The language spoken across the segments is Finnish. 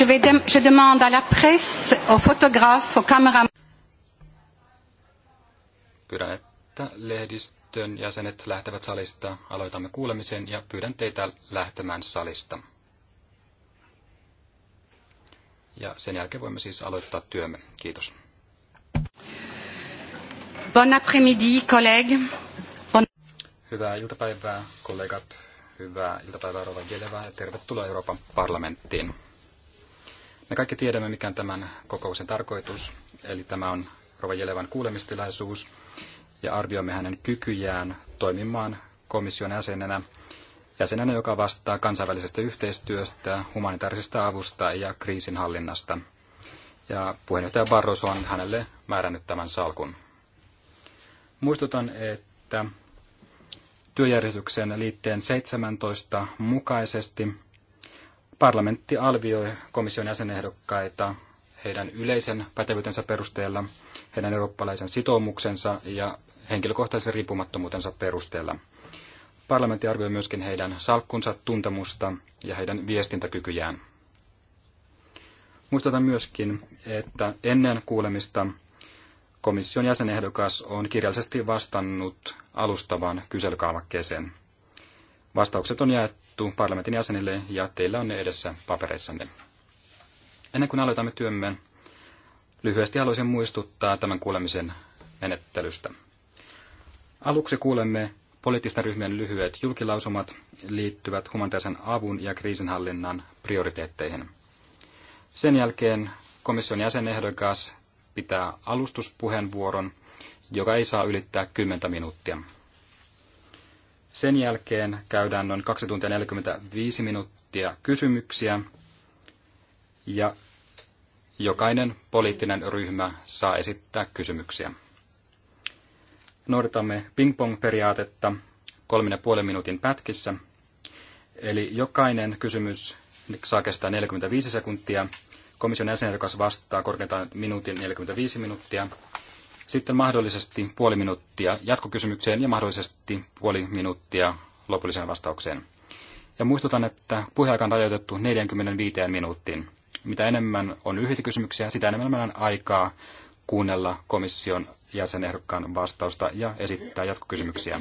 Je, vais de, je demande à la presse, aux photographes, aux caméramans. Pyydän, että lehdistön jäsenet lähtevät salista. Aloitamme kuulemisen ja pyydän teitä lähtemään salista. Ja sen jälkeen voimme siis aloittaa työmme. Kiitos. Bon après-midi, collègues. Bon... Hyvää iltapäivää, kollegat. Hyvää iltapäivää, Rova Jelevä, ja tervetuloa Euroopan parlamenttiin. Me kaikki tiedämme, mikä on tämän kokouksen tarkoitus, eli tämä on Rova Jelevan kuulemistilaisuus, ja arvioimme hänen kykyjään toimimaan komission jäsenenä, jäsenenä, joka vastaa kansainvälisestä yhteistyöstä, humanitaarisesta avusta ja kriisinhallinnasta. Ja puheenjohtaja Barroso on hänelle määrännyt tämän salkun. Muistutan, että työjärjestyksen liitteen 17 mukaisesti Parlamentti alvioi komission jäsenehdokkaita heidän yleisen pätevyytensä perusteella, heidän eurooppalaisen sitoumuksensa ja henkilökohtaisen riippumattomuutensa perusteella. Parlamentti arvioi myöskin heidän salkkunsa tuntemusta ja heidän viestintäkykyjään. Muistutan myöskin, että ennen kuulemista komission jäsenehdokas on kirjallisesti vastannut alustavaan kyselykaavakkeeseen. Vastaukset on jaettu parlamentin jäsenille ja teillä on ne edessä papereissanne. Ennen kuin aloitamme työmme, lyhyesti haluaisin muistuttaa tämän kuulemisen menettelystä. Aluksi kuulemme poliittisten ryhmien lyhyet julkilausumat liittyvät humanitaarisen avun ja kriisinhallinnan prioriteetteihin. Sen jälkeen komission jäsenehdokas pitää alustuspuheenvuoron, joka ei saa ylittää 10 minuuttia. Sen jälkeen käydään noin 2 tuntia 45 minuuttia kysymyksiä ja jokainen poliittinen ryhmä saa esittää kysymyksiä. Noudatamme ping-pong-periaatetta kolmen ja puolen minuutin pätkissä. Eli jokainen kysymys saa kestää 45 sekuntia. Komission joka vastaa korkeintaan minuutin 45 minuuttia. Sitten mahdollisesti puoli minuuttia jatkokysymykseen ja mahdollisesti puoli minuuttia lopulliseen vastaukseen. Ja muistutan, että puheaika on rajoitettu 45 minuuttiin. Mitä enemmän on lyhyitä kysymyksiä, sitä enemmän on aikaa kuunnella komission jäsenehdokkaan vastausta ja esittää jatkokysymyksiä.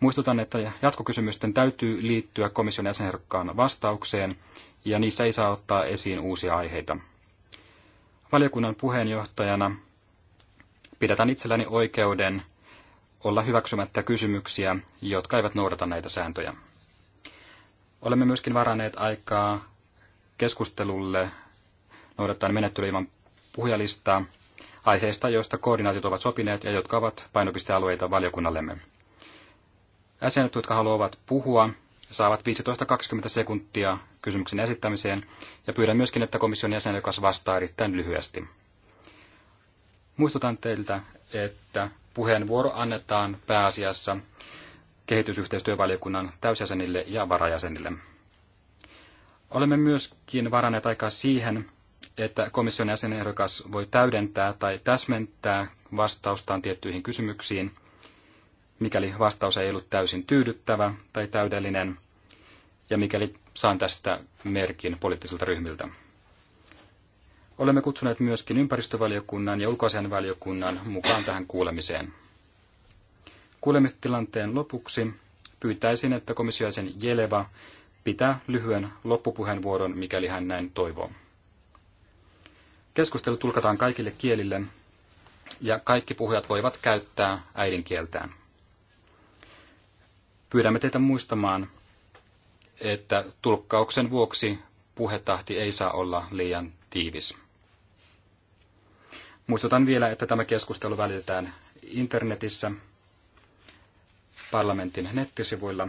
Muistutan, että jatkokysymysten täytyy liittyä komission jäsenehdokkaan vastaukseen ja niissä ei saa ottaa esiin uusia aiheita. Valiokunnan puheenjohtajana pidätän itselläni oikeuden olla hyväksymättä kysymyksiä, jotka eivät noudata näitä sääntöjä. Olemme myöskin varanneet aikaa keskustelulle noudattaen menettely puhujalistaa aiheista, joista koordinaatit ovat sopineet ja jotka ovat painopistealueita valiokunnallemme. Äsenet, jotka haluavat puhua, saavat 15-20 sekuntia kysymyksen esittämiseen ja pyydän myöskin, että komission jäsen, joka vastaa erittäin lyhyesti. Muistutan teiltä, että puheenvuoro annetaan pääasiassa kehitysyhteistyövaliokunnan täysjäsenille ja varajäsenille. Olemme myöskin varanneet aikaa siihen, että komission jäsenehdokas voi täydentää tai täsmentää vastaustaan tiettyihin kysymyksiin, mikäli vastaus ei ollut täysin tyydyttävä tai täydellinen, ja mikäli saan tästä merkin poliittisilta ryhmiltä. Olemme kutsuneet myöskin ympäristövaliokunnan ja ulkoasianvaliokunnan mukaan tähän kuulemiseen. Kuulemistilanteen lopuksi pyytäisin, että komissiojäsen Jeleva pitää lyhyen loppupuheenvuoron, mikäli hän näin toivoo. Keskustelu tulkataan kaikille kielille ja kaikki puhujat voivat käyttää äidinkieltään. Pyydämme teitä muistamaan, että tulkkauksen vuoksi puhetahti ei saa olla liian tiivis. Muistutan vielä, että tämä keskustelu välitetään internetissä parlamentin nettisivuilla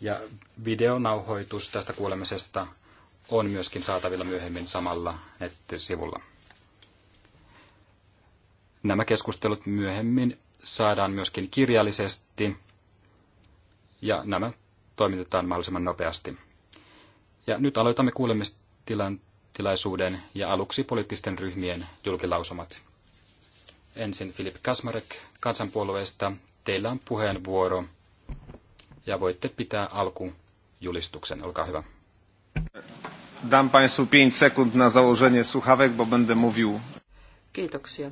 ja videonauhoitus tästä kuulemisesta on myöskin saatavilla myöhemmin samalla nettisivulla. Nämä keskustelut myöhemmin saadaan myöskin kirjallisesti ja nämä toimitetaan mahdollisimman nopeasti. Ja nyt aloitamme kuulemistilan tilaisuuden ja aluksi poliittisten ryhmien julkilausumat. Ensin Filip Kasmarek kansanpuolueesta. Teillä on puheenvuoro ja voitte pitää alkujulistuksen. Olkaa hyvä. Dam Państwu 5 sekund na założenie słuchawek, bo będę mówił. Kiitoksia.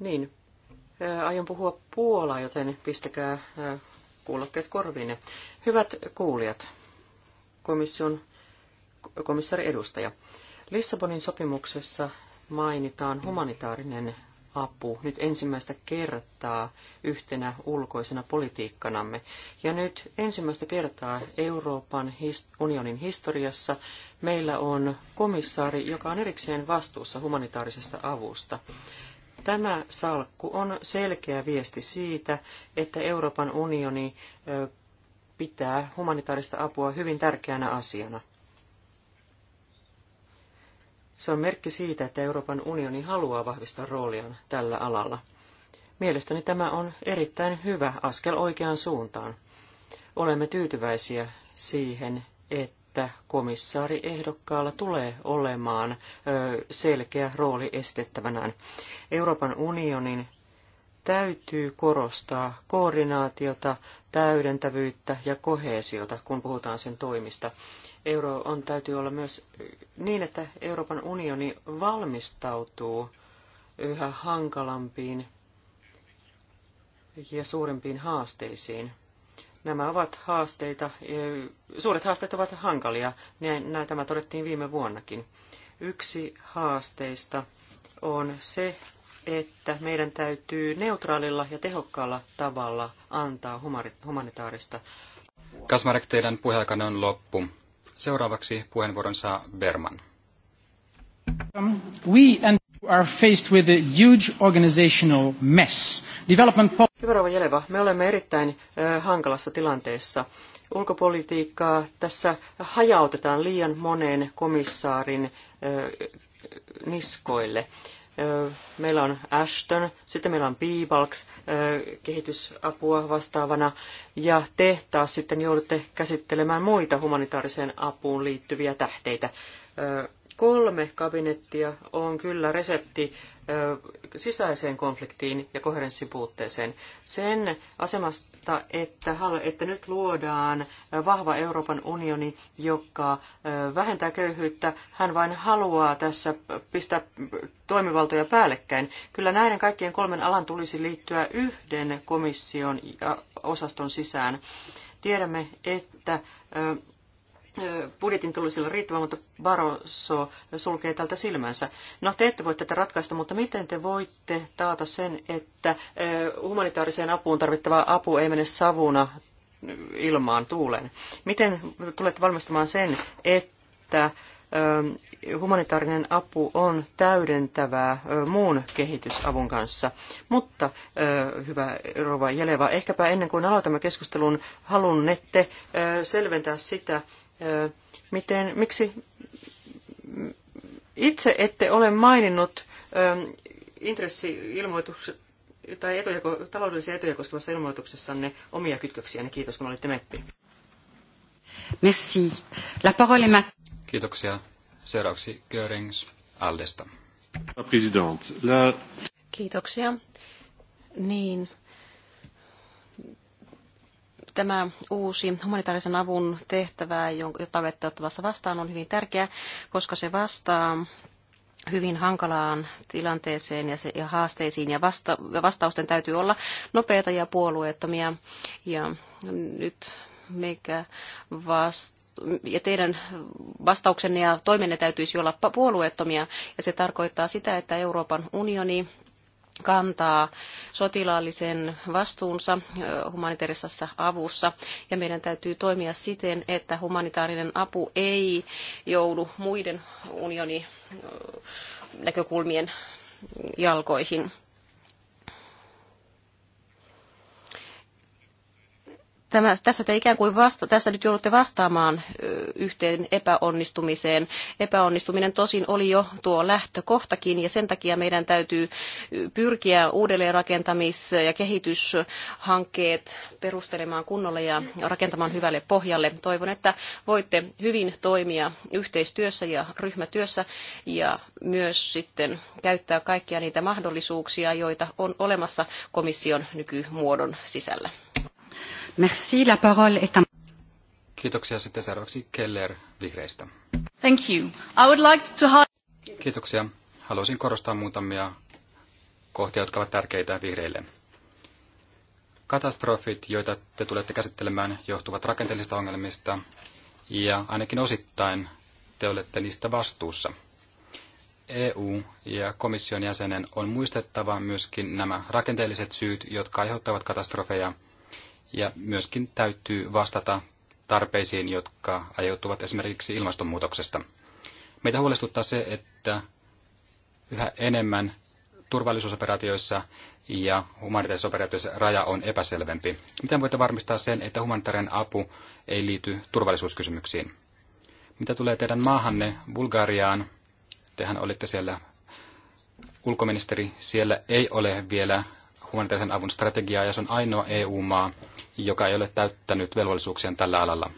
Niin, e, aion puhua Puolaa, joten pistäkää e, kuulokkeet korviin. Hyvät kuulijat, komission komissari edustaja. Lissabonin sopimuksessa mainitaan humanitaarinen apu nyt ensimmäistä kertaa yhtenä ulkoisena politiikkanamme. Ja nyt ensimmäistä kertaa Euroopan unionin historiassa meillä on komissaari, joka on erikseen vastuussa humanitaarisesta avusta. Tämä salkku on selkeä viesti siitä, että Euroopan unioni pitää humanitaarista apua hyvin tärkeänä asiana. Se on merkki siitä, että Euroopan unioni haluaa vahvistaa rooliaan tällä alalla. Mielestäni tämä on erittäin hyvä askel oikeaan suuntaan. Olemme tyytyväisiä siihen, että komissaariehdokkaalla tulee olemaan selkeä rooli estettävänään. Euroopan unionin täytyy korostaa koordinaatiota, täydentävyyttä ja koheesiota, kun puhutaan sen toimista euro on täytyy olla myös niin, että Euroopan unioni valmistautuu yhä hankalampiin ja suurempiin haasteisiin. Nämä ovat haasteita, e, suuret haasteet ovat hankalia, näin tämä todettiin viime vuonnakin. Yksi haasteista on se, että meidän täytyy neutraalilla ja tehokkaalla tavalla antaa humanitaarista. Kasmarek, teidän puheaikanne on loppu. Seuraavaksi puheenvuoron saa Berman. Um, we and are faced with a huge organizational mess. Development Hyvä Rova Jeleva, me olemme erittäin äh, hankalassa tilanteessa. Ulkopolitiikkaa tässä hajautetaan liian moneen komissaarin äh, niskoille. Äh, meillä on Ashton, sitten meillä on Peebalks kehitysapua vastaavana, ja te taas sitten joudutte käsittelemään muita humanitaariseen apuun liittyviä tähteitä. Kolme kabinettia on kyllä resepti sisäiseen konfliktiin ja koherenssin puutteeseen. Sen asemasta mutta että, että nyt luodaan vahva Euroopan unioni, joka vähentää köyhyyttä. Hän vain haluaa tässä pistää toimivaltoja päällekkäin. Kyllä näiden kaikkien kolmen alan tulisi liittyä yhden komission ja osaston sisään. Tiedämme, että budjetin tulisi olla riittävä, mutta Barroso sulkee tältä silmänsä. No, te ette voi tätä ratkaista, mutta miten te voitte taata sen, että humanitaariseen apuun tarvittava apu ei mene savuna ilmaan tuuleen? Miten tulette valmistamaan sen, että humanitaarinen apu on täydentävää muun kehitysavun kanssa. Mutta, hyvä Rova Jeleva, ehkäpä ennen kuin aloitamme keskustelun, halunnette selventää sitä, miten, miksi itse ette ole maininnut intressi tai etujako, taloudellisia etuja koskevassa ilmoituksessanne omia kytköksiänne. Kiitos, kun olitte meppi. Merci. La parole est ma... Kiitoksia. Seuraavaksi Görings Aldesta. La... Kiitoksia. Niin, tämä uusi humanitaarisen avun tehtävä, jota olette ottamassa vastaan, on hyvin tärkeä, koska se vastaa hyvin hankalaan tilanteeseen ja, se, ja haasteisiin, ja vasta, vastausten täytyy olla nopeita ja puolueettomia. Ja nyt mikä vasta ja teidän vastauksenne ja toimenne täytyisi olla puolueettomia, ja se tarkoittaa sitä, että Euroopan unioni kantaa sotilaallisen vastuunsa humanitaarisessa avussa ja meidän täytyy toimia siten, että humanitaarinen apu ei joudu muiden unionin näkökulmien jalkoihin. Tämä, tässä te ikään kuin vasta, tässä nyt joudutte vastaamaan yhteen epäonnistumiseen. Epäonnistuminen tosin oli jo tuo lähtökohtakin ja sen takia meidän täytyy pyrkiä uudelleenrakentamis- ja kehityshankkeet perustelemaan kunnolla ja rakentamaan hyvälle pohjalle. Toivon, että voitte hyvin toimia yhteistyössä ja ryhmätyössä ja myös sitten käyttää kaikkia niitä mahdollisuuksia, joita on olemassa komission nykymuodon sisällä. Merci, la parole est à... Kiitoksia sitten seuraavaksi Keller Vihreistä. Thank you. I would like to... Kiitoksia. Haluaisin korostaa muutamia kohtia, jotka ovat tärkeitä vihreille. Katastrofit, joita te tulette käsittelemään, johtuvat rakenteellisista ongelmista ja ainakin osittain te olette niistä vastuussa. EU ja komission jäsenen on muistettava myöskin nämä rakenteelliset syyt, jotka aiheuttavat katastrofeja – ja myöskin täytyy vastata tarpeisiin, jotka aiheutuvat esimerkiksi ilmastonmuutoksesta. Meitä huolestuttaa se, että yhä enemmän turvallisuusoperaatioissa ja humanitaarisissa operaatioissa raja on epäselvempi. Miten voitte varmistaa sen, että humanitaarinen apu ei liity turvallisuuskysymyksiin? Mitä tulee teidän maahanne Bulgariaan? Tehän olitte siellä ulkoministeri. Siellä ei ole vielä humanitaarisen avun strategiaa ja se on ainoa EU-maa, joka ei ole täyttänyt velvollisuuksia tällä alalla.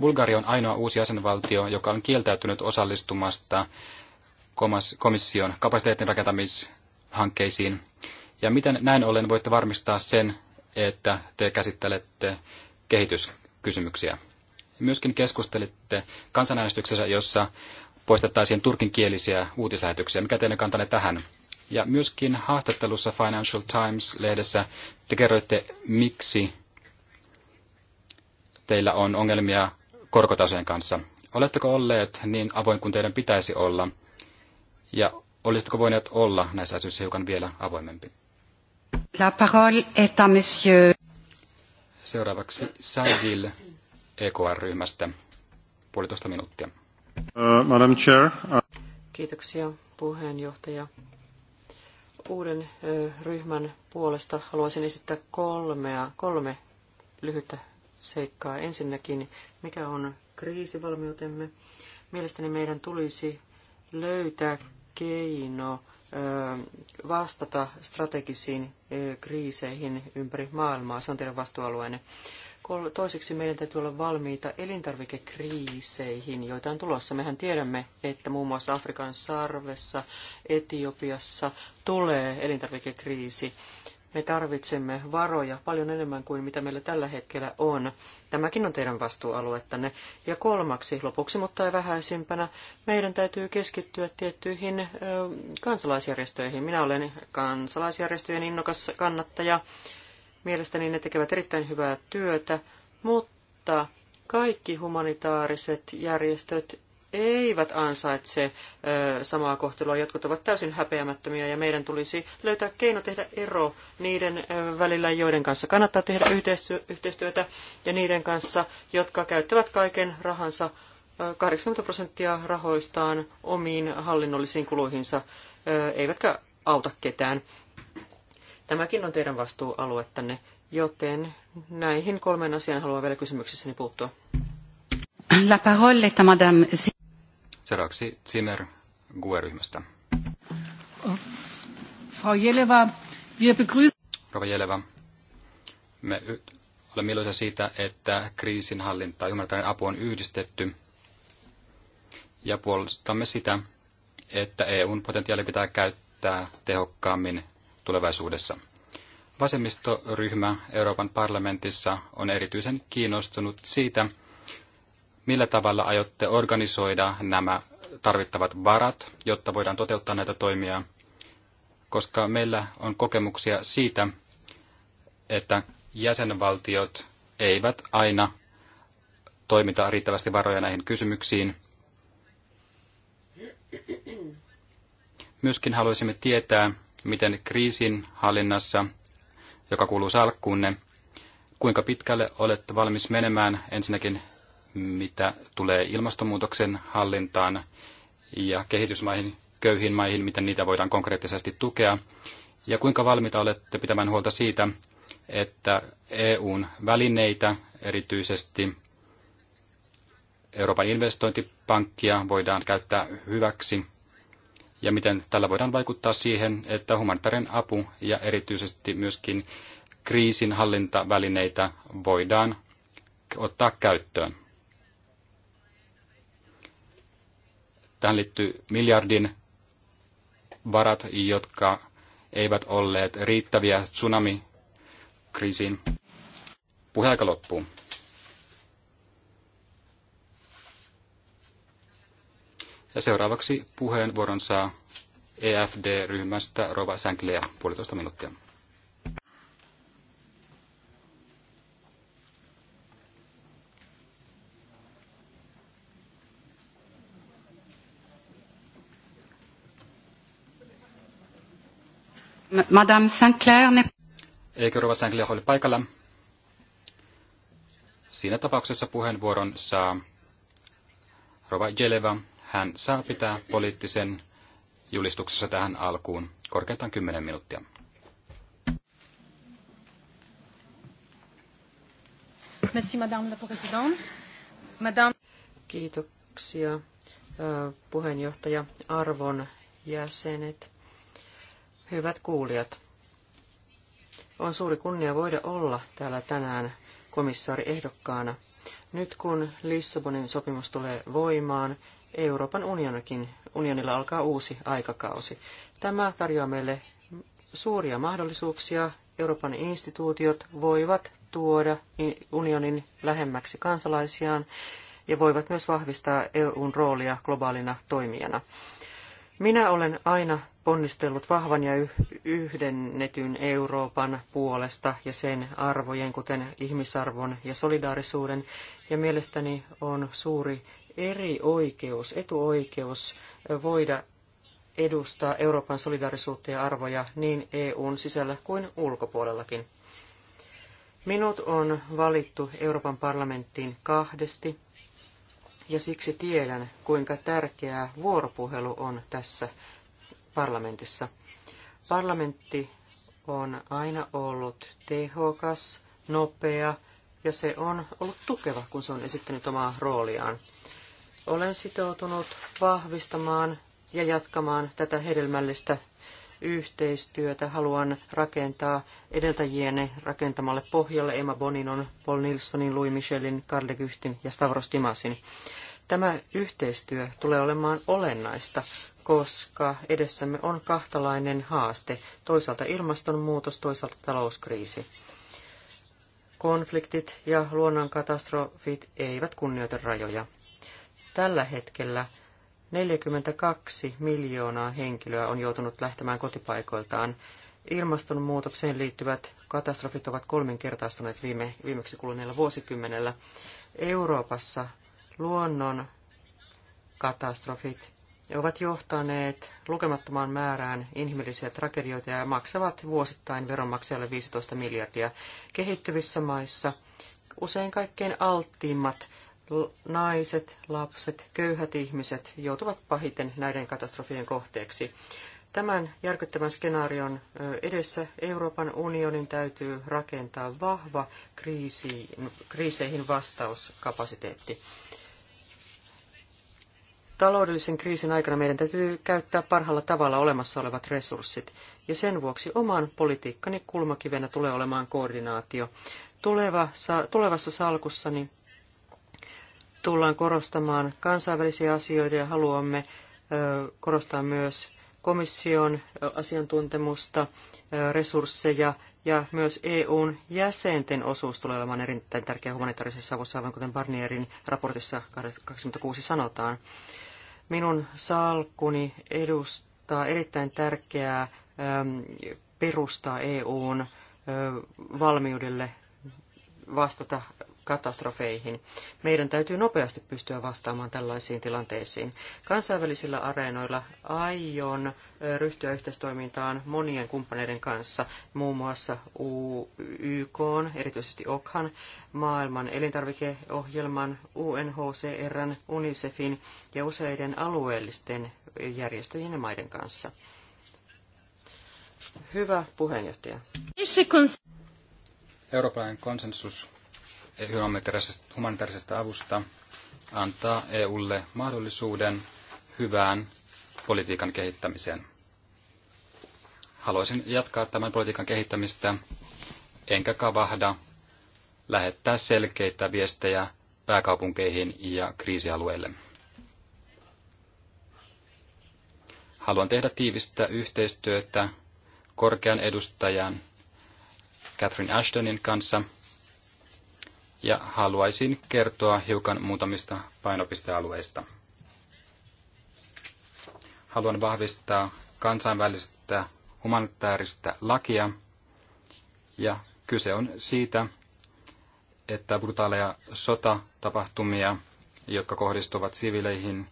Bulgaria on ainoa uusi jäsenvaltio, joka on kieltäytynyt osallistumasta komission kapasiteetin rakentamishankkeisiin. Ja miten näin ollen voitte varmistaa sen, että te käsittelette kehityskysymyksiä? Myöskin keskustelitte kansanäänestyksessä, jossa poistettaisiin turkinkielisiä uutislähetyksiä. Mikä teidän kantanne tähän? Ja myöskin haastattelussa Financial Times-lehdessä te kerroitte, miksi teillä on ongelmia korkotasojen kanssa. Oletteko olleet niin avoin kuin teidän pitäisi olla? Ja olisitteko voineet olla näissä asioissa hiukan vielä avoimempi? La parole est à monsieur. Seuraavaksi Sajil EKR-ryhmästä. Puolitoista minuuttia. Uh, Madam Chair. Uh... Kiitoksia puheenjohtaja. Uuden uh, ryhmän puolesta haluaisin esittää kolmea, kolme lyhyttä seikkaa. Ensinnäkin, mikä on kriisivalmiutemme? Mielestäni meidän tulisi löytää keino vastata strategisiin kriiseihin ympäri maailmaa. Se on teidän vastuualueenne. Toiseksi meidän täytyy olla valmiita elintarvikekriiseihin, joita on tulossa. Mehän tiedämme, että muun muassa Afrikan sarvessa, Etiopiassa tulee elintarvikekriisi. Me tarvitsemme varoja paljon enemmän kuin mitä meillä tällä hetkellä on. Tämäkin on teidän vastuualuettanne. Ja kolmaksi, lopuksi mutta ei vähäisimpänä, meidän täytyy keskittyä tiettyihin ö, kansalaisjärjestöihin. Minä olen kansalaisjärjestöjen innokas kannattaja. Mielestäni ne tekevät erittäin hyvää työtä, mutta kaikki humanitaariset järjestöt eivät ansaitse samaa kohtelua. Jotkut ovat täysin häpeämättömiä ja meidän tulisi löytää keino tehdä ero niiden välillä, joiden kanssa kannattaa tehdä yhteistyötä ja niiden kanssa, jotka käyttävät kaiken rahansa 80 prosenttia rahoistaan omiin hallinnollisiin kuluihinsa, eivätkä auta ketään. Tämäkin on teidän vastuualuettanne, joten näihin kolmeen asiaan haluan vielä kysymyksessäni puuttua. La parole est à madame Seuraavaksi Zimmer GUE-ryhmästä. Frau Jeleva, wir begrüßen... Rova Jeleva, me olemme iloisia siitä, että kriisin hallinta ja humanitaarinen apu on yhdistetty ja puolustamme sitä, että EUn potentiaali pitää käyttää tehokkaammin tulevaisuudessa. Vasemmistoryhmä Euroopan parlamentissa on erityisen kiinnostunut siitä, millä tavalla aiotte organisoida nämä tarvittavat varat, jotta voidaan toteuttaa näitä toimia, koska meillä on kokemuksia siitä, että jäsenvaltiot eivät aina toimita riittävästi varoja näihin kysymyksiin. Myöskin haluaisimme tietää, miten kriisin hallinnassa, joka kuuluu salkkuunne, kuinka pitkälle olette valmis menemään ensinnäkin mitä tulee ilmastonmuutoksen hallintaan ja kehitysmaihin, köyhiin maihin, miten niitä voidaan konkreettisesti tukea, ja kuinka valmiita olette pitämään huolta siitä, että EUn välineitä, erityisesti Euroopan investointipankkia, voidaan käyttää hyväksi, ja miten tällä voidaan vaikuttaa siihen, että humanitaarinen apu ja erityisesti myöskin kriisinhallintavälineitä voidaan ottaa käyttöön. Tähän liittyy miljardin varat, jotka eivät olleet riittäviä tsunami-kriisiin. Puheaika loppuu. Ja seuraavaksi puheenvuoron saa EFD-ryhmästä Rova Sanklia, puolitoista minuuttia. Madame Sinclair... Ne... Eikö Rova Sinclair ole paikalla? Siinä tapauksessa puheenvuoron saa Rova Jeleva. Hän saa pitää poliittisen julistuksessa tähän alkuun korkeintaan 10 minuuttia. Merci, Madame la Présidente. Madame... Kiitoksia puheenjohtaja Arvon jäsenet. Hyvät kuulijat, on suuri kunnia voida olla täällä tänään komissaari ehdokkaana. Nyt kun Lissabonin sopimus tulee voimaan, Euroopan unionikin, unionilla alkaa uusi aikakausi. Tämä tarjoaa meille suuria mahdollisuuksia. Euroopan instituutiot voivat tuoda unionin lähemmäksi kansalaisiaan ja voivat myös vahvistaa EUn roolia globaalina toimijana. Minä olen aina ponnistellut vahvan ja yhdennetyn Euroopan puolesta ja sen arvojen, kuten ihmisarvon ja solidaarisuuden. Ja mielestäni on suuri eri oikeus, etuoikeus voida edustaa Euroopan solidaarisuutta ja arvoja niin EUn sisällä kuin ulkopuolellakin. Minut on valittu Euroopan parlamenttiin kahdesti ja siksi tiedän, kuinka tärkeää vuoropuhelu on tässä parlamentissa. Parlamentti on aina ollut tehokas, nopea ja se on ollut tukeva, kun se on esittänyt omaa rooliaan. Olen sitoutunut vahvistamaan ja jatkamaan tätä hedelmällistä yhteistyötä. Haluan rakentaa edeltäjienne rakentamalle pohjalle Emma Boninon, Paul Nilssonin, Louis Michelin, Karl Gyhtin ja Stavros Dimasin. Tämä yhteistyö tulee olemaan olennaista, koska edessämme on kahtalainen haaste, toisaalta ilmastonmuutos, toisaalta talouskriisi. Konfliktit ja luonnonkatastrofit eivät kunnioita rajoja. Tällä hetkellä 42 miljoonaa henkilöä on joutunut lähtemään kotipaikoiltaan. Ilmastonmuutokseen liittyvät katastrofit ovat kolminkertaistuneet viime, viimeksi kuluneella vuosikymmenellä. Euroopassa Luonnon katastrofit ovat johtaneet lukemattomaan määrään inhimillisiä tragedioita ja maksavat vuosittain veronmaksajalle 15 miljardia. Kehittyvissä maissa usein kaikkein alttiimmat naiset, lapset, köyhät ihmiset joutuvat pahiten näiden katastrofien kohteeksi. Tämän järkyttävän skenaarion edessä Euroopan unionin täytyy rakentaa vahva kriisiin, kriiseihin vastauskapasiteetti. Taloudellisen kriisin aikana meidän täytyy käyttää parhaalla tavalla olemassa olevat resurssit, ja sen vuoksi oman politiikkani kulmakivenä tulee olemaan koordinaatio. Tulevassa, tulevassa salkussani tullaan korostamaan kansainvälisiä asioita ja haluamme korostaa myös komission asiantuntemusta, resursseja ja myös EUn jäsenten osuus tulee olemaan erittäin tärkeä humanitaarisessa avussa, aivan kuten Barnierin raportissa 26 sanotaan. Minun salkkuni edustaa erittäin tärkeää ähm, perustaa EUn äh, valmiudelle vastata katastrofeihin. Meidän täytyy nopeasti pystyä vastaamaan tällaisiin tilanteisiin. Kansainvälisillä areenoilla aion ryhtyä yhteistoimintaan monien kumppaneiden kanssa, muun muassa YK, erityisesti OKHAN, maailman elintarvikeohjelman, UNHCRn, UNICEFin ja useiden alueellisten järjestöjen ja maiden kanssa. Hyvä puheenjohtaja. Eurooppalainen konsensus humanitaarisesta, avusta antaa EUlle mahdollisuuden hyvään politiikan kehittämiseen. Haluaisin jatkaa tämän politiikan kehittämistä, enkä kavahda lähettää selkeitä viestejä pääkaupunkeihin ja kriisialueille. Haluan tehdä tiivistä yhteistyötä korkean edustajan Catherine Ashtonin kanssa – ja haluaisin kertoa hiukan muutamista painopistealueista. Haluan vahvistaa kansainvälistä humanitaarista lakia ja kyse on siitä, että brutaaleja sotatapahtumia, jotka kohdistuvat sivileihin,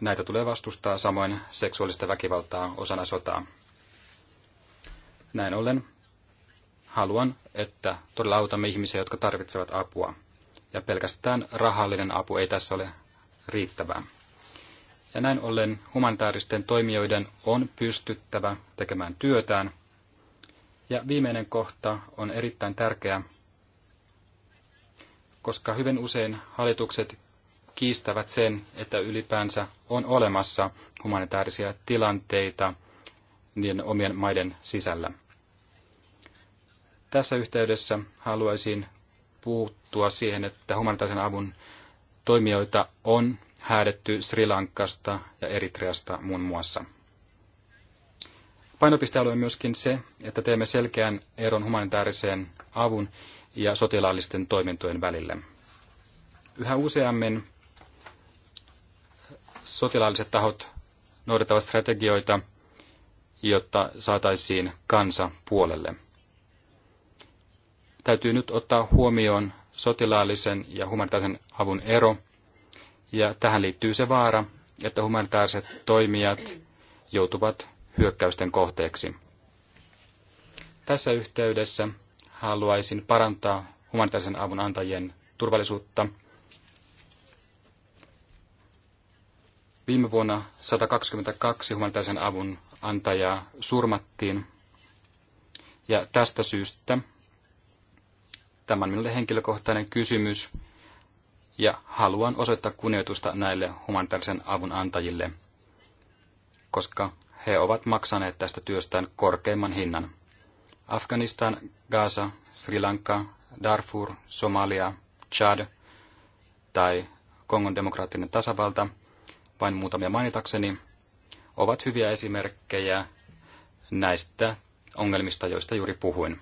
näitä tulee vastustaa samoin seksuaalista väkivaltaa osana sotaa. Näin ollen haluan, että todella autamme ihmisiä, jotka tarvitsevat apua. Ja pelkästään rahallinen apu ei tässä ole riittävää. Ja näin ollen humanitaaristen toimijoiden on pystyttävä tekemään työtään. Ja viimeinen kohta on erittäin tärkeä, koska hyvin usein hallitukset kiistävät sen, että ylipäänsä on olemassa humanitaarisia tilanteita niiden omien maiden sisällä. Tässä yhteydessä haluaisin puuttua siihen, että humanitaarisen avun toimijoita on häädetty Sri Lankasta ja Eritreasta muun muassa. Painopistealue on myöskin se, että teemme selkeän eron humanitaariseen avun ja sotilaallisten toimintojen välille. Yhä useammin sotilaalliset tahot noudattavat strategioita, jotta saataisiin kansa puolelle – Täytyy nyt ottaa huomioon sotilaallisen ja humanitaarisen avun ero, ja tähän liittyy se vaara, että humanitaariset toimijat joutuvat hyökkäysten kohteeksi. Tässä yhteydessä haluaisin parantaa humanitaarisen avun antajien turvallisuutta. Viime vuonna 122 humanitaarisen avun antajaa surmattiin, ja tästä syystä Tämä on minulle henkilökohtainen kysymys ja haluan osoittaa kunnioitusta näille humanitaarisen avun antajille, koska he ovat maksaneet tästä työstään korkeimman hinnan. Afganistan, Gaza, Sri Lanka, Darfur, Somalia, Chad tai Kongon demokraattinen tasavalta, vain muutamia mainitakseni, ovat hyviä esimerkkejä näistä ongelmista, joista juuri puhuin.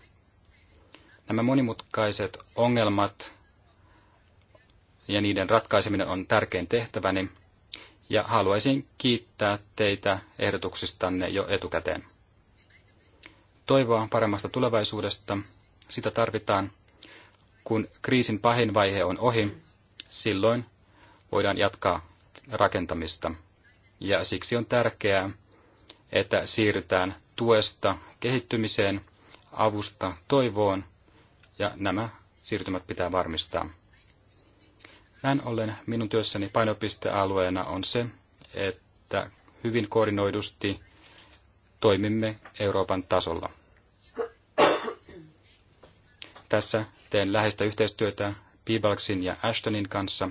Nämä monimutkaiset ongelmat ja niiden ratkaiseminen on tärkein tehtäväni, ja haluaisin kiittää teitä ehdotuksistanne jo etukäteen. Toivoa paremmasta tulevaisuudesta, sitä tarvitaan. Kun kriisin pahin vaihe on ohi, silloin voidaan jatkaa rakentamista. Ja siksi on tärkeää, että siirrytään tuesta kehittymiseen, avusta toivoon ja nämä siirtymät pitää varmistaa. Näin ollen minun työssäni painopistealueena on se, että hyvin koordinoidusti toimimme Euroopan tasolla. Tässä teen läheistä yhteistyötä Pibalksin ja Ashtonin kanssa.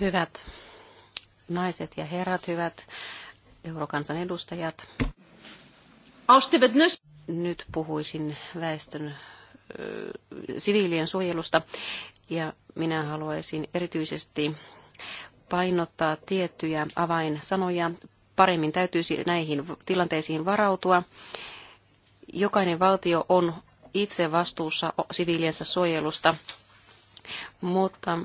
Hyvät naiset ja herrat, hyvät eurokansan edustajat. Nyt puhuisin väestön siviilien suojelusta ja minä haluaisin erityisesti painottaa tiettyjä avainsanoja. Paremmin täytyisi näihin tilanteisiin varautua. Jokainen valtio on itse vastuussa siviiliensä suojelusta, mutta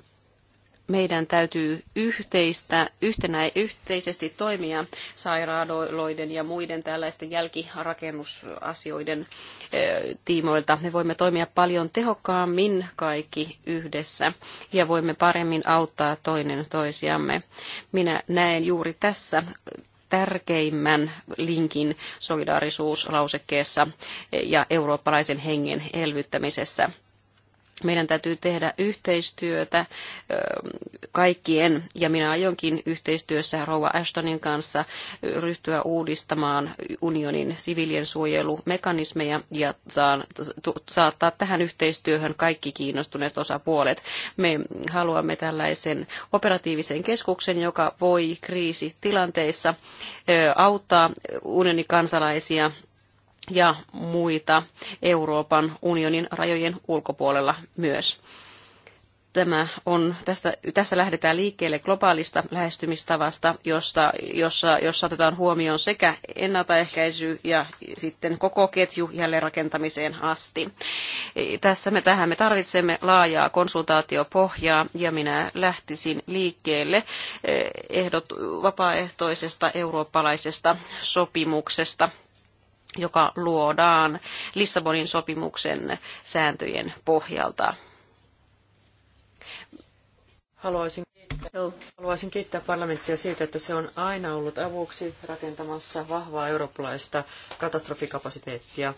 meidän täytyy yhteistä, yhtenä, yhteisesti toimia sairaaloiden ja muiden tällaisten jälkirakennusasioiden eh, tiimoilta. Me voimme toimia paljon tehokkaammin kaikki yhdessä ja voimme paremmin auttaa toinen toisiamme. Minä näen juuri tässä tärkeimmän linkin solidaarisuuslausekkeessa ja eurooppalaisen hengen elvyttämisessä meidän täytyy tehdä yhteistyötä kaikkien, ja minä aionkin yhteistyössä Rouva Ashtonin kanssa ryhtyä uudistamaan unionin sivilien suojelumekanismeja ja saan, saattaa tähän yhteistyöhön kaikki kiinnostuneet osapuolet. Me haluamme tällaisen operatiivisen keskuksen, joka voi kriisitilanteissa auttaa unionin kansalaisia ja muita Euroopan unionin rajojen ulkopuolella myös. Tämä on, tästä, tässä lähdetään liikkeelle globaalista lähestymistavasta, josta, jossa, jossa otetaan huomioon sekä ennaltaehkäisy ja sitten koko ketju jälleenrakentamiseen asti. Tässä me tähän me tarvitsemme laajaa konsultaatiopohjaa ja minä lähtisin liikkeelle eh, ehdot, vapaaehtoisesta eurooppalaisesta sopimuksesta joka luodaan Lissabonin sopimuksen sääntöjen pohjalta. Haluaisin kiittää, haluaisin kiittää parlamenttia siitä, että se on aina ollut avuksi rakentamassa vahvaa eurooppalaista katastrofikapasiteettia.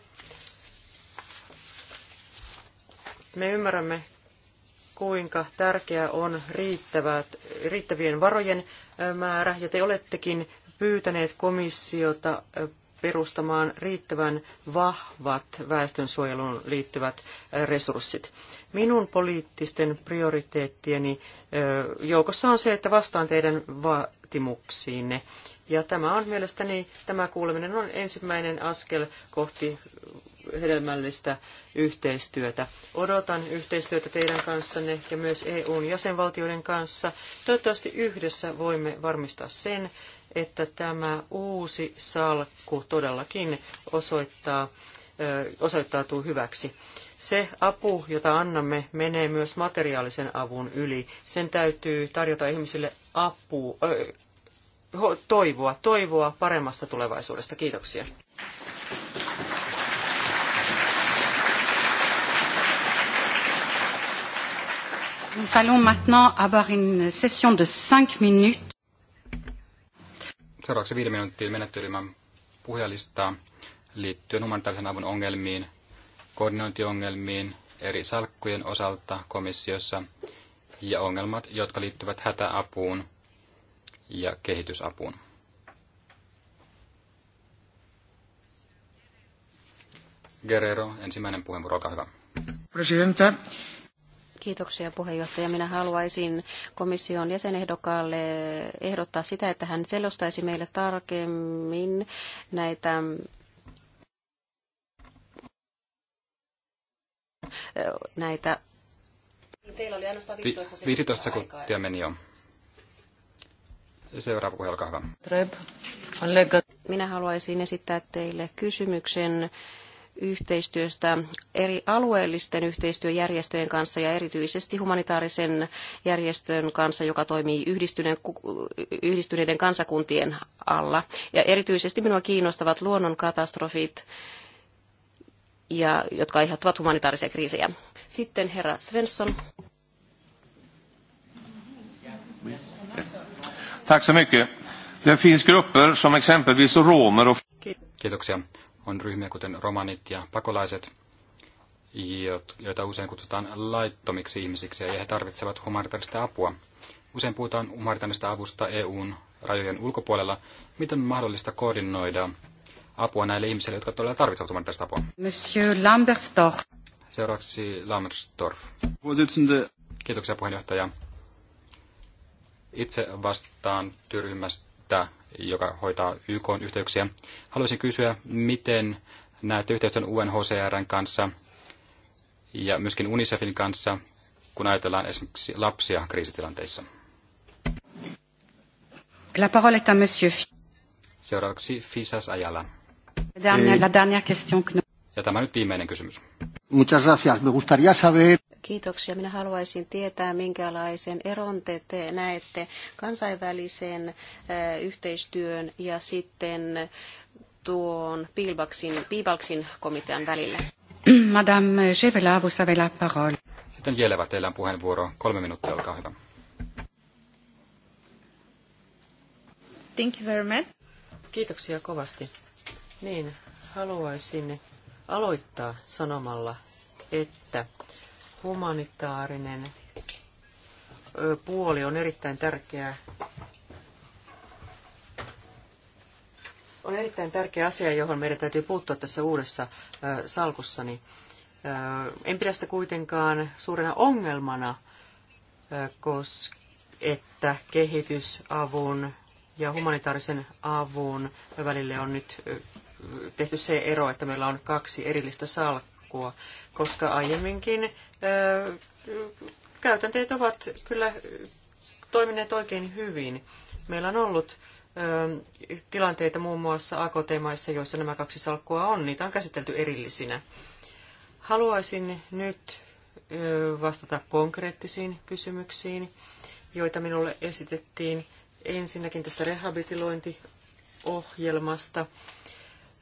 Me ymmärrämme, kuinka tärkeää on riittävät, riittävien varojen määrä, ja te olettekin pyytäneet komissiota perustamaan riittävän vahvat väestönsuojeluun liittyvät resurssit. Minun poliittisten prioriteettieni joukossa on se, että vastaan teidän vaatimuksiinne. Ja tämä on mielestäni, tämä kuuleminen on ensimmäinen askel kohti hedelmällistä yhteistyötä. Odotan yhteistyötä teidän kanssanne ja myös EUn jäsenvaltioiden kanssa. Toivottavasti yhdessä voimme varmistaa sen, että tämä uusi salkku todellakin osoittaa, osoittautuu hyväksi. Se apu, jota annamme, menee myös materiaalisen avun yli. Sen täytyy tarjota ihmisille apua, toivoa, toivoa paremmasta tulevaisuudesta. Kiitoksia. Nous allons maintenant avoir une session de cinq minutes. Seuraavaksi viiden minuuttia menettelymän puhujalistaa liittyen humanitaarisen avun ongelmiin, koordinointiongelmiin eri salkkujen osalta komissiossa ja ongelmat, jotka liittyvät hätäapuun ja kehitysapuun. Guerrero, ensimmäinen puheenvuoro, olkaa hyvä. Presidenta, Kiitoksia puheenjohtaja. Minä haluaisin komission jäsenehdokkaalle ehdottaa sitä, että hän selostaisi meille tarkemmin näitä näitä. Teillä oli ainoastaan 15 sekuntia, 15 sekuntia meni jo. Seuraava puhe, olkaa hyvä. Minä haluaisin esittää teille kysymyksen yhteistyöstä eri alueellisten yhteistyöjärjestöjen kanssa ja erityisesti humanitaarisen järjestön kanssa, joka toimii yhdistyneiden kansakuntien alla. Ja erityisesti minua kiinnostavat luonnonkatastrofit, ja, jotka aiheuttavat humanitaarisia kriisejä. Sitten herra Svensson. Tack så mycket. Det finns grupper som exempelvis romer och... Kiitoksia on ryhmiä kuten romanit ja pakolaiset, joita usein kutsutaan laittomiksi ihmisiksi ja he tarvitsevat humanitaarista apua. Usein puhutaan humanitaarista avusta EUn rajojen ulkopuolella. Miten on mahdollista koordinoida apua näille ihmisille, jotka todella tarvitsevat humanitaarista apua? Monsieur Lambertstorff. Seuraavaksi Lamberstorff. Kiitoksia puheenjohtaja. Itse vastaan työryhmästä joka hoitaa YK yhteyksiä. Haluaisin kysyä, miten näette yhteistyön UNHCRn kanssa ja myöskin UNICEFin kanssa, kun ajatellaan esimerkiksi lapsia kriisitilanteissa? La parole est à monsieur. Seuraavaksi Fisas Ajala. La dernière question. Ja tämä on nyt viimeinen kysymys. Muchas gracias. Me gustaría saber... Kiitoksia. Minä haluaisin tietää, minkälaisen eron te, te näette kansainvälisen yhteistyön ja sitten tuon Piilbaksin, Piilbaksin komitean välillä. Madame vais vous avez la parole. Sitten Jelevä, teillä on puheenvuoro. Kolme minuuttia, olkaa hyvä. Thank you very much. Kiitoksia kovasti. Niin, haluaisin aloittaa sanomalla, että humanitaarinen puoli on erittäin tärkeä. On erittäin tärkeä asia, johon meidän täytyy puuttua tässä uudessa salkussani. En pidä sitä kuitenkaan suurena ongelmana, koska että kehitysavun ja humanitaarisen avun välille on nyt tehty se ero, että meillä on kaksi erillistä salkkua koska aiemminkin käytänteet ovat kyllä toimineet oikein hyvin. Meillä on ollut tilanteita muun muassa AKT-maissa, joissa nämä kaksi salkkua on. Niitä on käsitelty erillisinä. Haluaisin nyt vastata konkreettisiin kysymyksiin, joita minulle esitettiin. Ensinnäkin tästä rehabilitointiohjelmasta.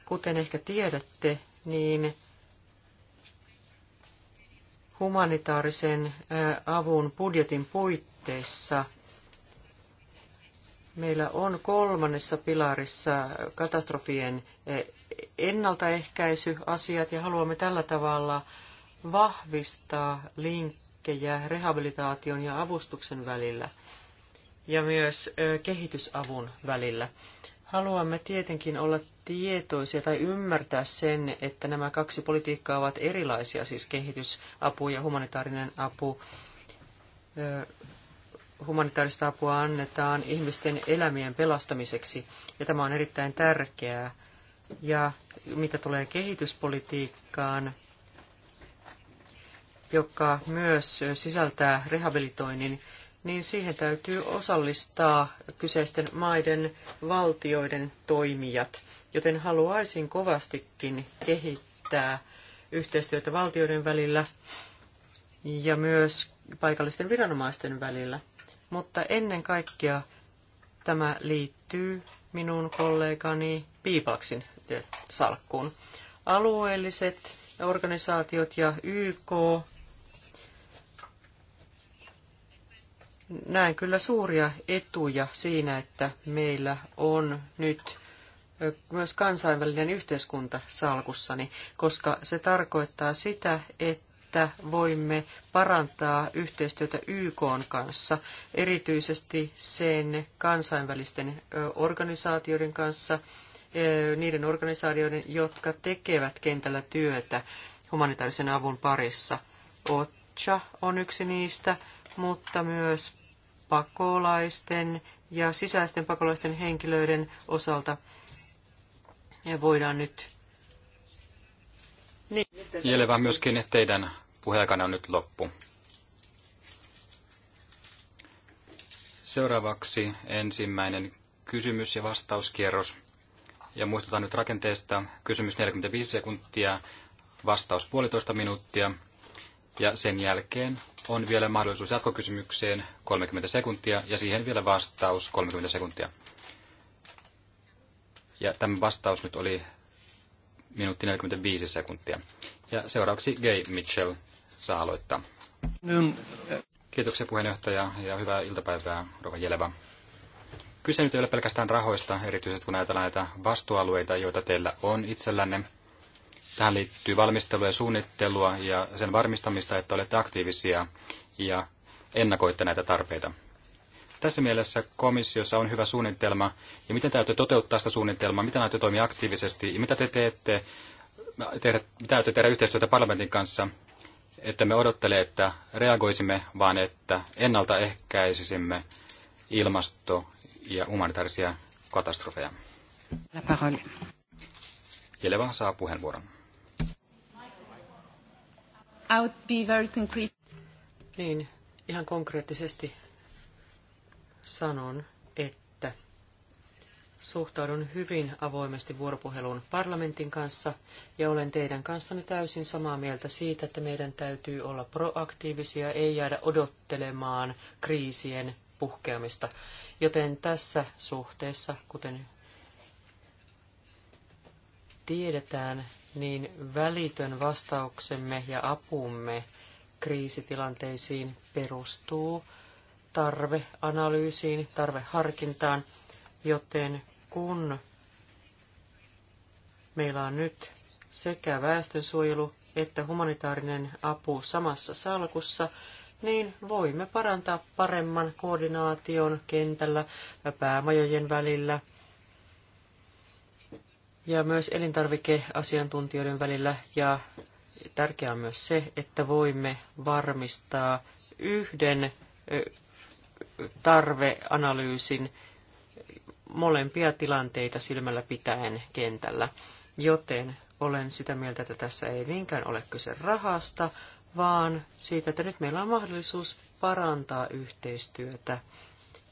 Kuten ehkä tiedätte, niin humanitaarisen avun budjetin puitteissa meillä on kolmannessa pilarissa katastrofien ennaltaehkäisyasiat ja haluamme tällä tavalla vahvistaa linkkejä rehabilitaation ja avustuksen välillä ja myös kehitysavun välillä. Haluamme tietenkin olla tietoisia tai ymmärtää sen, että nämä kaksi politiikkaa ovat erilaisia, siis kehitysapu ja humanitaarinen apu. Humanitaarista apua annetaan ihmisten elämien pelastamiseksi, ja tämä on erittäin tärkeää. Ja mitä tulee kehityspolitiikkaan, joka myös sisältää rehabilitoinnin, niin siihen täytyy osallistaa kyseisten maiden valtioiden toimijat. Joten haluaisin kovastikin kehittää yhteistyötä valtioiden välillä ja myös paikallisten viranomaisten välillä. Mutta ennen kaikkea tämä liittyy minun kollegani Piipaksin eh, salkkuun. Alueelliset organisaatiot ja YK näen kyllä suuria etuja siinä, että meillä on nyt myös kansainvälinen yhteiskunta salkussani, koska se tarkoittaa sitä, että voimme parantaa yhteistyötä YK kanssa, erityisesti sen kansainvälisten organisaatioiden kanssa, niiden organisaatioiden, jotka tekevät kentällä työtä humanitaarisen avun parissa. OCHA on yksi niistä, mutta myös pakolaisten ja sisäisten pakolaisten henkilöiden osalta ja voidaan nyt... Niin. Jelevä myöskin teidän puheaikana on nyt loppu. Seuraavaksi ensimmäinen kysymys- ja vastauskierros. Ja muistutan nyt rakenteesta. Kysymys 45 sekuntia, vastaus puolitoista minuuttia. Ja sen jälkeen on vielä mahdollisuus jatkokysymykseen 30 sekuntia ja siihen vielä vastaus 30 sekuntia. Ja tämä vastaus nyt oli minuutti 45 sekuntia. Ja seuraavaksi Gay Mitchell saa aloittaa. Kiitoksia puheenjohtaja ja hyvää iltapäivää, Rova Jeleva. Kyse nyt ei ole pelkästään rahoista, erityisesti kun ajatellaan näitä vastuualueita, joita teillä on itsellänne. Tähän liittyy valmistelua ja suunnittelua ja sen varmistamista, että olette aktiivisia ja ennakoitte näitä tarpeita. Tässä mielessä komissiossa on hyvä suunnitelma, ja miten täytyy toteuttaa sitä suunnitelmaa, miten täytyy toimia aktiivisesti, ja mitä te teette, tehdä, täytyy tehdä yhteistyötä parlamentin kanssa, että me odottele, että reagoisimme, vaan että ennaltaehkäisisimme ilmasto- ja humanitaarisia katastrofeja. Jeleva saa puheenvuoron be very concrete. Niin, ihan konkreettisesti sanon, että suhtaudun hyvin avoimesti vuoropuheluun parlamentin kanssa ja olen teidän kanssanne täysin samaa mieltä siitä, että meidän täytyy olla proaktiivisia, ei jäädä odottelemaan kriisien puhkeamista. Joten tässä suhteessa, kuten tiedetään, niin välitön vastauksemme ja apumme kriisitilanteisiin perustuu tarveanalyysiin, tarveharkintaan, joten kun meillä on nyt sekä väestönsuojelu että humanitaarinen apu samassa salkussa, niin voimme parantaa paremman koordinaation kentällä ja päämajojen välillä – ja myös elintarvikeasiantuntijoiden välillä. Ja tärkeää on myös se, että voimme varmistaa yhden tarveanalyysin molempia tilanteita silmällä pitäen kentällä. Joten olen sitä mieltä, että tässä ei niinkään ole kyse rahasta, vaan siitä, että nyt meillä on mahdollisuus parantaa yhteistyötä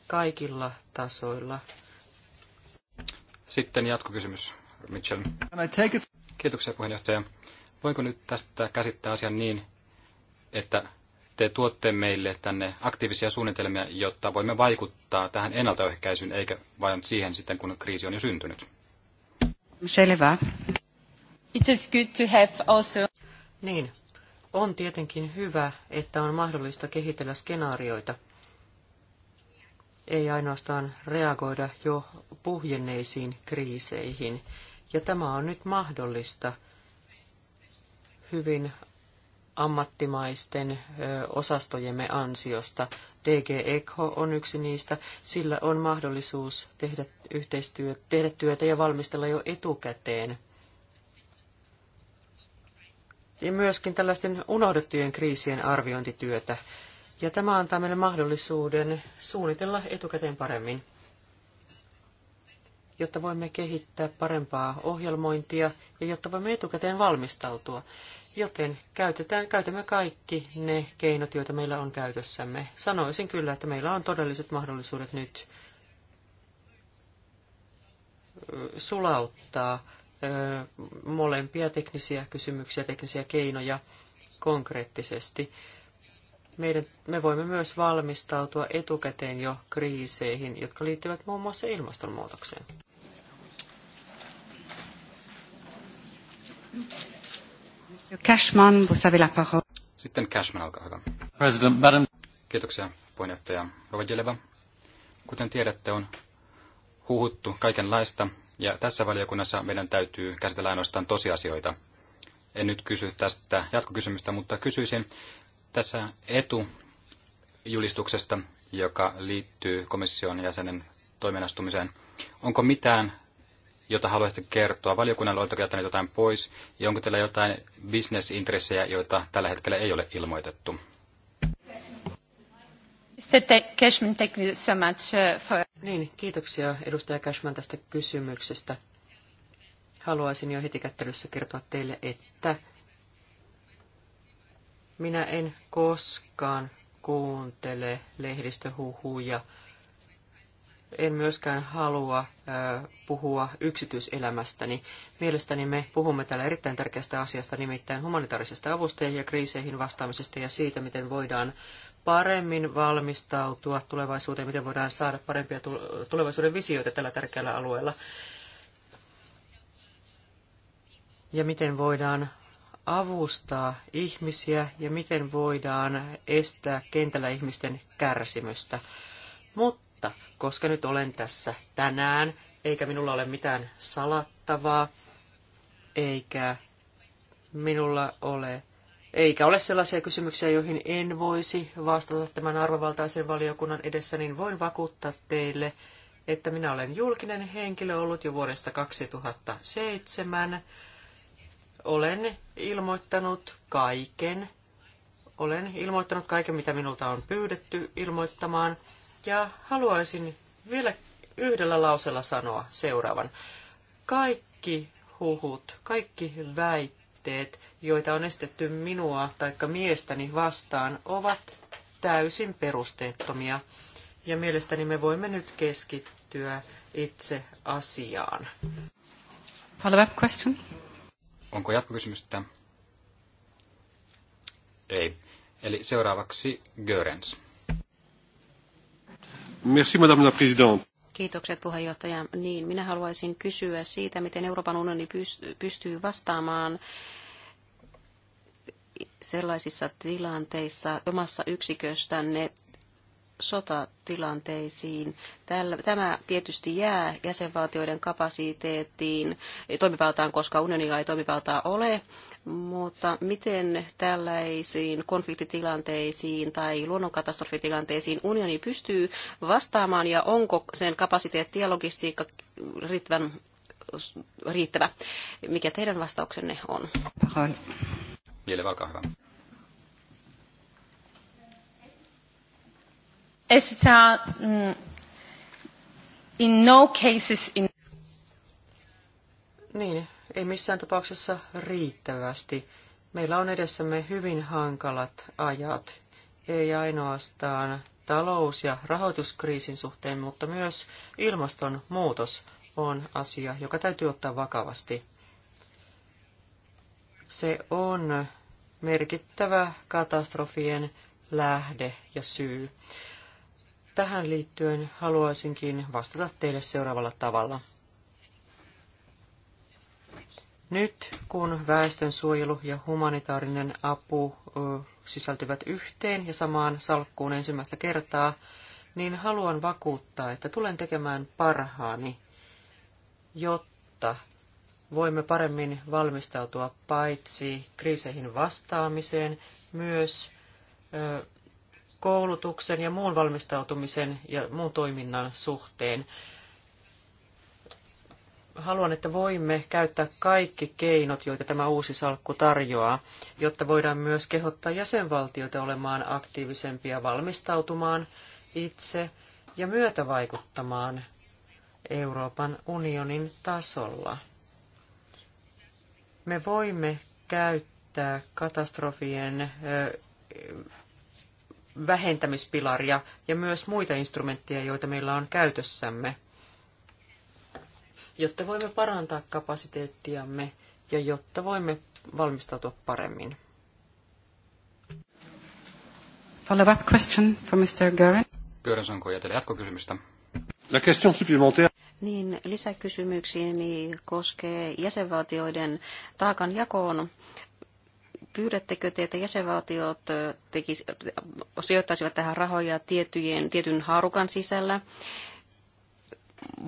kaikilla tasoilla. Sitten jatkokysymys. Mitchell. Kiitoksia puheenjohtaja. Voinko nyt tästä käsittää asian niin, että te tuotte meille tänne aktiivisia suunnitelmia, jotta voimme vaikuttaa tähän ennaltaehkäisyyn, eikä vain siihen sitten, kun kriisi on jo syntynyt? Selvä. It is good to have also... Niin, on tietenkin hyvä, että on mahdollista kehitellä skenaarioita. Ei ainoastaan reagoida jo puhjenneisiin kriiseihin. Ja tämä on nyt mahdollista hyvin ammattimaisten osastojemme ansiosta. DG ECHO on yksi niistä. Sillä on mahdollisuus tehdä, yhteistyö, tehdä työtä ja valmistella jo etukäteen. Ja myöskin tällaisten unohdettujen kriisien arviointityötä. Ja tämä antaa meille mahdollisuuden suunnitella etukäteen paremmin jotta voimme kehittää parempaa ohjelmointia ja jotta voimme etukäteen valmistautua. Joten käytetään, käytämme kaikki ne keinot, joita meillä on käytössämme. Sanoisin kyllä, että meillä on todelliset mahdollisuudet nyt sulauttaa molempia teknisiä kysymyksiä, teknisiä keinoja konkreettisesti. Meidän, me voimme myös valmistautua etukäteen jo kriiseihin, jotka liittyvät muun muassa ilmastonmuutokseen. Cashman, vous avez la parole. Sitten Cashman, olkaa hyvä. President, madam. Kiitoksia, puheenjohtaja Rovajeleva. Kuten tiedätte, on huhuttu kaikenlaista, ja tässä valiokunnassa meidän täytyy käsitellä ainoastaan tosiasioita. En nyt kysy tästä jatkokysymystä, mutta kysyisin tässä etujulistuksesta, joka liittyy komission jäsenen toimenastumiseen. Onko mitään jota haluaisitte kertoa valiokunnalle? Oletteko jättäneet jotain pois? Ja onko teillä jotain bisnesintressejä, joita tällä hetkellä ei ole ilmoitettu? Uh, niin, kiitoksia edustaja Cashman tästä kysymyksestä. Haluaisin jo heti kättelyssä kertoa teille, että minä en koskaan kuuntele lehdistöhuhuja – en myöskään halua puhua yksityiselämästäni. Mielestäni me puhumme täällä erittäin tärkeästä asiasta, nimittäin humanitaarisesta avusta ja kriiseihin vastaamisesta ja siitä, miten voidaan paremmin valmistautua tulevaisuuteen, miten voidaan saada parempia tulevaisuuden visioita tällä tärkeällä alueella. Ja miten voidaan avustaa ihmisiä ja miten voidaan estää kentällä ihmisten kärsimystä. Mutta mutta koska nyt olen tässä tänään, eikä minulla ole mitään salattavaa, eikä minulla ole, eikä ole sellaisia kysymyksiä, joihin en voisi vastata tämän arvovaltaisen valiokunnan edessä, niin voin vakuuttaa teille, että minä olen julkinen henkilö ollut jo vuodesta 2007. Olen ilmoittanut kaiken. Olen ilmoittanut kaiken, mitä minulta on pyydetty ilmoittamaan – ja haluaisin vielä yhdellä lausella sanoa seuraavan. Kaikki huhut, kaikki väitteet, joita on estetty minua tai miestäni vastaan, ovat täysin perusteettomia. Ja mielestäni me voimme nyt keskittyä itse asiaan. Follow-up question? Onko jatkokysymystä? Ei. Eli seuraavaksi Görens. Merci, madame la présidente. Kiitokset puheenjohtaja. Niin, minä haluaisin kysyä siitä, miten Euroopan unioni pystyy vastaamaan sellaisissa tilanteissa omassa yksiköstänne sotatilanteisiin. Tämä tietysti jää jäsenvaltioiden kapasiteettiin, toimivaltaan, koska unionilla ei toimivaltaa ole, mutta miten tällaisiin konfliktitilanteisiin tai luonnonkatastrofitilanteisiin unioni pystyy vastaamaan ja onko sen kapasiteetti ja logistiikka riittävän riittävä. Mikä teidän vastauksenne on? Mieli, olkaa hyvä. esitetään mm, in no cases in... Niin, ei missään tapauksessa riittävästi. Meillä on edessämme hyvin hankalat ajat, ei ainoastaan talous- ja rahoituskriisin suhteen, mutta myös ilmastonmuutos on asia, joka täytyy ottaa vakavasti. Se on merkittävä katastrofien lähde ja syy. Tähän liittyen haluaisinkin vastata teille seuraavalla tavalla. Nyt kun väestönsuojelu ja humanitaarinen apu sisältyvät yhteen ja samaan salkkuun ensimmäistä kertaa, niin haluan vakuuttaa, että tulen tekemään parhaani, jotta voimme paremmin valmistautua paitsi kriiseihin vastaamiseen, myös koulutuksen ja muun valmistautumisen ja muun toiminnan suhteen. Haluan, että voimme käyttää kaikki keinot, joita tämä uusi salkku tarjoaa, jotta voidaan myös kehottaa jäsenvaltioita olemaan aktiivisempia valmistautumaan itse ja myötävaikuttamaan Euroopan unionin tasolla. Me voimme käyttää katastrofien vähentämispilaria ja myös muita instrumentteja, joita meillä on käytössämme, jotta voimme parantaa kapasiteettiamme ja jotta voimme valmistautua paremmin. Follow-up question from Mr. Gören. Görens, onko jätellä jatkokysymystä? La question supplémentaire. Niin, lisäkysymyksiini koskee jäsenvaltioiden taakan jakoon pyydättekö te, että jäsenvaltiot tekis, sijoittaisivat tähän rahoja tietyjen, tietyn haarukan sisällä?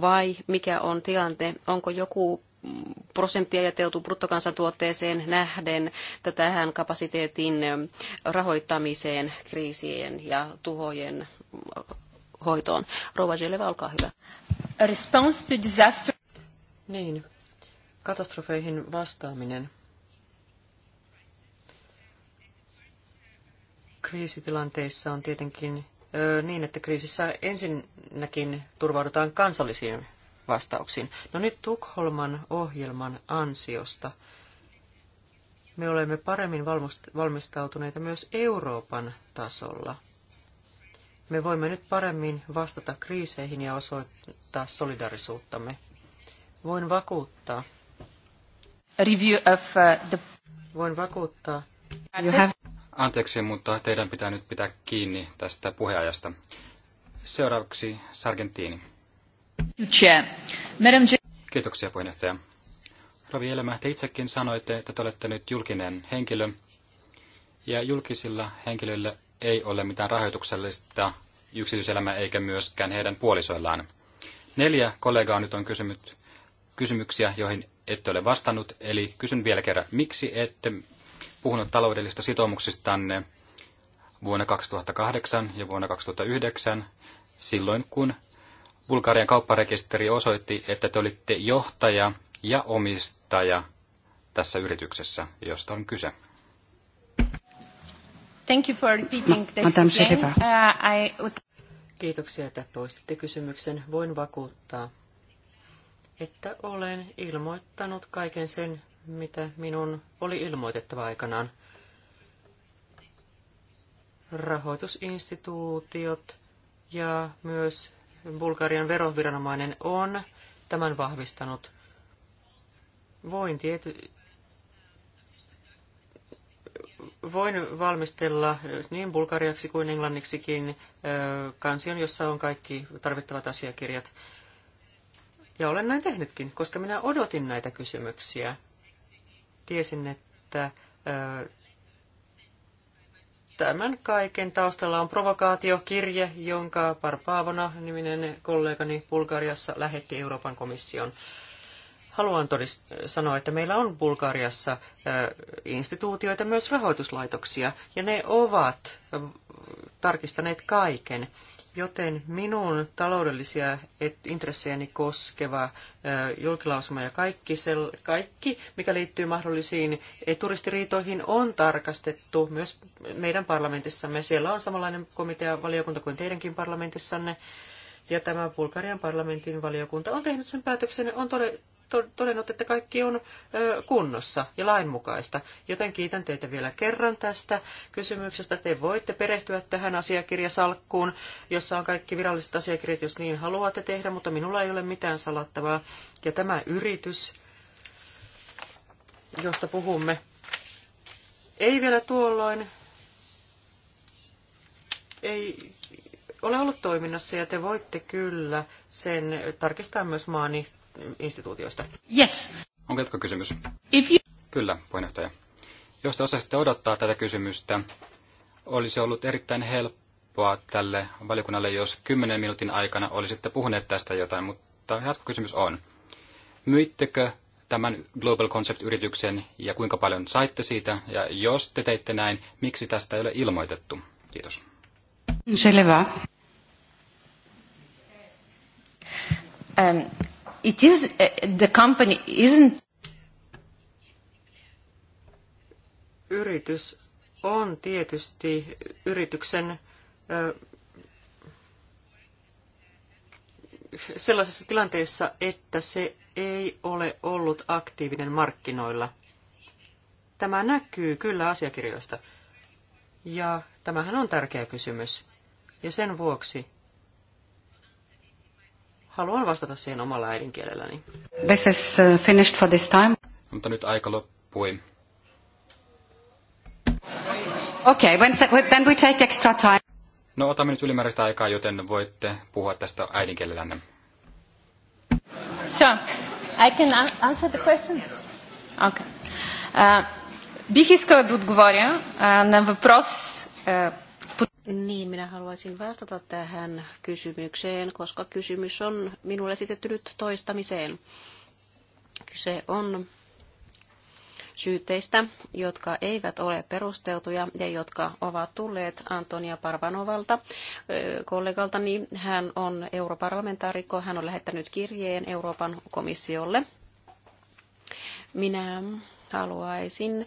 Vai mikä on tilanne? Onko joku prosenttia ajateltu bruttokansantuotteeseen nähden tähän kapasiteetin rahoittamiseen, kriisien ja tuhojen hoitoon. Rouva Jeleva, olkaa hyvä. response to disaster. Niin, katastrofeihin vastaaminen kriisitilanteissa on tietenkin niin, että kriisissä ensinnäkin turvaudutaan kansallisiin vastauksiin. No nyt Tukholman ohjelman ansiosta me olemme paremmin valmistautuneita myös Euroopan tasolla. Me voimme nyt paremmin vastata kriiseihin ja osoittaa solidarisuuttamme. Voin vakuuttaa. Review of uh, the... Voin vakuuttaa. You have... Anteeksi, mutta teidän pitää nyt pitää kiinni tästä puheajasta. Seuraavaksi Sargentini. Kiitoksia puheenjohtaja. Rovi Elämä, te itsekin sanoitte, että te olette nyt julkinen henkilö, ja julkisilla henkilöillä ei ole mitään rahoituksellista yksityiselämää eikä myöskään heidän puolisoillaan. Neljä kollegaa nyt on kysymyt kysymyksiä, joihin ette ole vastannut, eli kysyn vielä kerran, miksi ette puhunut taloudellisista sitoumuksistanne vuonna 2008 ja vuonna 2009, silloin kun Bulgarian kaupparekisteri osoitti, että te olitte johtaja ja omistaja tässä yrityksessä, josta on kyse. Thank you for repeating this again. Uh, I Kiitoksia, että toistitte kysymyksen. Voin vakuuttaa, että olen ilmoittanut kaiken sen, mitä minun oli ilmoitettava aikanaan. Rahoitusinstituutiot ja myös Bulgarian veroviranomainen on tämän vahvistanut. Voin tiety... Voin valmistella niin bulgariaksi kuin englanniksikin kansion, jossa on kaikki tarvittavat asiakirjat. Ja olen näin tehnytkin, koska minä odotin näitä kysymyksiä. Tiesin, että tämän kaiken taustalla on provokaatiokirje, jonka Parpaavona niminen kollegani Bulgariassa lähetti Euroopan komission. Haluan todist- sanoa, että meillä on Bulgariassa instituutioita, myös rahoituslaitoksia, ja ne ovat tarkistaneet kaiken. Joten minun taloudellisia intressejäni koskeva julkilausuma ja kaikki, sel, kaikki, mikä liittyy mahdollisiin turistiriitoihin, on tarkastettu myös meidän parlamentissamme. Siellä on samanlainen komitea valiokunta kuin teidänkin parlamentissanne. Ja tämä Bulgarian parlamentin valiokunta on tehnyt sen päätöksen, on tode, todennut, että kaikki on kunnossa ja lainmukaista. Joten kiitän teitä vielä kerran tästä kysymyksestä. Te voitte perehtyä tähän asiakirjasalkkuun, jossa on kaikki viralliset asiakirjat, jos niin haluatte tehdä, mutta minulla ei ole mitään salattavaa. Ja tämä yritys, josta puhumme, ei vielä tuolloin ei ole ollut toiminnassa ja te voitte kyllä sen tarkistaa myös maani instituutioista. Yes. Onko jatko kysymys? If you... Kyllä, puheenjohtaja. Jos te osaisitte odottaa tätä kysymystä, olisi ollut erittäin helppoa tälle valiokunnalle, jos 10 minuutin aikana olisitte puhuneet tästä jotain, mutta jatkokysymys on. Myittekö tämän Global Concept-yrityksen ja kuinka paljon saitte siitä? Ja jos te teitte näin, miksi tästä ei ole ilmoitettu? Kiitos. Selvä. Ähm, it is, uh, the company isn't... Yritys on tietysti yrityksen sellaisessa tilanteessa, että se ei ole ollut aktiivinen markkinoilla. Tämä näkyy kyllä asiakirjoista. Ja tämähän on tärkeä kysymys. Ja sen vuoksi haluan vastata siihen omalla äidinkielelläni. This is uh, finished for this time. Mutta nyt aika loppui. Okay, when th- then we take extra time. No otamme nyt ylimääräistä aikaa, joten voitte puhua tästä äidinkielellänne. So, I can answer the question? Okay. Uh, бих искала да отговоря uh, на въпрос uh, niin, minä haluaisin vastata tähän kysymykseen, koska kysymys on minulle esitetty nyt toistamiseen. Kyse on syytteistä, jotka eivät ole perusteltuja ja jotka ovat tulleet Antonia Parvanovalta kollegaltani. Hän on europarlamentaarikko, hän on lähettänyt kirjeen Euroopan komissiolle. Minä haluaisin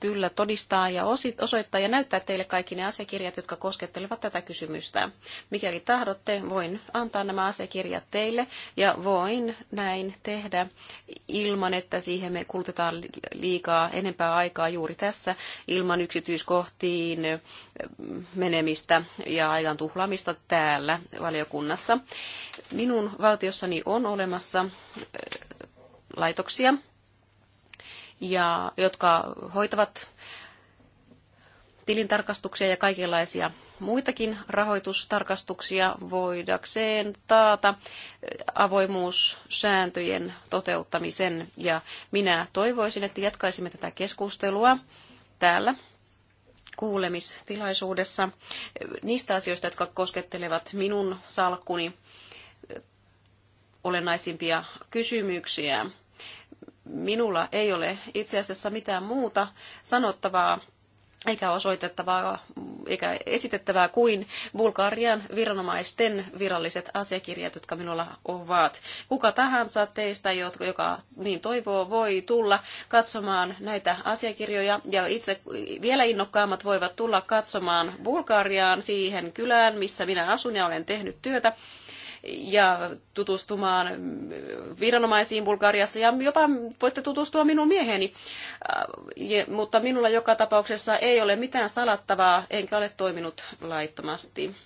kyllä todistaa ja osoittaa ja näyttää teille kaikki ne asiakirjat, jotka koskettelevat tätä kysymystä. Mikäli tahdotte, voin antaa nämä asiakirjat teille ja voin näin tehdä ilman, että siihen me kulutetaan liikaa enempää aikaa juuri tässä ilman yksityiskohtiin menemistä ja ajan tuhlaamista täällä valiokunnassa. Minun valtiossani on olemassa laitoksia, ja jotka hoitavat tilintarkastuksia ja kaikenlaisia muitakin rahoitustarkastuksia voidakseen taata avoimuussääntöjen toteuttamisen. Ja minä toivoisin, että jatkaisimme tätä keskustelua täällä kuulemistilaisuudessa niistä asioista, jotka koskettelevat minun salkkuni olennaisimpia kysymyksiä minulla ei ole itse asiassa mitään muuta sanottavaa eikä osoitettavaa eikä esitettävää kuin Bulgarian viranomaisten viralliset asiakirjat, jotka minulla ovat. Kuka tahansa teistä, joka niin toivoo, voi tulla katsomaan näitä asiakirjoja ja itse vielä innokkaammat voivat tulla katsomaan Bulgariaan siihen kylään, missä minä asun ja olen tehnyt työtä ja tutustumaan viranomaisiin Bulgariassa ja jopa voitte tutustua minun mieheni. Äh, mutta minulla joka tapauksessa ei ole mitään salattavaa, enkä ole toiminut laittomasti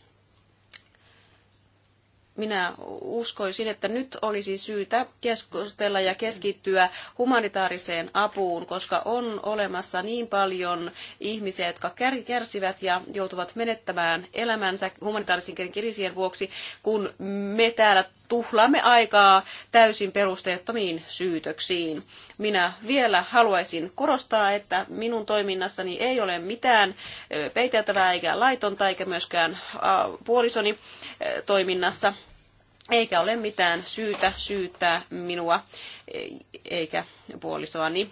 minä uskoisin, että nyt olisi syytä keskustella ja keskittyä humanitaariseen apuun, koska on olemassa niin paljon ihmisiä, jotka kärsivät ja joutuvat menettämään elämänsä humanitaarisen kriisien vuoksi, kun me täällä tuhlaamme aikaa täysin perusteettomiin syytöksiin. Minä vielä haluaisin korostaa, että minun toiminnassani ei ole mitään peiteltävää eikä laitonta eikä myöskään puolisoni toiminnassa eikä ole mitään syytä syyttää minua eikä puolisoani.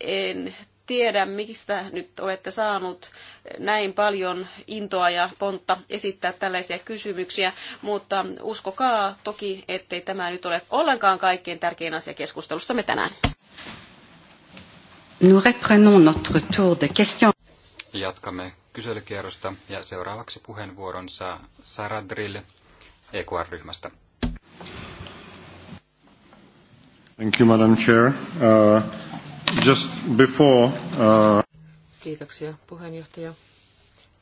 En tiedä, mistä nyt olette saanut näin paljon intoa ja pontta esittää tällaisia kysymyksiä, mutta uskokaa toki, ettei tämä nyt ole ollenkaan kaikkein tärkein asia keskustelussamme tänään. Jatkamme kyselykierrosta ja seuraavaksi puheenvuoron saa Sara Drill EQR-ryhmästä. Uh, uh, Kiitoksia, puheenjohtaja.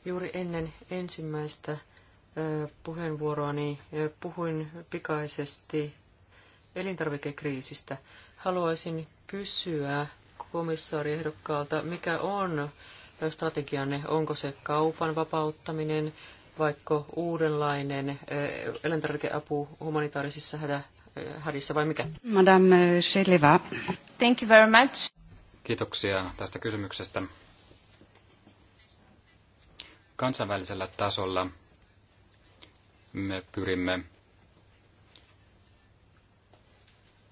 Juuri ennen ensimmäistä uh, puheenvuoroani puhuin pikaisesti elintarvikekriisistä. Haluaisin kysyä komissaariehdokkaalta, mikä on strategianne? Onko se kaupan vapauttaminen vaikka uudenlainen elintarvikeapu humanitaarisissa hädä, hädissä vai mikä? Madame Sheleva. Thank you very much. Kiitoksia tästä kysymyksestä. Kansainvälisellä tasolla me pyrimme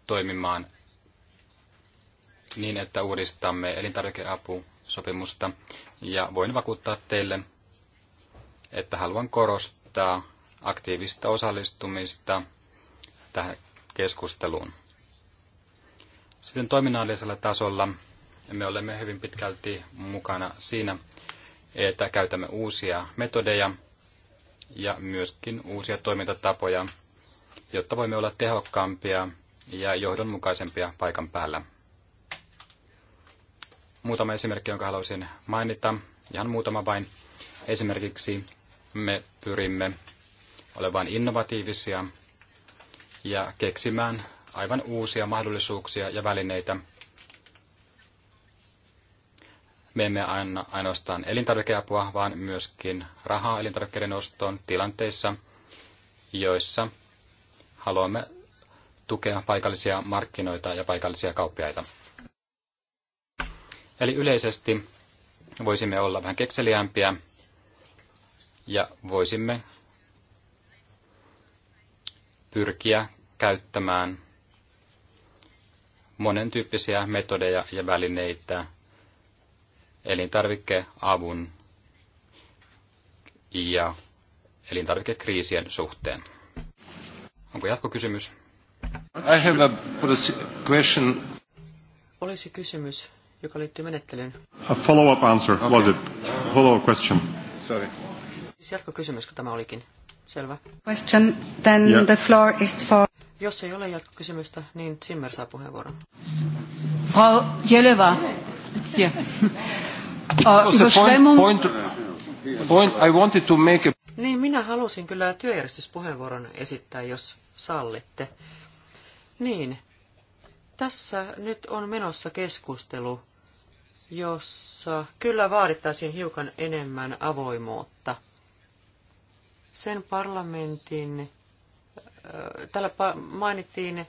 toimimaan niin, että uudistamme elintarvikeapusopimusta. Ja voin vakuuttaa teille, että haluan korostaa aktiivista osallistumista tähän keskusteluun. Sitten toiminnallisella tasolla me olemme hyvin pitkälti mukana siinä, että käytämme uusia metodeja ja myöskin uusia toimintatapoja, jotta voimme olla tehokkaampia ja johdonmukaisempia paikan päällä. Muutama esimerkki, jonka haluaisin mainita, ihan muutama vain. Esimerkiksi me pyrimme olemaan innovatiivisia ja keksimään aivan uusia mahdollisuuksia ja välineitä. Me emme anna ainoastaan elintarvikeapua, vaan myöskin rahaa elintarvikkeiden ostoon tilanteissa, joissa haluamme tukea paikallisia markkinoita ja paikallisia kauppiaita. Eli yleisesti voisimme olla vähän kekseliämpiä ja voisimme pyrkiä käyttämään monen tyyppisiä metodeja ja välineitä elintarvikeavun ja elintarvikekriisien suhteen. Onko jatkokysymys? I have a question. Olisi kysymys, joka liittyy menettelyyn. A follow-up answer, okay. was it? Follow-up question. Sorry. Siis jatkokysymys, kun tämä olikin. Selvä. Question, then yeah. the floor is for... Jos ei ole jatkokysymystä, niin Zimmer saa puheenvuoron. Frau Jeleva. Yeah. Äh, uh, point, point, I wanted to make a... Niin, minä halusin kyllä työjärjestyspuheenvuoron esittää, jos sallitte. Niin, tässä nyt on menossa keskustelu, jossa kyllä vaadittaisiin hiukan enemmän avoimuutta – sen parlamentin, täällä mainittiin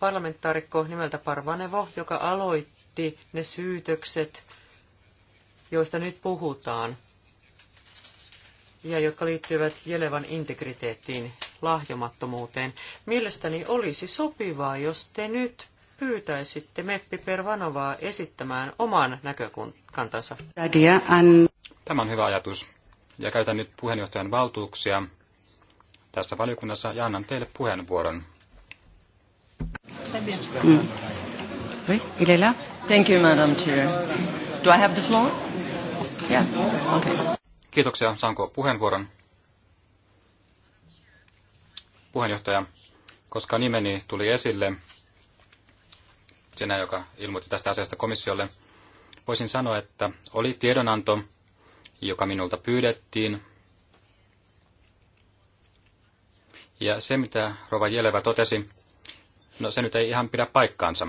parlamentaarikko nimeltä Parvanevo, joka aloitti ne syytökset, joista nyt puhutaan ja jotka liittyvät Jelevan integriteettiin, lahjomattomuuteen. Mielestäni olisi sopivaa, jos te nyt pyytäisitte Meppi Pervanovaa esittämään oman näkökantansa. Tämä on hyvä ajatus ja käytän nyt puheenjohtajan valtuuksia tässä valiokunnassa ja annan teille puheenvuoron. Mm. Thank you, Madam Chair. Do I have the floor? Yeah, okay. Kiitoksia. Saanko puheenvuoron? Puheenjohtaja, koska nimeni tuli esille, sinä, joka ilmoitti tästä asiasta komissiolle, voisin sanoa, että oli tiedonanto, joka minulta pyydettiin. Ja se, mitä Rova Jelevä totesi, no se nyt ei ihan pidä paikkaansa.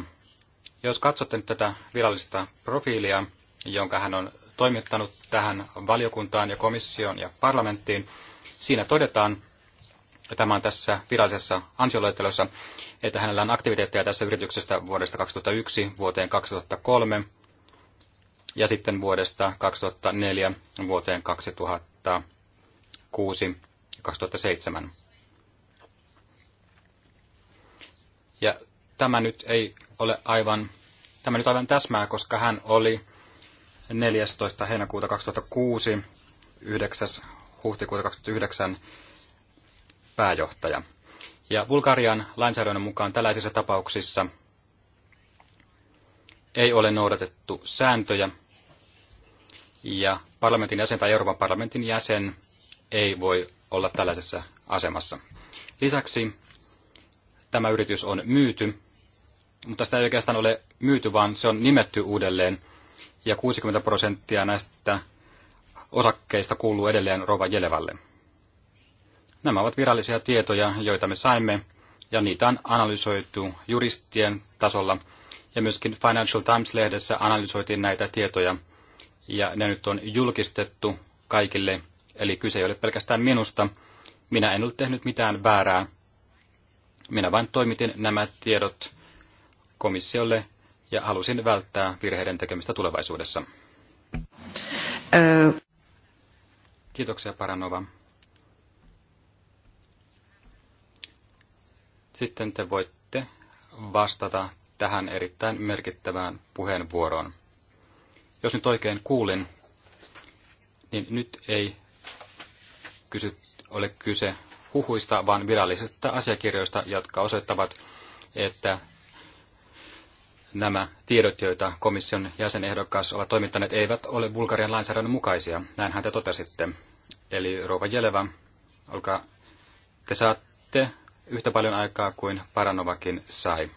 Jos katsotte nyt tätä virallista profiilia, jonka hän on toimittanut tähän valiokuntaan ja komissioon ja parlamenttiin, siinä todetaan, ja tämä on tässä virallisessa ansioluettelossa, että hänellä on aktiviteetteja tässä yrityksestä vuodesta 2001 vuoteen 2003, ja sitten vuodesta 2004 vuoteen 2006 ja 2007. Ja tämä nyt ei ole aivan, tämä nyt aivan täsmää, koska hän oli 14. heinäkuuta 2006, 9. huhtikuuta 2009 pääjohtaja. Ja Bulgarian lainsäädännön mukaan tällaisissa tapauksissa ei ole noudatettu sääntöjä ja parlamentin jäsen tai Euroopan parlamentin jäsen ei voi olla tällaisessa asemassa. Lisäksi tämä yritys on myyty, mutta sitä ei oikeastaan ole myyty, vaan se on nimetty uudelleen ja 60 prosenttia näistä osakkeista kuuluu edelleen Rova Jelevalle. Nämä ovat virallisia tietoja, joita me saimme, ja niitä on analysoitu juristien tasolla – ja myöskin Financial Times-lehdessä analysoitiin näitä tietoja, ja ne nyt on julkistettu kaikille. Eli kyse ei ole pelkästään minusta. Minä en ole tehnyt mitään väärää. Minä vain toimitin nämä tiedot komissiolle ja halusin välttää virheiden tekemistä tulevaisuudessa. Ö... Kiitoksia Paranova. Sitten te voitte vastata tähän erittäin merkittävään puheenvuoroon. Jos nyt oikein kuulin, niin nyt ei kysy, ole kyse huhuista, vaan virallisista asiakirjoista, jotka osoittavat, että nämä tiedot, joita komission jäsenehdokas ovat toimittaneet, eivät ole Bulgarian lainsäädännön mukaisia. Näinhän te totesitte. Eli Rouva Jeleva, olkaa, te saatte yhtä paljon aikaa kuin Paranovakin sai.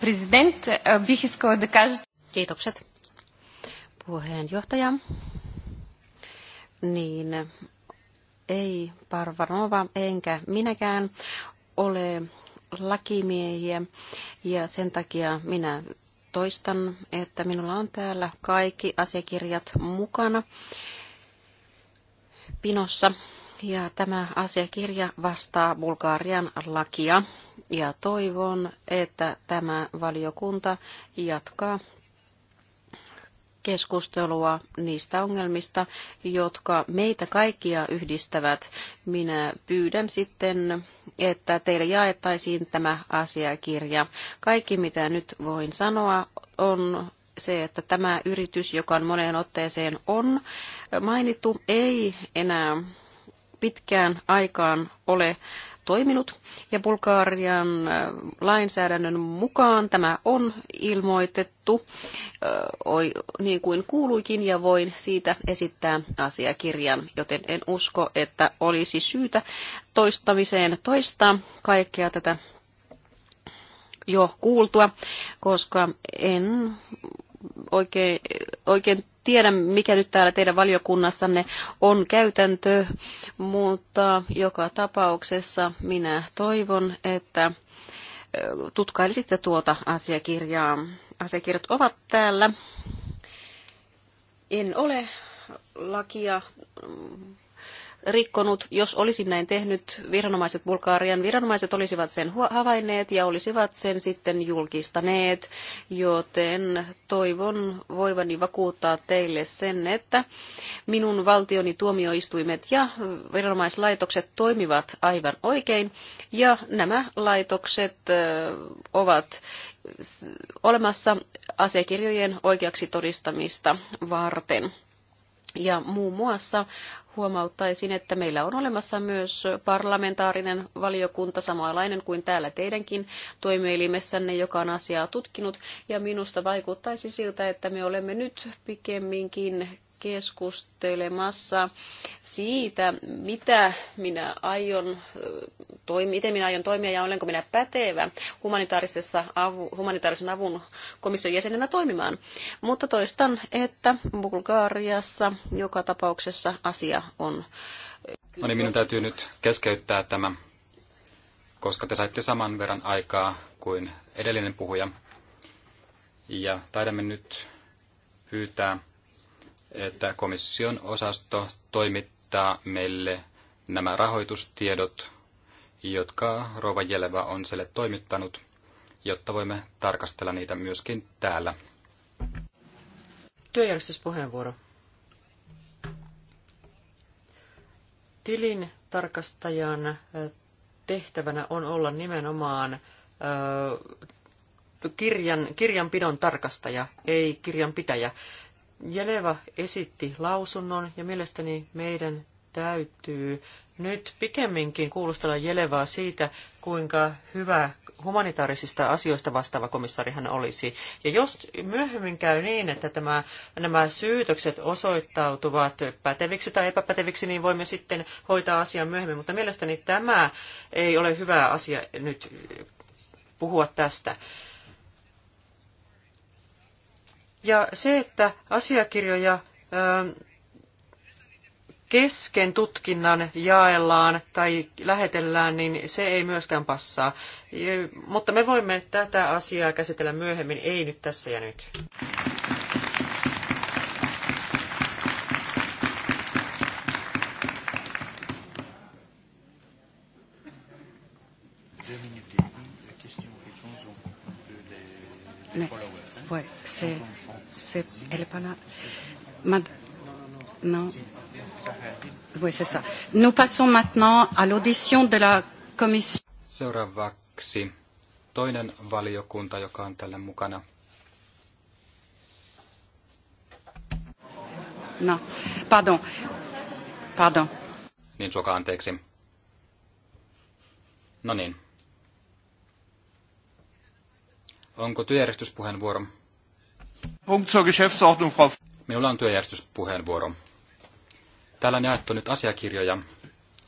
President, Kiitokset. Puheenjohtaja. Niin, ei Parvanova enkä minäkään ole lakimiehiä ja sen takia minä toistan, että minulla on täällä kaikki asiakirjat mukana pinossa ja tämä asiakirja vastaa Bulgarian lakia ja toivon, että tämä valiokunta jatkaa keskustelua niistä ongelmista, jotka meitä kaikkia yhdistävät. Minä pyydän sitten, että teille jaettaisiin tämä asiakirja. Kaikki, mitä nyt voin sanoa, on se, että tämä yritys, joka on moneen otteeseen on mainittu, ei enää pitkään aikaan ole toiminut. Ja Bulgarian äh, lainsäädännön mukaan tämä on ilmoitettu äh, niin kuin kuuluikin ja voin siitä esittää asiakirjan, joten en usko, että olisi syytä toistamiseen toistaa kaikkea tätä jo kuultua, koska en oikein, oikein tiedä, mikä nyt täällä teidän valiokunnassanne on käytäntö, mutta joka tapauksessa minä toivon, että tutkailisitte tuota asiakirjaa. Asiakirjat ovat täällä. En ole lakia mm, rikkonut. Jos olisin näin tehnyt, viranomaiset Bulgarian viranomaiset olisivat sen havainneet ja olisivat sen sitten julkistaneet, joten toivon voivani vakuuttaa teille sen, että minun valtioni tuomioistuimet ja viranomaislaitokset toimivat aivan oikein ja nämä laitokset ovat olemassa asiakirjojen oikeaksi todistamista varten. Ja muun muassa huomauttaisin, että meillä on olemassa myös parlamentaarinen valiokunta, samanlainen kuin täällä teidänkin toimielimessänne, joka on asiaa tutkinut. Ja minusta vaikuttaisi siltä, että me olemme nyt pikemminkin keskustelemassa siitä, mitä minä aion, eh, toi, miten minä aion toimia ja olenko minä pätevä humanitaarisessa avu, humanitaarisen avun komission jäsenenä toimimaan. Mutta toistan, että Bulgaariassa joka tapauksessa asia on. Eh, no niin, minun täytyy nyt keskeyttää tämä, koska te saitte saman verran aikaa kuin edellinen puhuja. Ja taidamme nyt pyytää että komission osasto toimittaa meille nämä rahoitustiedot, jotka Rova Jeleva on sille toimittanut, jotta voimme tarkastella niitä myöskin täällä. Työjärjestyspuheenvuoro. Tilin tarkastajan tehtävänä on olla nimenomaan kirjan, kirjanpidon tarkastaja, ei kirjanpitäjä. Jeleva esitti lausunnon ja mielestäni meidän täytyy nyt pikemminkin kuulustella Jelevaa siitä, kuinka hyvä humanitaarisista asioista vastaava komissaari hän olisi. Ja jos myöhemmin käy niin, että tämä, nämä syytökset osoittautuvat päteviksi tai epäpäteviksi, niin voimme sitten hoitaa asian myöhemmin. Mutta mielestäni tämä ei ole hyvä asia nyt puhua tästä. Ja se, että asiakirjoja kesken tutkinnan jaellaan tai lähetellään, niin se ei myöskään passaa. Mutta me voimme tätä asiaa käsitellä myöhemmin, ei nyt tässä ja nyt. Voilà. Mad... Non. Oui, c'est ça. Nous passons maintenant à l'audition de la commission. Seuraavaksi toinen valiokunta, joka on tällä mukana. No, pardon. Pardon. Niin, suokaa anteeksi. No niin. Onko työjärjestyspuheenvuoro? Punkt zur Geschäftsordnung, Frau. Minulla on työjärjestyspuheenvuoro. Täällä on jaettu nyt asiakirjoja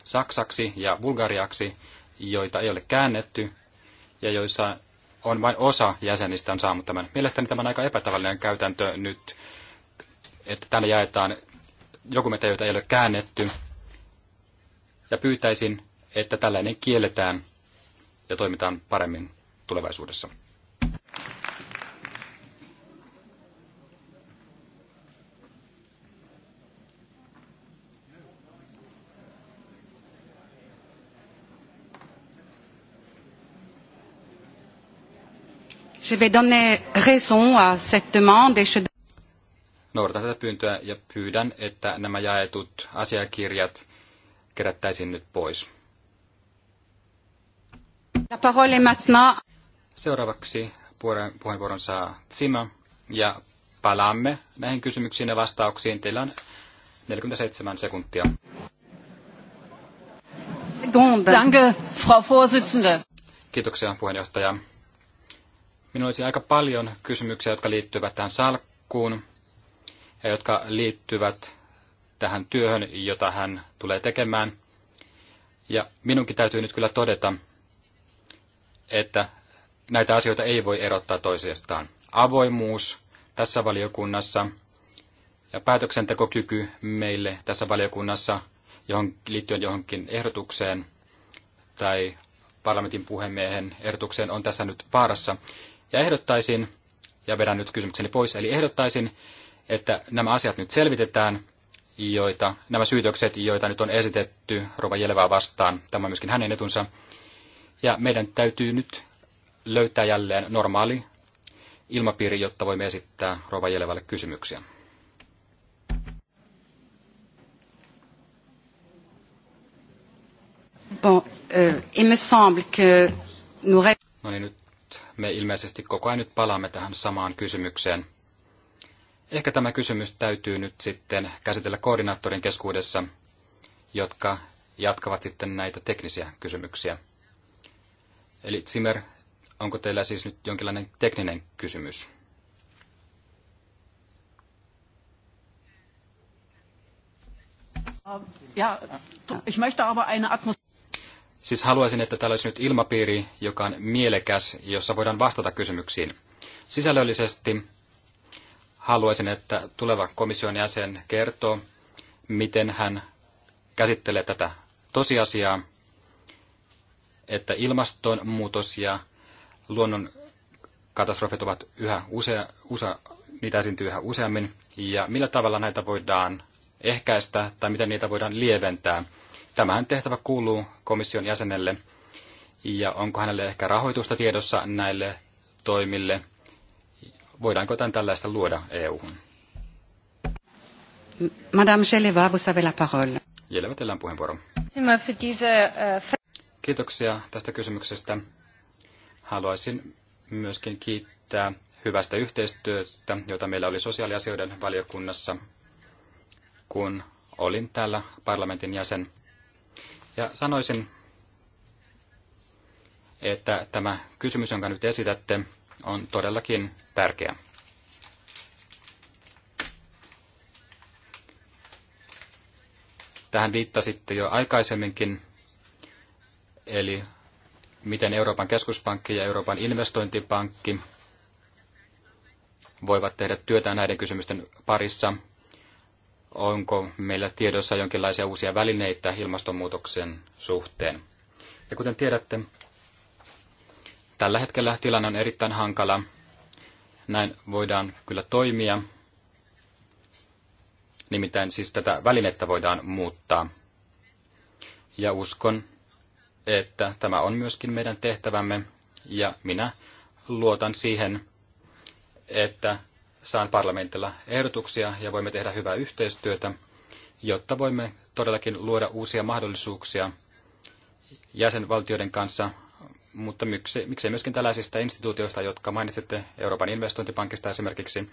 saksaksi ja bulgariaksi, joita ei ole käännetty ja joissa on vain osa jäsenistä on saanut tämän. Mielestäni tämä on aika epätavallinen käytäntö nyt, että täällä jaetaan dokumentteja, joita ei ole käännetty. Ja pyytäisin, että tällainen kielletään ja toimitaan paremmin tulevaisuudessa. Je vais donner raison à cette demande et je... Noudatan tätä pyyntöä ja pyydän, että nämä jaetut asiakirjat kerättäisiin nyt pois. La parole est maintenant. Seuraavaksi puheenvuoron saa Tsima ja palaamme näihin kysymyksiin ja vastauksiin. Teillä on 47 sekuntia. Danke, Frau Vorsitzende. Kiitoksia puheenjohtaja. Minulla olisi aika paljon kysymyksiä, jotka liittyvät tähän salkkuun ja jotka liittyvät tähän työhön, jota hän tulee tekemään. Ja minunkin täytyy nyt kyllä todeta, että näitä asioita ei voi erottaa toisistaan. Avoimuus tässä valiokunnassa ja päätöksentekokyky meille tässä valiokunnassa johon, liittyen johonkin ehdotukseen tai parlamentin puhemiehen ehdotukseen on tässä nyt vaarassa, ja ehdottaisin, ja vedän nyt kysymykseni pois, eli ehdottaisin, että nämä asiat nyt selvitetään, joita, nämä syytökset, joita nyt on esitetty Rova Jelevaa vastaan, tämä on myöskin hänen etunsa, ja meidän täytyy nyt löytää jälleen normaali ilmapiiri, jotta voimme esittää Rova Jelevalle kysymyksiä. Bon, euh, il me semble que nous... No niin, nyt me ilmeisesti koko ajan nyt palaamme tähän samaan kysymykseen. Ehkä tämä kysymys täytyy nyt sitten käsitellä koordinaattorin keskuudessa, jotka jatkavat sitten näitä teknisiä kysymyksiä. Eli Zimmer, onko teillä siis nyt jonkinlainen tekninen kysymys? Ja, ich möchte aber eine Atmosphäre. Siis haluaisin, että täällä olisi nyt ilmapiiri, joka on mielekäs, jossa voidaan vastata kysymyksiin. Sisällöllisesti haluaisin, että tuleva komission jäsen kertoo, miten hän käsittelee tätä tosiasiaa, että ilmastonmuutos ja luonnon katastrofit ovat yhä usea, usea, niitä esiintyy yhä useammin, ja millä tavalla näitä voidaan ehkäistä tai miten niitä voidaan lieventää – Tämähän tehtävä kuuluu komission jäsenelle, ja onko hänelle ehkä rahoitusta tiedossa näille toimille? Voidaanko jotain tällaista luoda EU-hun? Madame Geleva, vous avez la parole. Jeleva, teillä on puheenvuoro. Kiitoksia tästä kysymyksestä. Haluaisin myöskin kiittää hyvästä yhteistyöstä, jota meillä oli sosiaaliasioiden valiokunnassa, kun olin täällä parlamentin jäsen. Ja sanoisin, että tämä kysymys, jonka nyt esitätte, on todellakin tärkeä. Tähän viittasitte jo aikaisemminkin, eli miten Euroopan keskuspankki ja Euroopan investointipankki voivat tehdä työtä näiden kysymysten parissa – onko meillä tiedossa jonkinlaisia uusia välineitä ilmastonmuutoksen suhteen. Ja kuten tiedätte, tällä hetkellä tilanne on erittäin hankala. Näin voidaan kyllä toimia. Nimittäin siis tätä välinettä voidaan muuttaa. Ja uskon, että tämä on myöskin meidän tehtävämme, ja minä luotan siihen, että saan parlamentilla ehdotuksia ja voimme tehdä hyvää yhteistyötä, jotta voimme todellakin luoda uusia mahdollisuuksia jäsenvaltioiden kanssa, mutta miksei, miksei myöskin tällaisista instituutioista, jotka mainitsitte Euroopan investointipankista esimerkiksi.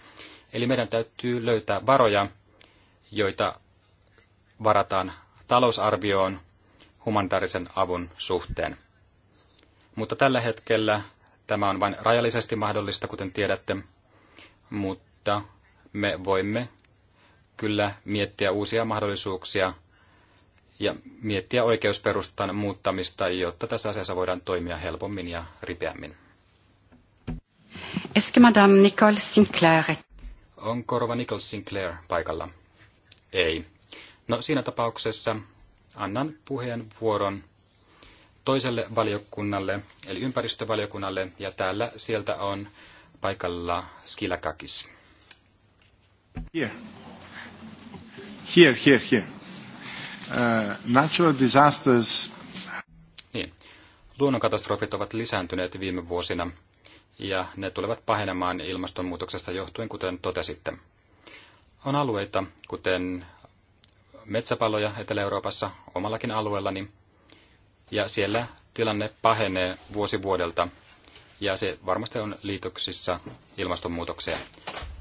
Eli meidän täytyy löytää varoja, joita varataan talousarvioon humanitaarisen avun suhteen. Mutta tällä hetkellä tämä on vain rajallisesti mahdollista, kuten tiedätte mutta me voimme kyllä miettiä uusia mahdollisuuksia ja miettiä oikeusperustan muuttamista, jotta tässä asiassa voidaan toimia helpommin ja ripeämmin. Eske Madame Nicole Sinclair? Onko Rova Nicole Sinclair paikalla? Ei. No siinä tapauksessa annan puheenvuoron toiselle valiokunnalle, eli ympäristövaliokunnalle, ja täällä sieltä on paikalla Skilakakis. Here. Here, here, here. Uh, natural disasters. Niin. Luonnonkatastrofit ovat lisääntyneet viime vuosina ja ne tulevat pahenemaan ilmastonmuutoksesta johtuen, kuten totesitte. On alueita, kuten metsäpaloja Etelä-Euroopassa omallakin alueellani, ja siellä tilanne pahenee vuosi vuodelta – ja se varmasti on liitoksissa ilmastonmuutokseen.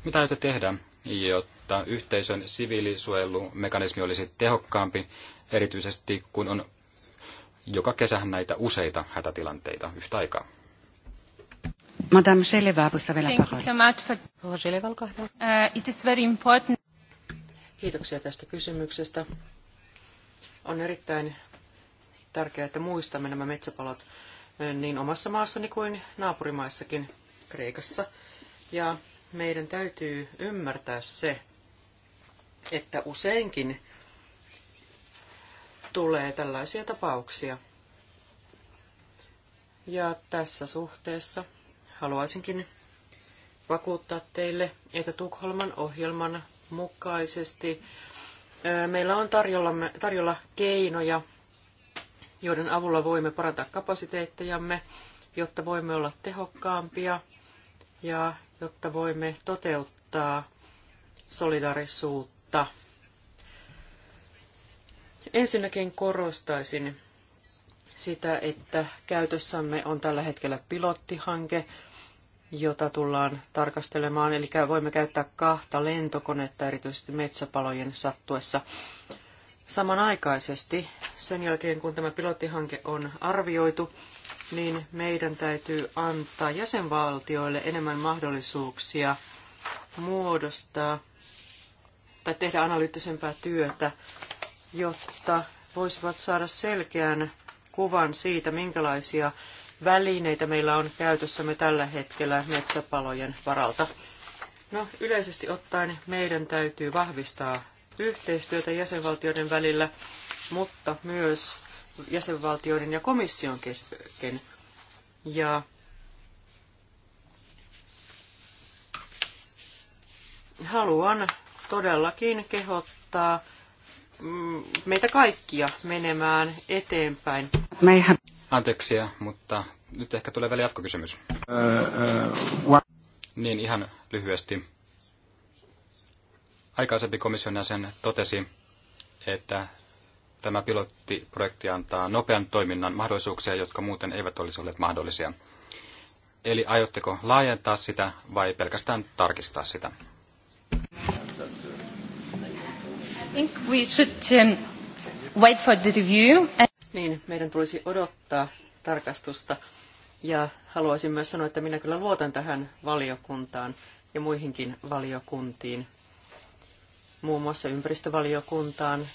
Mitä aiotte tehdä, jotta yhteisön siviilisuojelumekanismi olisi tehokkaampi, erityisesti kun on joka kesä näitä useita hätätilanteita yhtä aikaa? Madame Seleva, vous vielä la Thank you uh, it is very important. Kiitoksia tästä kysymyksestä. On erittäin tärkeää, että muistamme nämä metsäpalot niin omassa maassani kuin naapurimaissakin Kreikassa. Ja meidän täytyy ymmärtää se, että useinkin tulee tällaisia tapauksia. Ja tässä suhteessa haluaisinkin vakuuttaa teille, että Tukholman ohjelman mukaisesti meillä on tarjolla, tarjolla keinoja joiden avulla voimme parantaa kapasiteettejamme, jotta voimme olla tehokkaampia ja jotta voimme toteuttaa solidarisuutta. Ensinnäkin korostaisin sitä, että käytössämme on tällä hetkellä pilottihanke, jota tullaan tarkastelemaan. Eli voimme käyttää kahta lentokonetta erityisesti metsäpalojen sattuessa. Samanaikaisesti sen jälkeen, kun tämä pilottihanke on arvioitu, niin meidän täytyy antaa jäsenvaltioille enemmän mahdollisuuksia muodostaa tai tehdä analyyttisempää työtä, jotta voisivat saada selkeän kuvan siitä, minkälaisia välineitä meillä on käytössämme tällä hetkellä metsäpalojen varalta. No, yleisesti ottaen meidän täytyy vahvistaa yhteistyötä jäsenvaltioiden välillä, mutta myös jäsenvaltioiden ja komission kesken. Ja haluan todellakin kehottaa mm, meitä kaikkia menemään eteenpäin. Meihän. Anteeksi, mutta nyt ehkä tulee vielä jatkokysymys. Öö, öö, niin ihan lyhyesti. Aikaisempi komission jäsen totesi, että tämä pilottiprojekti antaa nopean toiminnan mahdollisuuksia, jotka muuten eivät olisi olleet mahdollisia. Eli aiotteko laajentaa sitä vai pelkästään tarkistaa sitä? Um, niin, meidän tulisi odottaa tarkastusta. Ja haluaisin myös sanoa, että minä kyllä luotan tähän valiokuntaan ja muihinkin valiokuntiin muun muassa ympäristövaliokuntaan,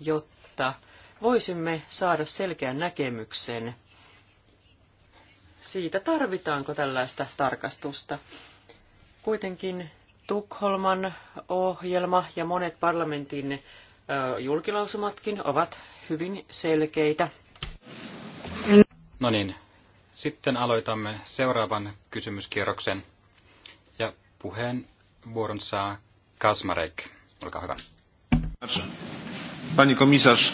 jotta voisimme saada selkeän näkemyksen siitä, tarvitaanko tällaista tarkastusta. Kuitenkin Tukholman ohjelma ja monet parlamentin julkilausumatkin ovat hyvin selkeitä. No niin, sitten aloitamme seuraavan kysymyskierroksen ja puheenvuoron saa Kasmarek. Olkaa hyvä. Pani komisarz,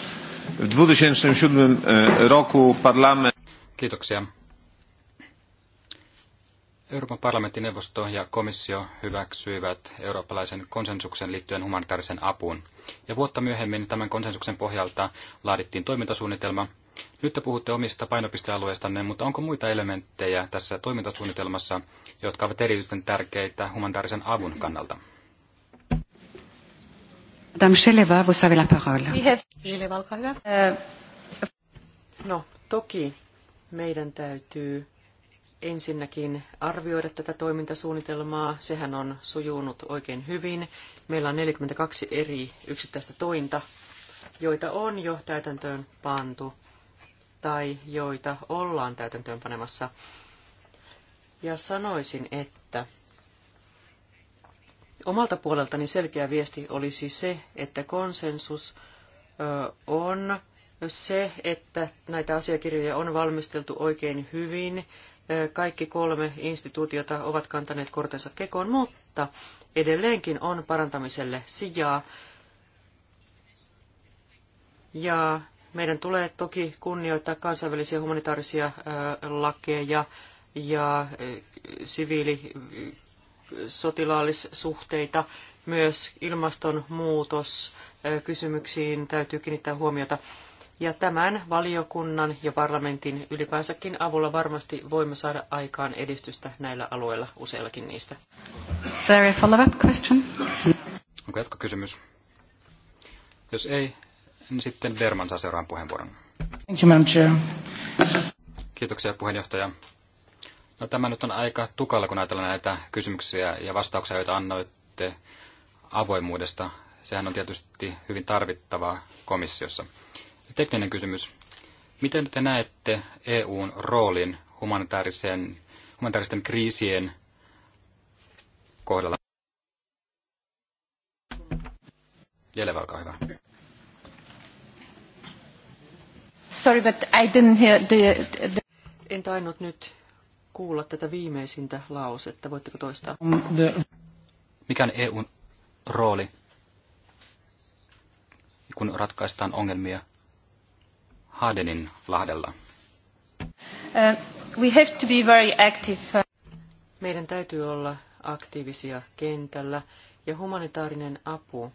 w 2007 e, roku parlament... Kiitoksia. Euroopan parlamentin neuvosto ja komissio hyväksyivät eurooppalaisen konsensuksen liittyen humanitaariseen apuun. Ja vuotta myöhemmin tämän konsensuksen pohjalta laadittiin toimintasuunnitelma. Nyt te puhutte omista painopistealueistanne, mutta onko muita elementtejä tässä toimintasuunnitelmassa, jotka ovat erityisen tärkeitä humanitaarisen avun kannalta? Madame Cheleva, vous avez la parole. Cheleva, olkaa hyvä. Uh, no, toki meidän täytyy ensinnäkin arvioida tätä toimintasuunnitelmaa. Sehän on sujunut oikein hyvin. Meillä on 42 eri yksittäistä tointa, joita on jo täytäntöön pantu tai joita ollaan täytäntöön panemassa. Ja sanoisin, että Omalta puoleltani selkeä viesti olisi se, että konsensus on se, että näitä asiakirjoja on valmisteltu oikein hyvin. Kaikki kolme instituutiota ovat kantaneet kortensa kekoon, mutta edelleenkin on parantamiselle sijaa. Ja meidän tulee toki kunnioittaa kansainvälisiä humanitaarisia lakeja ja siviili sotilaallissuhteita, myös ilmastonmuutos kysymyksiin täytyy kiinnittää huomiota. Ja tämän valiokunnan ja parlamentin ylipäänsäkin avulla varmasti voimme saada aikaan edistystä näillä alueilla useillakin niistä. There a follow question. Onko jatkokysymys? Jos ei, niin sitten Verman saa seuraavan puheenvuoron. Thank you, Chair. Kiitoksia puheenjohtaja. No tämä nyt on aika tukalla, kun ajatellaan näitä kysymyksiä ja vastauksia, joita annoitte avoimuudesta. Sehän on tietysti hyvin tarvittavaa komissiossa. Tekninen kysymys. Miten te näette EUn roolin humanitaarisen, humanitaaristen kriisien kohdalla? Jelevä, olkaa hyvä. Sorry, but I didn't hear the, the... En tainnut nyt kuulla tätä viimeisintä lausetta. Voitteko toistaa? Mikä on EUn rooli, kun ratkaistaan ongelmia Hadenin lahdella? Uh, we have to be very active. Meidän täytyy olla aktiivisia kentällä ja humanitaarinen apu,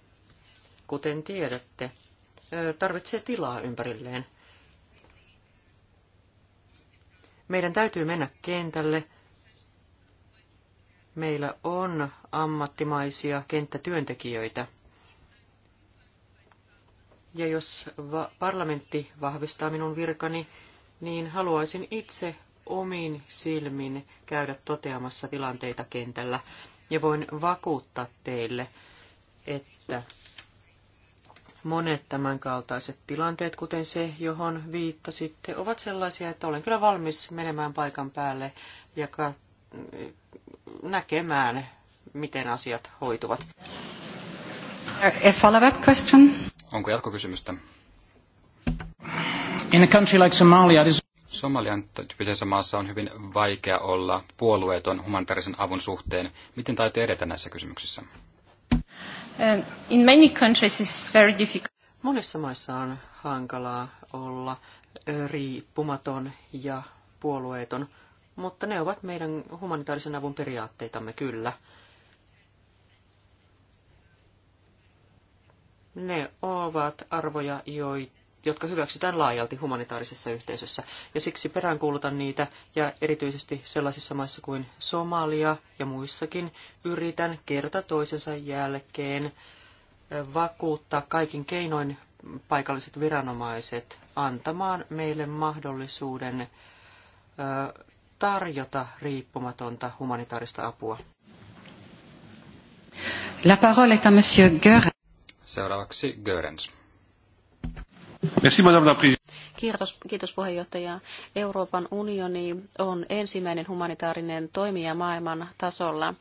kuten tiedätte, tarvitsee tilaa ympärilleen. Meidän täytyy mennä kentälle. Meillä on ammattimaisia kenttätyöntekijöitä. Ja jos va- parlamentti vahvistaa minun virkani, niin haluaisin itse omin silmin käydä toteamassa tilanteita kentällä. Ja voin vakuuttaa teille, että Monet tämänkaltaiset tilanteet, kuten se, johon viittasitte, ovat sellaisia, että olen kyllä valmis menemään paikan päälle ja näkemään, miten asiat hoituvat. A question? Onko jatkokysymystä? In a country like Somalia, this... Somalian tyyppisessä maassa on hyvin vaikea olla puolueeton humanitaarisen avun suhteen. Miten taito edetä näissä kysymyksissä? Um, in many countries it's very difficult. Monissa maissa on hankalaa olla riippumaton ja puolueeton, mutta ne ovat meidän humanitaarisen avun periaatteitamme kyllä. Ne ovat arvoja, joita jotka hyväksytään laajalti humanitaarisessa yhteisössä. Ja siksi peräänkuulutan niitä, ja erityisesti sellaisissa maissa kuin Somalia ja muissakin yritän kerta toisensa jälkeen vakuuttaa kaikin keinoin paikalliset viranomaiset antamaan meille mahdollisuuden tarjota riippumatonta humanitaarista apua. La parole est à monsieur Seuraavaksi Görens. Merci, madame la Kiitos, kiitos puheenjohtaja. Euroopan unioni on ensimmäinen humanitaarinen toimija maailman tasolla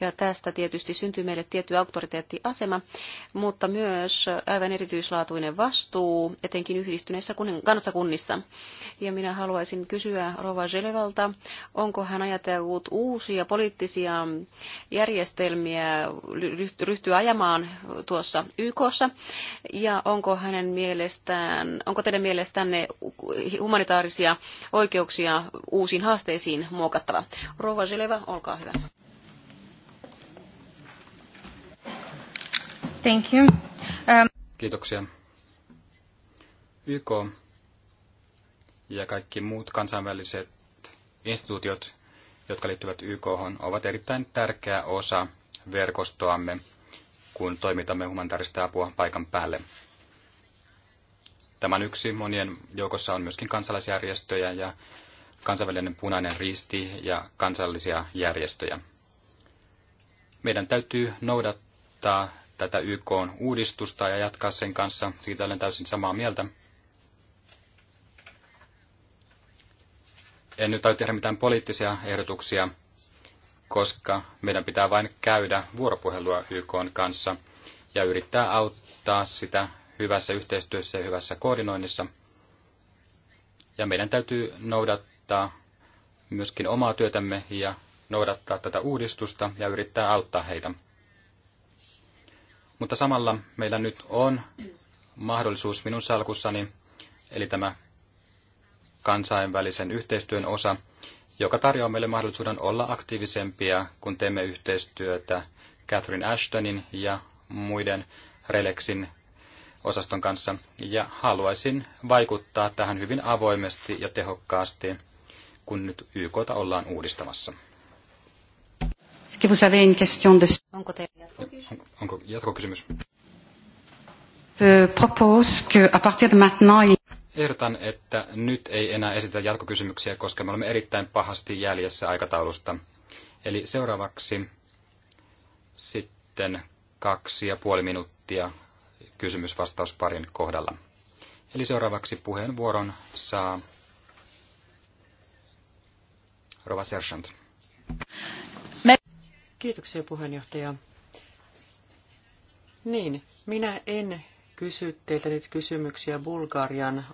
ja tästä tietysti syntyy meille tietty auktoriteettiasema, mutta myös aivan erityislaatuinen vastuu, etenkin yhdistyneissä kansakunnissa. Ja minä haluaisin kysyä Rova Jelevalta, onko hän ajatellut uusia poliittisia järjestelmiä ryhtyä ajamaan tuossa YKssa ja onko hänen mielestään, onko teidän mielestänne humanitaarisia oikeuksia uusiin haasteisiin muokattava. Rouva olkaa hyvä. Thank you. Um... Kiitoksia. YK ja kaikki muut kansainväliset instituutiot, jotka liittyvät YK, ovat erittäin tärkeä osa verkostoamme, kun toimitamme humanitaarista apua paikan päälle. Tämän yksi monien joukossa on myöskin kansalaisjärjestöjä ja kansainvälinen punainen risti ja kansallisia järjestöjä. Meidän täytyy noudattaa tätä YK uudistusta ja jatkaa sen kanssa. Siitä olen täysin samaa mieltä. En nyt aio tehdä mitään poliittisia ehdotuksia, koska meidän pitää vain käydä vuoropuhelua YK kanssa ja yrittää auttaa sitä hyvässä yhteistyössä ja hyvässä koordinoinnissa. Ja meidän täytyy noudattaa myöskin omaa työtämme ja noudattaa tätä uudistusta ja yrittää auttaa heitä. Mutta samalla meillä nyt on mahdollisuus minun salkussani, eli tämä kansainvälisen yhteistyön osa, joka tarjoaa meille mahdollisuuden olla aktiivisempia, kun teemme yhteistyötä Catherine Ashtonin ja muiden Relexin osaston kanssa ja haluaisin vaikuttaa tähän hyvin avoimesti ja tehokkaasti, kun nyt YKta ollaan uudistamassa. Onko teillä jatkokysymys? onko jatkokysymys? Ehdotan, että nyt ei enää esitä jatkokysymyksiä, koska me olemme erittäin pahasti jäljessä aikataulusta. Eli seuraavaksi sitten kaksi ja puoli minuuttia kysymysvastausparin kohdalla. Eli seuraavaksi puheenvuoron saa Rova Sergeant. Kiitoksia puheenjohtaja. Niin, minä en kysy teiltä nyt kysymyksiä Bulgarian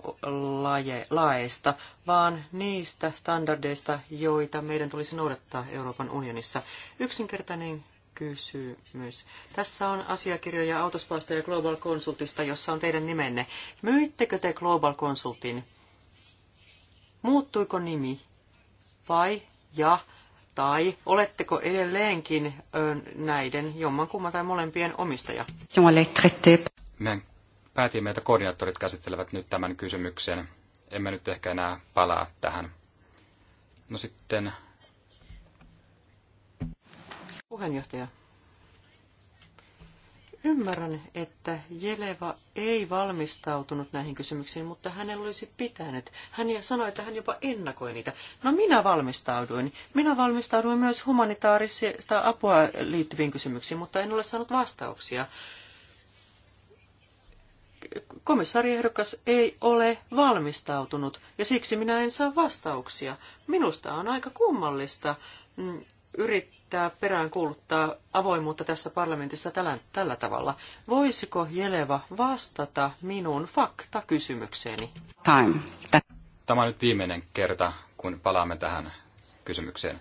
laje, laeista, vaan niistä standardeista, joita meidän tulisi noudattaa Euroopan unionissa. Yksinkertainen kysymys. Tässä on asiakirjoja Autospaasta ja Global Consultista, jossa on teidän nimenne. Myyttekö te Global Consultin? Muuttuiko nimi? Vai ja tai oletteko edelleenkin ö, näiden jommankumman tai molempien omistaja? Me päätimme, että koordinaattorit käsittelevät nyt tämän kysymyksen. Emme nyt ehkä enää palaa tähän. No sitten Puheenjohtaja. Ymmärrän, että Jeleva ei valmistautunut näihin kysymyksiin, mutta hänellä olisi pitänyt. Hän sanoi, että hän jopa ennakoi niitä. No minä valmistauduin. Minä valmistauduin myös humanitaarista apua liittyviin kysymyksiin, mutta en ole saanut vastauksia. Komissaariehdokas ei ole valmistautunut ja siksi minä en saa vastauksia. Minusta on aika kummallista mm, yrittää yrittää peräänkuuluttaa avoimuutta tässä parlamentissa tällä, tällä tavalla. Voisiko Jeleva vastata minun faktakysymykseeni? Time. Tämä on nyt viimeinen kerta, kun palaamme tähän kysymykseen.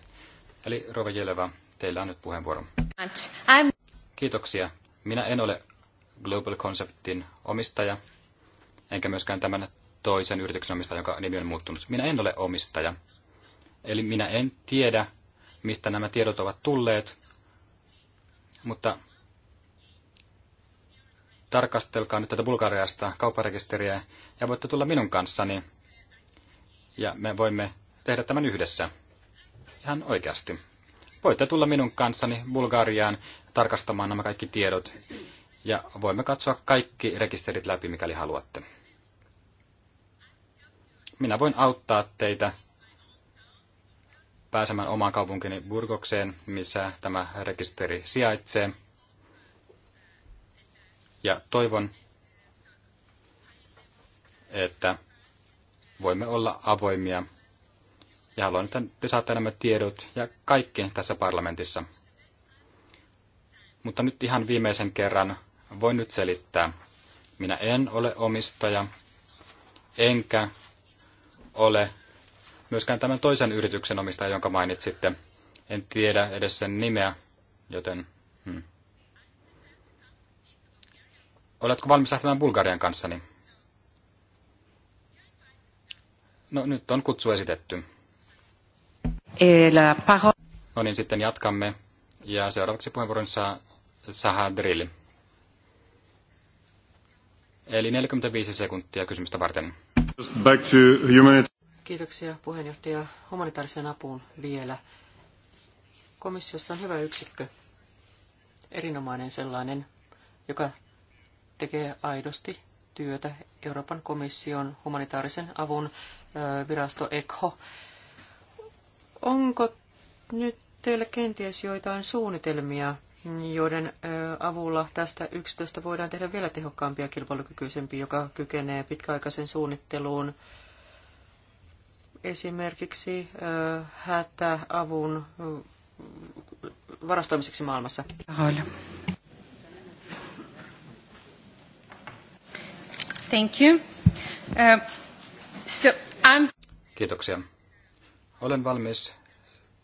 Eli Rova Jeleva, teillä on nyt puheenvuoro. I'm... Kiitoksia. Minä en ole Global Conceptin omistaja, enkä myöskään tämän toisen yrityksen omistaja, jonka nimi on muuttunut. Minä en ole omistaja. Eli minä en tiedä, mistä nämä tiedot ovat tulleet, mutta tarkastelkaa nyt tätä Bulgariasta kaupparekisteriä ja voitte tulla minun kanssani ja me voimme tehdä tämän yhdessä. Ihan oikeasti. Voitte tulla minun kanssani Bulgariaan tarkastamaan nämä kaikki tiedot ja voimme katsoa kaikki rekisterit läpi, mikäli haluatte. Minä voin auttaa teitä pääsemään omaan kaupunkini Burgokseen, missä tämä rekisteri sijaitsee. Ja toivon, että voimme olla avoimia. Ja haluan, että te saatte nämä tiedot ja kaikki tässä parlamentissa. Mutta nyt ihan viimeisen kerran voin nyt selittää. Minä en ole omistaja, enkä ole myöskään tämän toisen yrityksen omistaja, jonka mainitsitte. En tiedä edes sen nimeä, joten... Hmm. Oletko valmis lähtemään Bulgarian kanssani? No nyt on kutsu esitetty. No niin, sitten jatkamme. Ja seuraavaksi puheenvuoron saa Saha Drilli. Eli 45 sekuntia kysymystä varten. Back to humanity. Kiitoksia puheenjohtaja. Humanitaariseen apuun vielä. Komissiossa on hyvä yksikkö, erinomainen sellainen, joka tekee aidosti työtä Euroopan komission humanitaarisen avun virasto ECHO. Onko nyt teillä kenties joitain suunnitelmia, joiden avulla tästä yksitöstä voidaan tehdä vielä tehokkaampi ja kilpailukykyisempi, joka kykenee pitkäaikaisen suunnitteluun, esimerkiksi hätäavun varastoimiseksi maailmassa? Thank you. Uh, so I'm... Kiitoksia. Olen valmis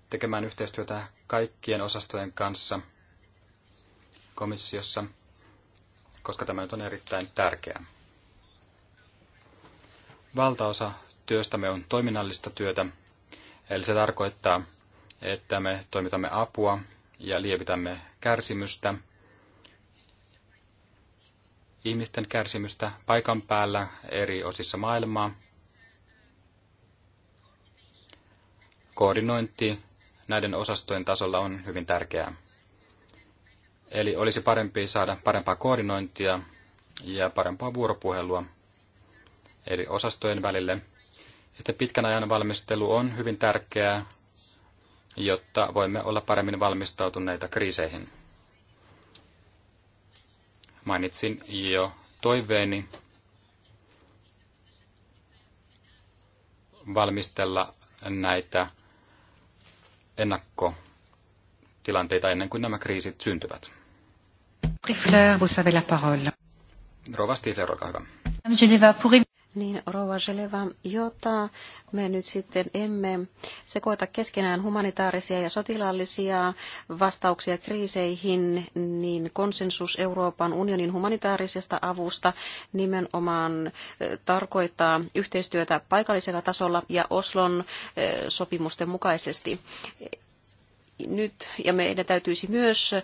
tekemään yhteistyötä kaikkien osastojen kanssa komissiossa, koska tämä nyt on erittäin tärkeää. Valtaosa työstämme on toiminnallista työtä, eli se tarkoittaa, että me toimitamme apua ja lievitämme kärsimystä, ihmisten kärsimystä paikan päällä eri osissa maailmaa. Koordinointi näiden osastojen tasolla on hyvin tärkeää. Eli olisi parempi saada parempaa koordinointia ja parempaa vuoropuhelua eri osastojen välille – sitten pitkän ajan valmistelu on hyvin tärkeää, jotta voimme olla paremmin valmistautuneita kriiseihin. Mainitsin jo toiveeni valmistella näitä ennakkotilanteita ennen kuin nämä kriisit syntyvät. vous avez la parole. Rova Stifler, olkaa hyvä. Niin, Rova Seleva, jota me nyt sitten emme sekoita keskenään humanitaarisia ja sotilaallisia vastauksia kriiseihin, niin konsensus Euroopan unionin humanitaarisesta avusta nimenomaan tarkoittaa yhteistyötä paikallisella tasolla ja Oslon sopimusten mukaisesti nyt, ja meidän täytyisi myös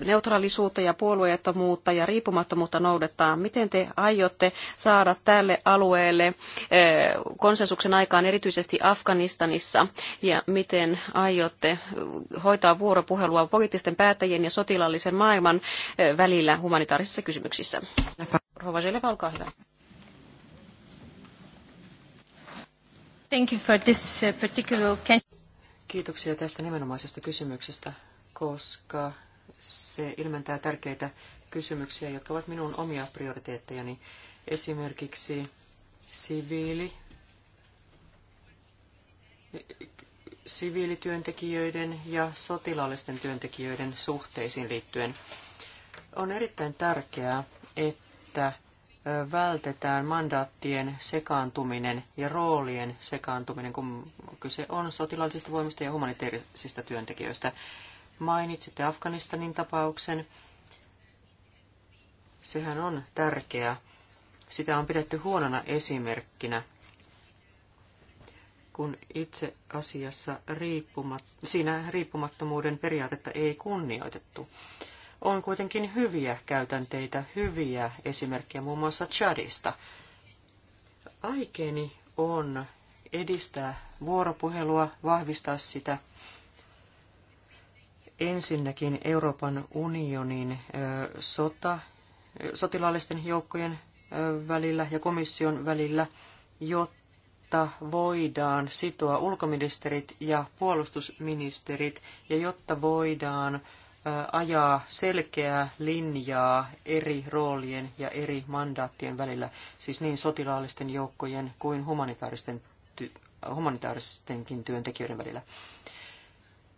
neutraalisuutta ja puolueettomuutta ja riippumattomuutta noudattaa. Miten te aiotte saada tälle alueelle eh, konsensuksen aikaan erityisesti Afganistanissa, ja miten aiotte eh, hoitaa vuoropuhelua poliittisten päättäjien ja sotilaallisen maailman eh, välillä humanitaarisissa kysymyksissä? Zeleva, olkaa hyvä. Thank you for this particular Kiitoksia tästä nimenomaisesta kysymyksestä, koska se ilmentää tärkeitä kysymyksiä, jotka ovat minun omia prioriteettejani. Esimerkiksi siviili, siviilityöntekijöiden ja sotilaallisten työntekijöiden suhteisiin liittyen. On erittäin tärkeää, että vältetään mandaattien sekaantuminen ja roolien sekaantuminen, kun kyse on sotilaallisista voimista ja humanitaarisista työntekijöistä. Mainitsitte Afganistanin tapauksen. Sehän on tärkeä. Sitä on pidetty huonona esimerkkinä, kun itse asiassa riippumat, siinä riippumattomuuden periaatetta ei kunnioitettu on kuitenkin hyviä käytänteitä, hyviä esimerkkejä muun muassa Chadista. Aikeeni on edistää vuoropuhelua, vahvistaa sitä ensinnäkin Euroopan unionin sota, sotilaallisten joukkojen välillä ja komission välillä, jotta voidaan sitoa ulkoministerit ja puolustusministerit ja jotta voidaan ajaa selkeää linjaa eri roolien ja eri mandaattien välillä, siis niin sotilaallisten joukkojen kuin humanitaaristen humanitaaristenkin työntekijöiden välillä.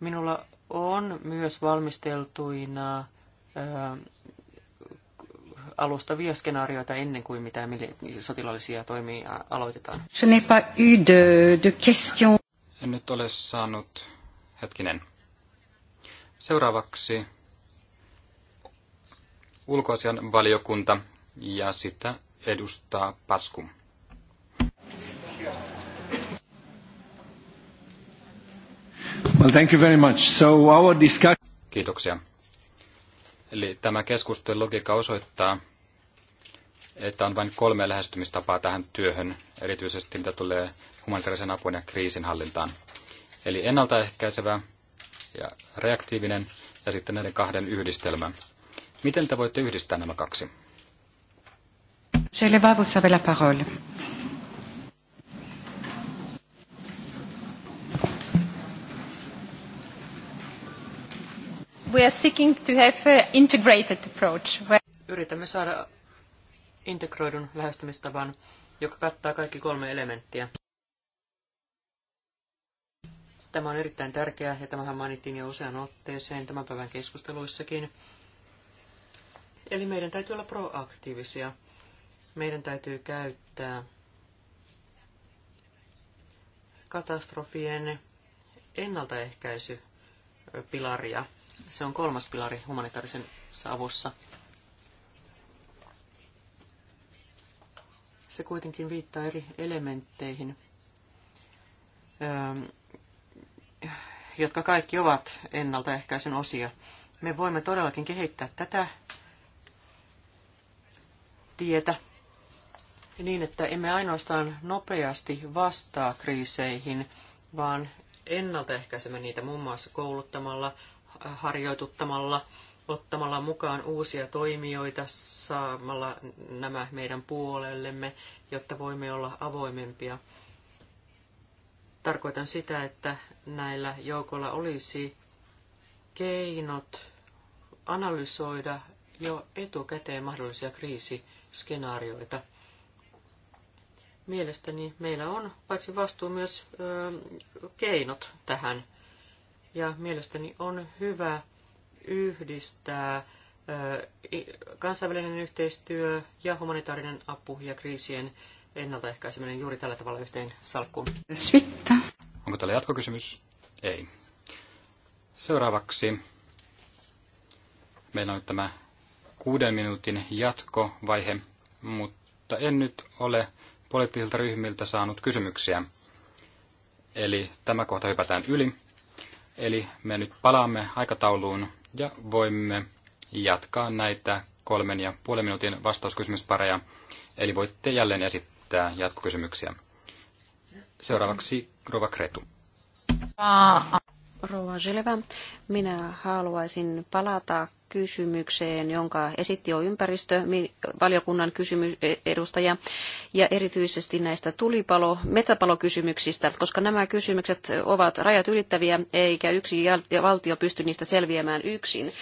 Minulla on myös valmisteltuina ää, alustavia skenaarioita ennen kuin mitään sotilaallisia toimia aloitetaan. Je n'ai pas eu de, de question. En nyt ole saanut, hetkinen, Seuraavaksi ulkoasian valiokunta ja sitä edustaa Paskum. Well, thank you very much. So our discussion... Kiitoksia. Eli tämä keskustelun logiikka osoittaa, että on vain kolme lähestymistapaa tähän työhön, erityisesti mitä tulee humanitaarisen apuun ja kriisinhallintaan. Eli ennaltaehkäisevä, ja reaktiivinen ja sitten näiden kahden yhdistelmä. Miten te voitte yhdistää nämä kaksi? Selva, vous la parole. We are seeking to have integrated approach. Yritämme saada integroidun lähestymistavan, joka kattaa kaikki kolme elementtiä. Tämä on erittäin tärkeää ja tämähän mainittiin jo usean otteeseen tämän päivän keskusteluissakin. Eli meidän täytyy olla proaktiivisia. Meidän täytyy käyttää katastrofien ennaltaehkäisypilaria. Se on kolmas pilari humanitaarisen avussa. Se kuitenkin viittaa eri elementteihin jotka kaikki ovat ennaltaehkäisyn osia. Me voimme todellakin kehittää tätä tietä niin, että emme ainoastaan nopeasti vastaa kriiseihin, vaan ennaltaehkäisemme niitä muun muassa kouluttamalla, harjoituttamalla, ottamalla mukaan uusia toimijoita, saamalla nämä meidän puolellemme, jotta voimme olla avoimempia. Tarkoitan sitä, että näillä joukolla olisi keinot analysoida jo etukäteen mahdollisia kriisiskenaarioita. Mielestäni meillä on paitsi vastuu myös ö, keinot tähän. Ja mielestäni on hyvä yhdistää ö, kansainvälinen yhteistyö ja humanitaarinen apu ja kriisien ennaltaehkäiseminen juuri tällä tavalla yhteen salkkuun. Svitta. Onko täällä jatkokysymys? Ei. Seuraavaksi meillä on tämä kuuden minuutin jatkovaihe, mutta en nyt ole poliittisilta ryhmiltä saanut kysymyksiä. Eli tämä kohta hypätään yli. Eli me nyt palaamme aikatauluun ja voimme jatkaa näitä kolmen ja puolen minuutin vastauskysymyspareja. Eli voitte jälleen esittää jatkokysymyksiä. Seuraavaksi Rova Kretu. Rova Žilevä, minä haluaisin palata kysymykseen, jonka esitti jo ympäristövaliokunnan kysymys, e, edustaja, ja erityisesti näistä tulipalo, metsäpalokysymyksistä, koska nämä kysymykset ovat rajat ylittäviä, eikä yksi valtio pysty niistä selviämään yksin.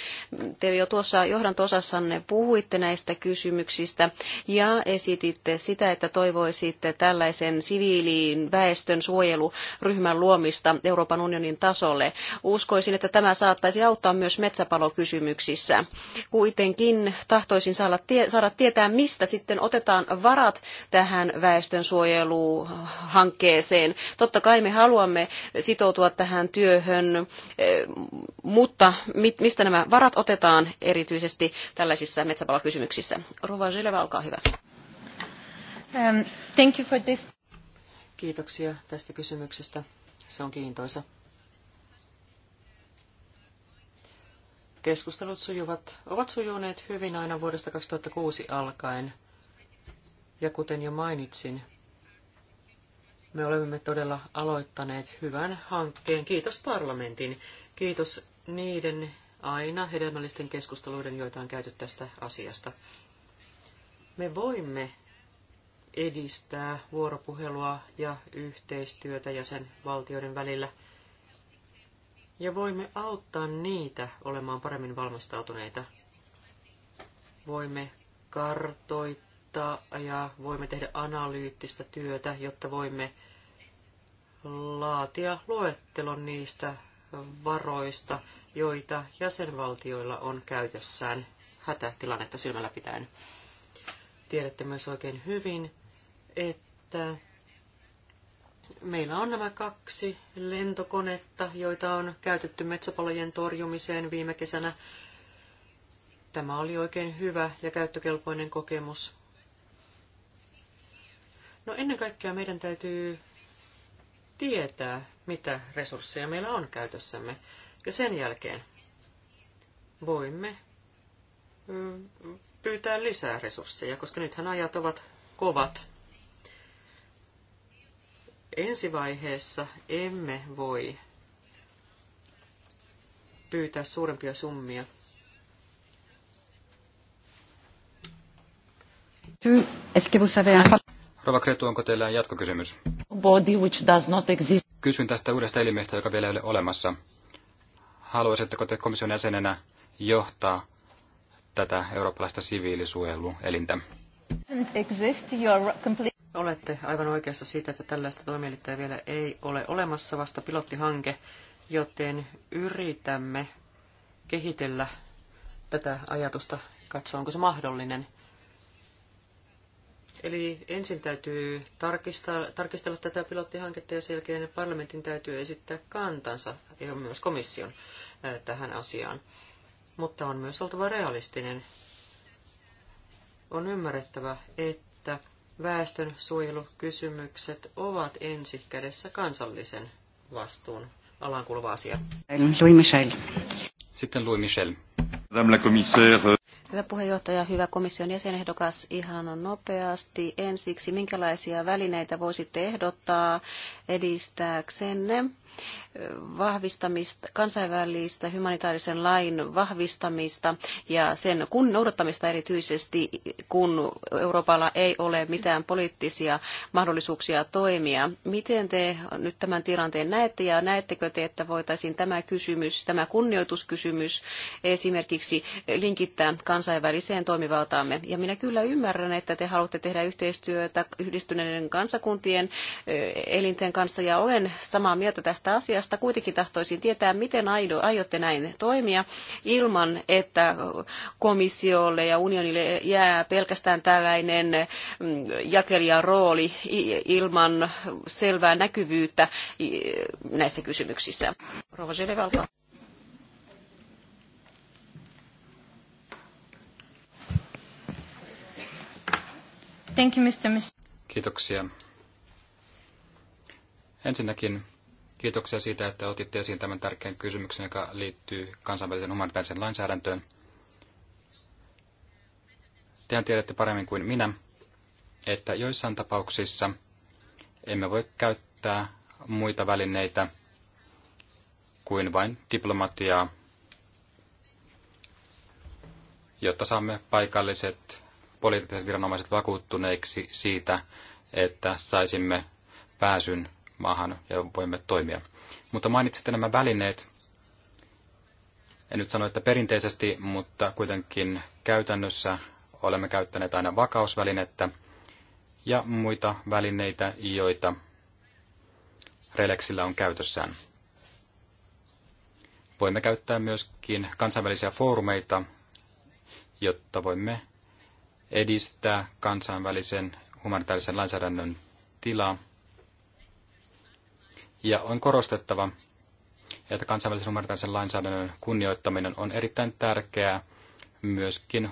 Te jo tuossa johdantosassanne puhuitte näistä kysymyksistä ja esititte sitä, että toivoisitte tällaisen siviiliin väestön suojeluryhmän luomista Euroopan unionin tasolle. Uskoisin, että tämä saattaisi auttaa myös metsäpalokysymyksissä käynnissä. Kuitenkin tahtoisin saada, tie, saada tietää, mistä sitten otetaan varat tähän väestönsuojeluhankkeeseen. Totta kai me haluamme sitoutua tähän työhön, eh, mutta mistä nämä varat otetaan erityisesti tällaisissa metsäpalakysymyksissä? Rova Zeleva, olkaa hyvä. Um, thank you for this. Kiitoksia tästä kysymyksestä. Se on kiintoisa. Keskustelut sujuvat, ovat sujuneet hyvin aina vuodesta 2006 alkaen. Ja kuten jo mainitsin, me olemme todella aloittaneet hyvän hankkeen. Kiitos parlamentin. Kiitos niiden aina hedelmällisten keskusteluiden, joita on käyty tästä asiasta. Me voimme edistää vuoropuhelua ja yhteistyötä jäsenvaltioiden välillä – ja voimme auttaa niitä olemaan paremmin valmistautuneita. Voimme kartoittaa ja voimme tehdä analyyttistä työtä, jotta voimme laatia luettelon niistä varoista, joita jäsenvaltioilla on käytössään hätätilannetta silmällä pitäen. Tiedätte myös oikein hyvin, että meillä on nämä kaksi lentokonetta, joita on käytetty metsäpalojen torjumiseen viime kesänä. Tämä oli oikein hyvä ja käyttökelpoinen kokemus. No ennen kaikkea meidän täytyy tietää, mitä resursseja meillä on käytössämme. Ja sen jälkeen voimme pyytää lisää resursseja, koska nythän ajat ovat kovat Ensivaiheessa emme voi pyytää suurempia summia. Rova Kretu, onko teillä jatkokysymys? Body which does not exist. Kysyn tästä uudesta elimestä, joka vielä ei ole olemassa. Haluaisitteko te komission jäsenenä johtaa tätä eurooppalaista siviilisuojeluelintä? Exist, Olette aivan oikeassa siitä, että tällaista toimielittäjä vielä ei ole olemassa vasta pilottihanke, joten yritämme kehitellä tätä ajatusta, katsoa onko se mahdollinen. Eli ensin täytyy tarkistaa, tarkistella tätä pilottihanketta ja sen jälkeen parlamentin täytyy esittää kantansa ja myös komission tähän asiaan. Mutta on myös oltava realistinen. On ymmärrettävä, että väestönsuojelukysymykset ovat ensi kädessä kansallisen vastuun alaan kuuluva asia. Louis Michel. Sitten Louis Michel. Madame la commissaire. Hyvä puheenjohtaja, hyvä komission jäsenehdokas, ihan nopeasti. Ensiksi, minkälaisia välineitä voisitte ehdottaa edistääksenne vahvistamista, kansainvälistä humanitaarisen lain vahvistamista ja sen kun noudattamista erityisesti, kun Euroopalla ei ole mitään poliittisia mahdollisuuksia toimia. Miten te nyt tämän tilanteen näette ja näettekö te, että voitaisiin tämä kysymys, tämä kunnioituskysymys esimerkiksi linkittää kansainväliseen toimivaltaamme? Ja minä kyllä ymmärrän, että te haluatte tehdä yhteistyötä yhdistyneiden kansakuntien eh, elinten kanssa ja olen samaa mieltä tästä tästä asiasta. Kuitenkin tahtoisin tietää, miten aiotte näin toimia ilman, että komissiolle ja unionille jää pelkästään tällainen mm, jakelijan rooli ilman selvää näkyvyyttä näissä kysymyksissä. Rova Thank you, Mr. Kiitoksia. Ensinnäkin Kiitoksia siitä, että otitte esiin tämän tärkeän kysymyksen, joka liittyy kansainväliseen humanitaariseen lainsäädäntöön. Tehän tiedätte paremmin kuin minä, että joissain tapauksissa emme voi käyttää muita välineitä kuin vain diplomatiaa, jotta saamme paikalliset poliittiset viranomaiset vakuuttuneiksi siitä, että saisimme pääsyn maahan ja voimme toimia. Mutta mainitsitte nämä välineet. En nyt sano, että perinteisesti, mutta kuitenkin käytännössä olemme käyttäneet aina vakausvälinettä ja muita välineitä, joita Relexillä on käytössään. Voimme käyttää myöskin kansainvälisiä foorumeita, jotta voimme edistää kansainvälisen humanitaarisen lainsäädännön tilaa. Ja on korostettava, että kansainvälisen humanitaarisen lainsäädännön kunnioittaminen on erittäin tärkeää myöskin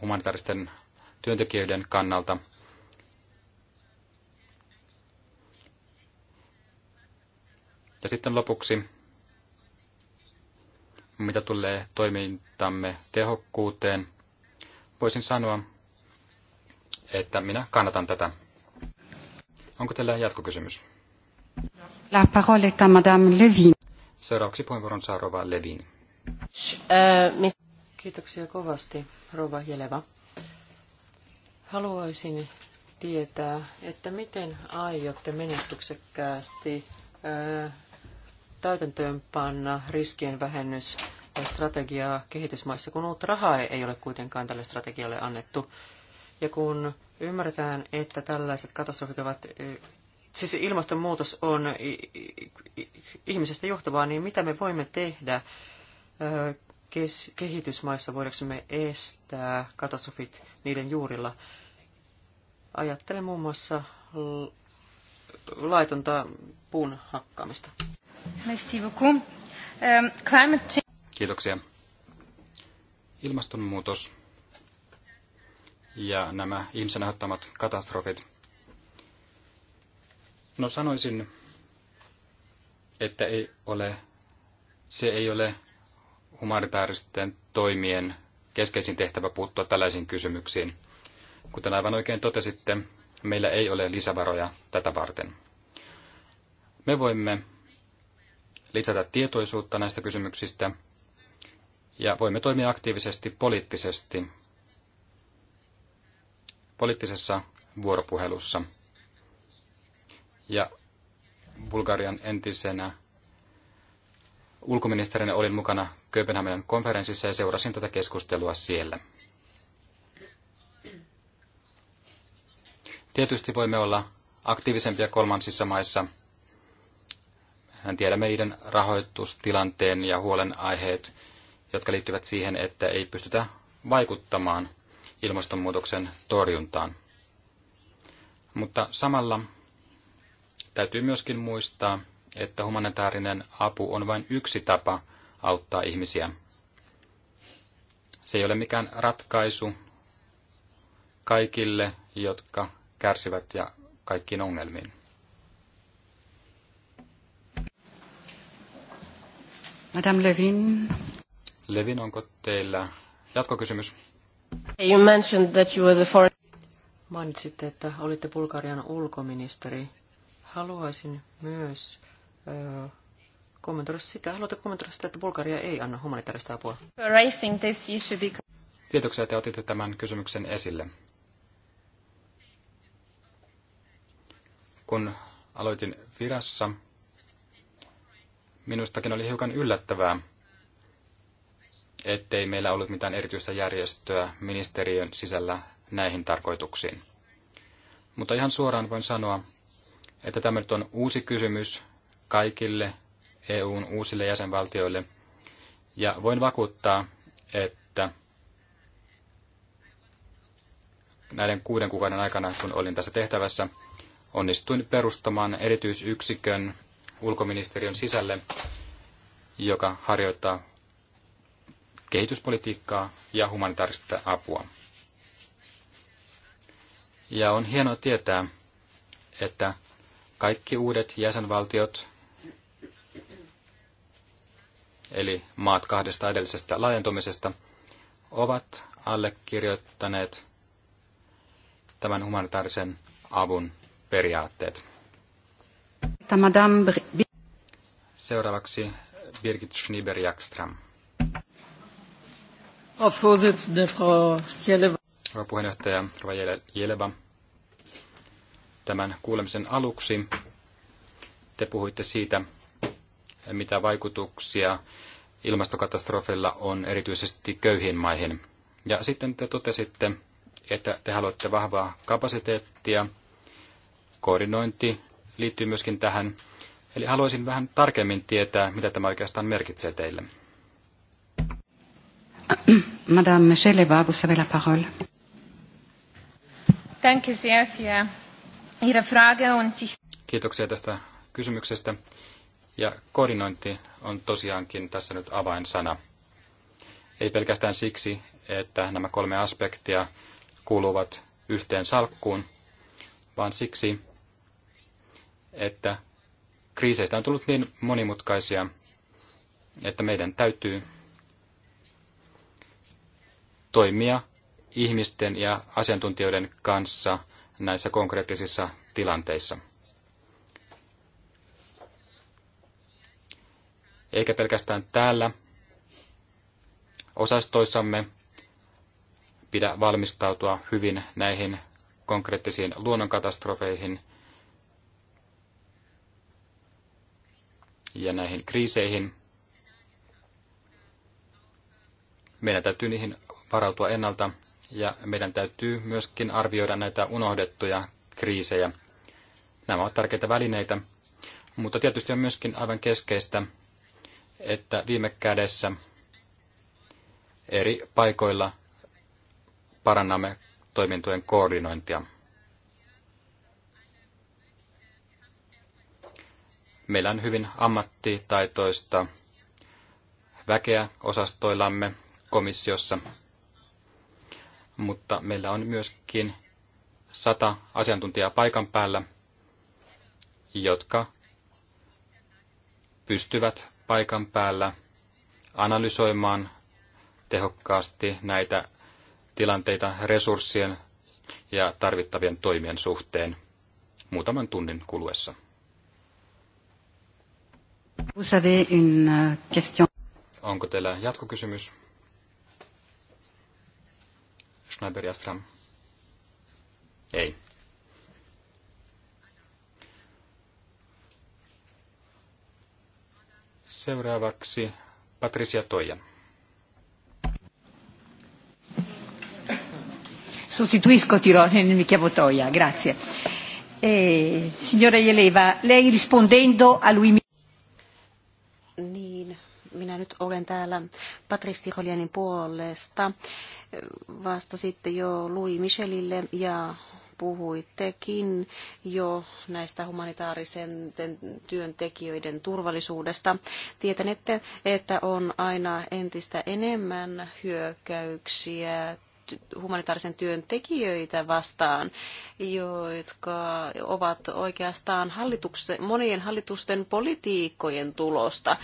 humanitaaristen työntekijöiden kannalta. Ja sitten lopuksi, mitä tulee toimintamme tehokkuuteen, voisin sanoa, että minä kannatan tätä. Onko teillä jatkokysymys? La parole est à Madame Levin. Seuraavaksi puheenvuoron saa Rova Levin. Kiitoksia kovasti, Rova Jeleva. Haluaisin tietää, että miten aiotte menestyksekkäästi täytäntöönpanna riskien vähennys strategiaa kehitysmaissa, kun uutta rahaa ei ole kuitenkaan tälle strategialle annettu. Ja kun ymmärretään, että tällaiset katastrofit ovat siis ilmastonmuutos on ihmisestä johtavaa, niin mitä me voimme tehdä kes- kehitysmaissa, me estää katastrofit niiden juurilla? Ajattelen muun muassa laitonta puun hakkaamista. Merci beaucoup. Ähm, climate change. Kiitoksia. Ilmastonmuutos ja nämä ihmisen aiheuttamat katastrofit – No sanoisin, että ei ole, se ei ole humanitaaristen toimien keskeisin tehtävä puuttua tällaisiin kysymyksiin. Kuten aivan oikein totesitte, meillä ei ole lisävaroja tätä varten. Me voimme lisätä tietoisuutta näistä kysymyksistä ja voimme toimia aktiivisesti poliittisesti, poliittisessa vuoropuhelussa – ja Bulgarian entisenä ulkoministerinä olin mukana Kööpenhaminan konferenssissa ja seurasin tätä keskustelua siellä. Tietysti voimme olla aktiivisempia kolmansissa maissa. Mehän tiedämme niiden rahoitustilanteen ja huolenaiheet, jotka liittyvät siihen, että ei pystytä vaikuttamaan ilmastonmuutoksen torjuntaan. Mutta samalla Täytyy myöskin muistaa, että humanitaarinen apu on vain yksi tapa auttaa ihmisiä. Se ei ole mikään ratkaisu kaikille, jotka kärsivät ja kaikkiin ongelmiin. Madame Levin. Levin, onko teillä jatkokysymys? You mentioned that you were the foreign... Mainitsitte, että olitte Bulgarian ulkoministeri. Haluaisin myös äh, kommentoida sitä. Haluatte kommentoida sitä, että Bulgaria ei anna humanitaarista apua? Kiitoksia, että otitte tämän kysymyksen esille. Kun aloitin virassa, minustakin oli hiukan yllättävää, ettei meillä ollut mitään erityistä järjestöä ministeriön sisällä näihin tarkoituksiin. Mutta ihan suoraan voin sanoa, että tämä nyt on uusi kysymys kaikille EUn uusille jäsenvaltioille. Ja voin vakuuttaa, että näiden kuuden kuukauden aikana, kun olin tässä tehtävässä, onnistuin perustamaan erityisyksikön ulkoministeriön sisälle, joka harjoittaa kehityspolitiikkaa ja humanitaarista apua. Ja on hienoa tietää, että kaikki uudet jäsenvaltiot, eli maat kahdesta edellisestä laajentumisesta, ovat allekirjoittaneet tämän humanitaarisen avun periaatteet. Seuraavaksi Birgit Schnieber-Jakström. Frau puheenjohtaja Rova Jeleva, tämän kuulemisen aluksi te puhuitte siitä, mitä vaikutuksia ilmastokatastrofilla on erityisesti köyhiin maihin. Ja sitten te totesitte, että te haluatte vahvaa kapasiteettia. Koordinointi liittyy myöskin tähän. Eli haluaisin vähän tarkemmin tietää, mitä tämä oikeastaan merkitsee teille. Madame Michelle, vous avez la parole. Thank you, Ihre Frage und ich... Kiitoksia tästä kysymyksestä. Ja koordinointi on tosiaankin tässä nyt avainsana. Ei pelkästään siksi, että nämä kolme aspektia kuuluvat yhteen salkkuun, vaan siksi, että kriiseistä on tullut niin monimutkaisia, että meidän täytyy toimia ihmisten ja asiantuntijoiden kanssa – näissä konkreettisissa tilanteissa. Eikä pelkästään täällä osastoissamme pidä valmistautua hyvin näihin konkreettisiin luonnonkatastrofeihin ja näihin kriiseihin. Meidän täytyy niihin varautua ennalta ja meidän täytyy myöskin arvioida näitä unohdettuja kriisejä. Nämä ovat tärkeitä välineitä, mutta tietysti on myöskin aivan keskeistä, että viime kädessä eri paikoilla parannamme toimintojen koordinointia. Meillä on hyvin ammattitaitoista väkeä osastoillamme komissiossa mutta meillä on myöskin sata asiantuntijaa paikan päällä, jotka pystyvät paikan päällä analysoimaan tehokkaasti näitä tilanteita resurssien ja tarvittavien toimien suhteen muutaman tunnin kuluessa. Euh, Onko teillä jatkokysymys? Schneider Jastram? Ei. Seuraavaksi Patricia Toija. Sostituisco Tironen, mi chiamo Toia, grazie. Eh, signora Jeleva, lei rispondendo a lui... Mi... Niin, minä nyt olen täällä Patrice Tirolianin puolesta vastasitte jo Louis Michelille ja puhuittekin jo näistä humanitaarisen työntekijöiden turvallisuudesta. Tietänette, että on aina entistä enemmän hyökkäyksiä humanitaarisen työn tekijöitä vastaan, jotka ovat oikeastaan hallituksen, monien hallitusten politiikkojen tulosta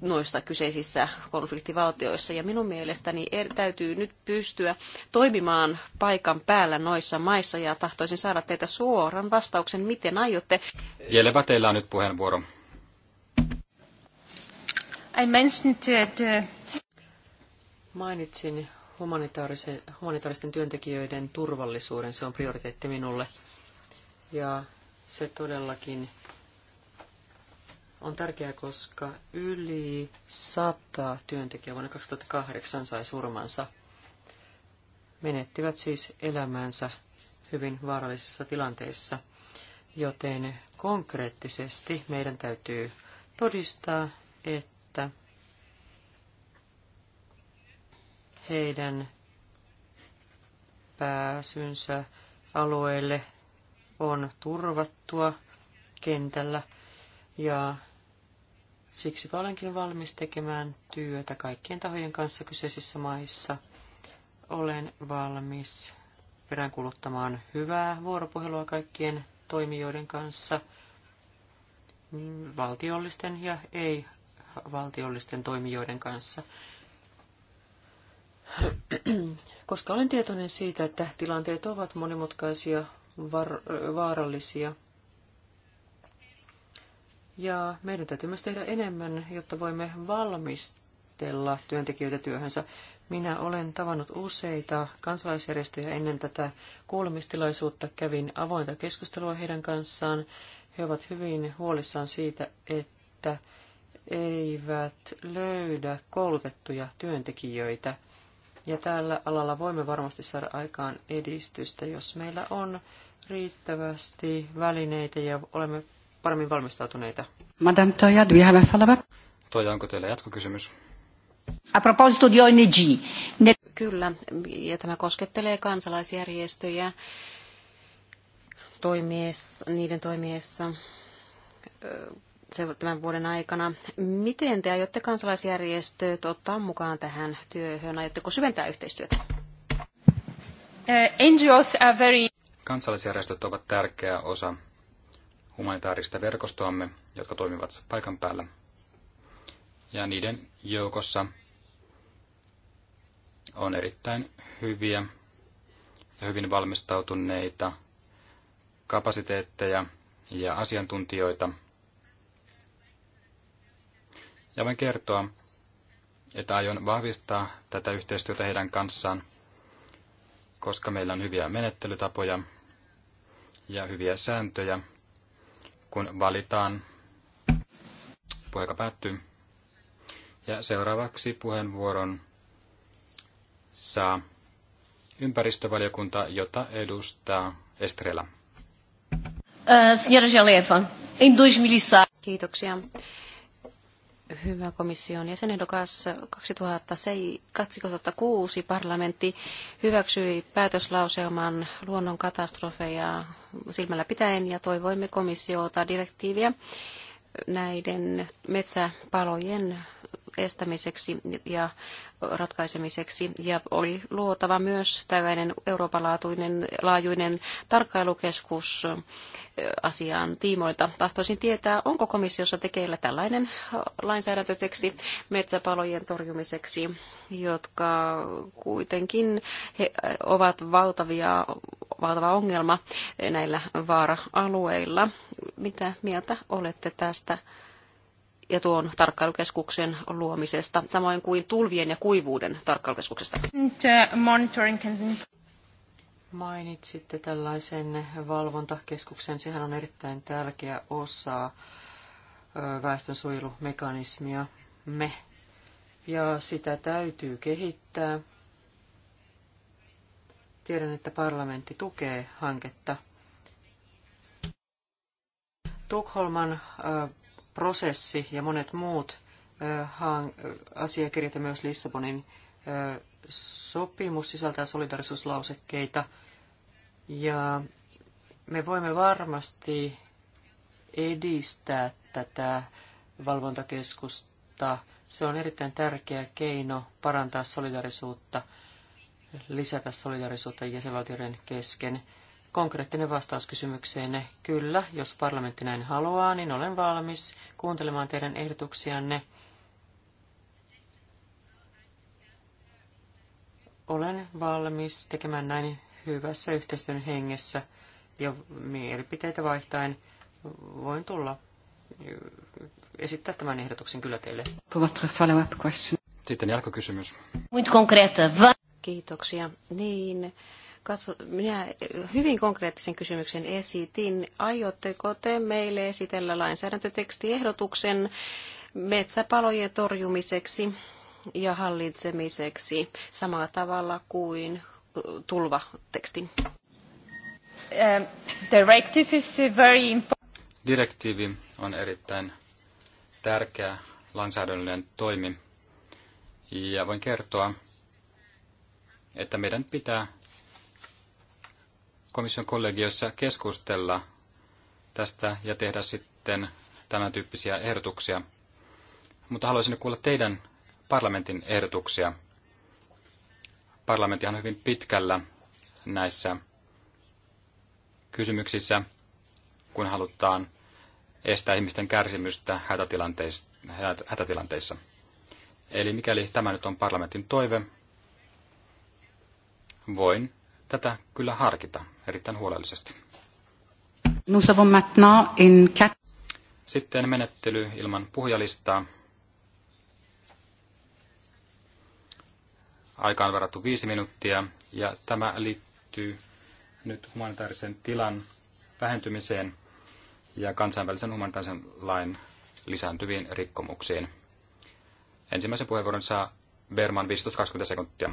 noista kyseisissä konfliktivaltioissa. Ja minun mielestäni er, täytyy nyt pystyä toimimaan paikan päällä noissa maissa ja tahtoisin saada teiltä suoran vastauksen, miten aiotte. Jelevä, teillä on nyt puheenvuoro. I mentioned that, uh, Mainitsin humanitaaristen työntekijöiden turvallisuuden. Se on prioriteetti minulle. Ja se todellakin on tärkeää, koska yli 100 työntekijää vuonna 2008 sai surmansa. Menettivät siis elämänsä hyvin vaarallisissa tilanteissa, joten konkreettisesti meidän täytyy todistaa, että heidän pääsynsä alueelle on turvattua kentällä ja siksi olenkin valmis tekemään työtä kaikkien tahojen kanssa kyseisissä maissa. Olen valmis peräänkuluttamaan hyvää vuoropuhelua kaikkien toimijoiden kanssa, niin valtiollisten ja ei-valtiollisten toimijoiden kanssa. koska olen tietoinen siitä, että tilanteet ovat monimutkaisia, vaarallisia. Ja meidän täytyy myös tehdä enemmän, jotta voimme valmistella työntekijöitä työhönsä. Minä olen tavannut useita kansalaisjärjestöjä ennen tätä kuulemistilaisuutta. Kävin avointa keskustelua heidän kanssaan. He ovat hyvin huolissaan siitä, että eivät löydä koulutettuja työntekijöitä – ja tällä alalla voimme varmasti saada aikaan edistystä, jos meillä on riittävästi välineitä ja olemme paremmin valmistautuneita. Madame Toja, do you have a follow-up? Toja, onko teillä jatkokysymys? A proposito di ONG. Ne... Kyllä, ja tämä koskettelee kansalaisjärjestöjä toimies, niiden toimiessa tämän vuoden aikana. Miten te aiotte kansalaisjärjestöt ottaa mukaan tähän työhön? Aiotteko syventää yhteistyötä? Eh, NGOs Kansalaisjärjestöt ovat tärkeä osa humanitaarista verkostoamme, jotka toimivat paikan päällä. Ja niiden joukossa on erittäin hyviä ja hyvin valmistautuneita kapasiteetteja ja asiantuntijoita, ja voin kertoa, että aion vahvistaa tätä yhteistyötä heidän kanssaan, koska meillä on hyviä menettelytapoja ja hyviä sääntöjä, kun valitaan. Puheka päättyy. Ja seuraavaksi puheenvuoron saa ympäristövaliokunta, jota edustaa Estrela. Äh, eh, Signora Jaleva, in e Kiitoksia. Hyvä komission jäsenehdokas, 2006 parlamentti hyväksyi päätöslauselman luonnon katastrofeja silmällä pitäen ja toivoimme komissiota direktiiviä näiden metsäpalojen estämiseksi ja ratkaisemiseksi ja oli luotava myös tällainen Euroopan laajuinen tarkkailukeskus eh, asiaan tiimoilta. Tahtoisin tietää, onko komissiossa tekeillä tällainen eh, lainsäädäntöteksti metsäpalojen torjumiseksi, jotka kuitenkin eh, ovat valtavia, valtava ongelma näillä vaara-alueilla. Mitä mieltä olette tästä? ja tuon tarkkailukeskuksen luomisesta, samoin kuin tulvien ja kuivuuden tarkkailukeskuksesta. Uh, Mainitsitte tällaisen valvontakeskuksen. Sehän on erittäin tärkeä osa väestönsuojelumekanismia me. Ja sitä täytyy kehittää. Tiedän, että parlamentti tukee hanketta. Tukholman prosessi ja monet muut asiakirjat ja myös Lissabonin sopimus sisältää solidarisuuslausekkeita. Ja me voimme varmasti edistää tätä valvontakeskusta. Se on erittäin tärkeä keino parantaa solidarisuutta, lisätä solidarisuutta jäsenvaltioiden kesken. Konkreettinen vastaus kysymykseenne. Kyllä, jos parlamentti näin haluaa, niin olen valmis kuuntelemaan teidän ehdotuksianne. Olen valmis tekemään näin hyvässä yhteistyön hengessä ja mielipiteitä vaihtaen voin tulla äh, esittää tämän ehdotuksen kyllä teille. Sitten jatkokysymys. Kiitoksia. Niin, minä hyvin konkreettisen kysymyksen esitin. Aiotteko te meille esitellä lainsäädäntötekstiehdotuksen metsäpalojen torjumiseksi ja hallitsemiseksi samalla tavalla kuin tulvatekstin? Um, directive is very important. Direktiivi on erittäin tärkeä lainsäädännöllinen toimi. Ja voin kertoa, että meidän pitää komission kollegiossa keskustella tästä ja tehdä sitten tämän tyyppisiä ehdotuksia. Mutta haluaisin kuulla teidän parlamentin ehdotuksia. Parlamentti on hyvin pitkällä näissä kysymyksissä, kun halutaan estää ihmisten kärsimystä hätätilanteissa. Eli mikäli tämä nyt on parlamentin toive, voin tätä kyllä harkita erittäin huolellisesti. Nous avons maintenant une... Sitten menettely ilman puhujalistaa. Aika on varattu viisi minuuttia ja tämä liittyy nyt humanitaarisen tilan vähentymiseen ja kansainvälisen humanitaarisen lain lisääntyviin rikkomuksiin. Ensimmäisen puheenvuoron saa Berman 15-20 sekuntia.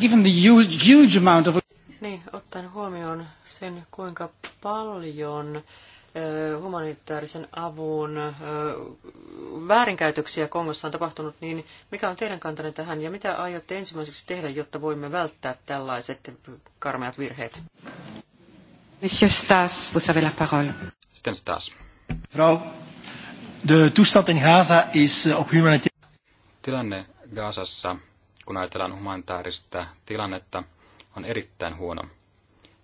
Given the huge amount of... Niin, ottaen huomioon sen, kuinka paljon humanitaarisen avun väärinkäytöksiä Kongossa on tapahtunut, niin mikä on teidän kantanne tähän ja mitä aiotte ensimmäiseksi tehdä, jotta voimme välttää tällaiset karmeat virheet? Monsieur Stas, vous avez la parole. Sitten Stas. Frau, de toestand in Gaza is eh, op humanitaire... Tilanne Gazassa, kun ajatellaan humanitaarista tilannetta, on erittäin huono.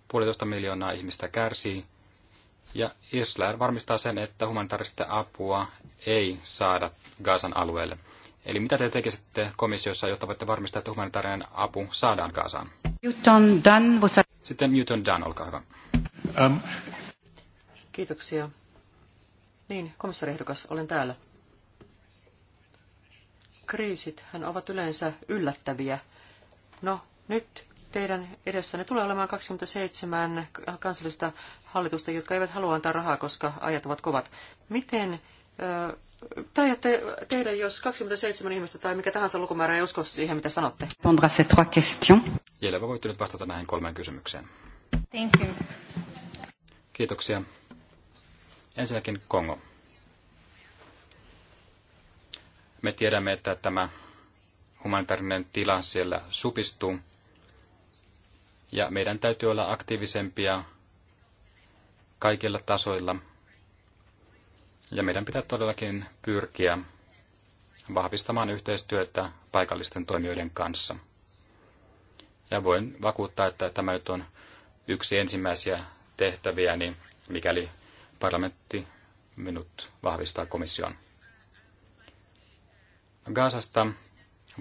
Puolitoista miljoonaa ihmistä kärsii, ja Israel varmistaa sen, että humanitaarista apua ei saada Gaasan alueelle. Eli mitä te tekisitte komissiossa, jotta voitte varmistaa, että humanitaarinen apu saadaan Gaasaan? Newton Dunn, was... Sitten Newton Dunn, olkaa hyvä. Um. Kiitoksia. Niin, komissariehdokas, olen täällä. Kriisit, hän ovat yleensä yllättäviä. No, nyt teidän edessänne tulee olemaan 27 kansallista hallitusta, jotka eivät halua antaa rahaa, koska ajat ovat kovat. Miten tai aiotte tehdä, jos 27 ihmistä tai mikä tahansa lukumäärä ei usko siihen, mitä sanotte? Jelevä voitte nyt vastata näihin kolmeen kysymykseen. Thank you. Kiitoksia. Ensinnäkin Kongo. Me tiedämme, että tämä humanitaarinen tila siellä supistuu. Ja meidän täytyy olla aktiivisempia kaikilla tasoilla. Ja meidän pitää todellakin pyrkiä vahvistamaan yhteistyötä paikallisten toimijoiden kanssa. Ja voin vakuuttaa, että tämä nyt on yksi ensimmäisiä tehtäviä, niin mikäli parlamentti minut vahvistaa komission. Gaasasta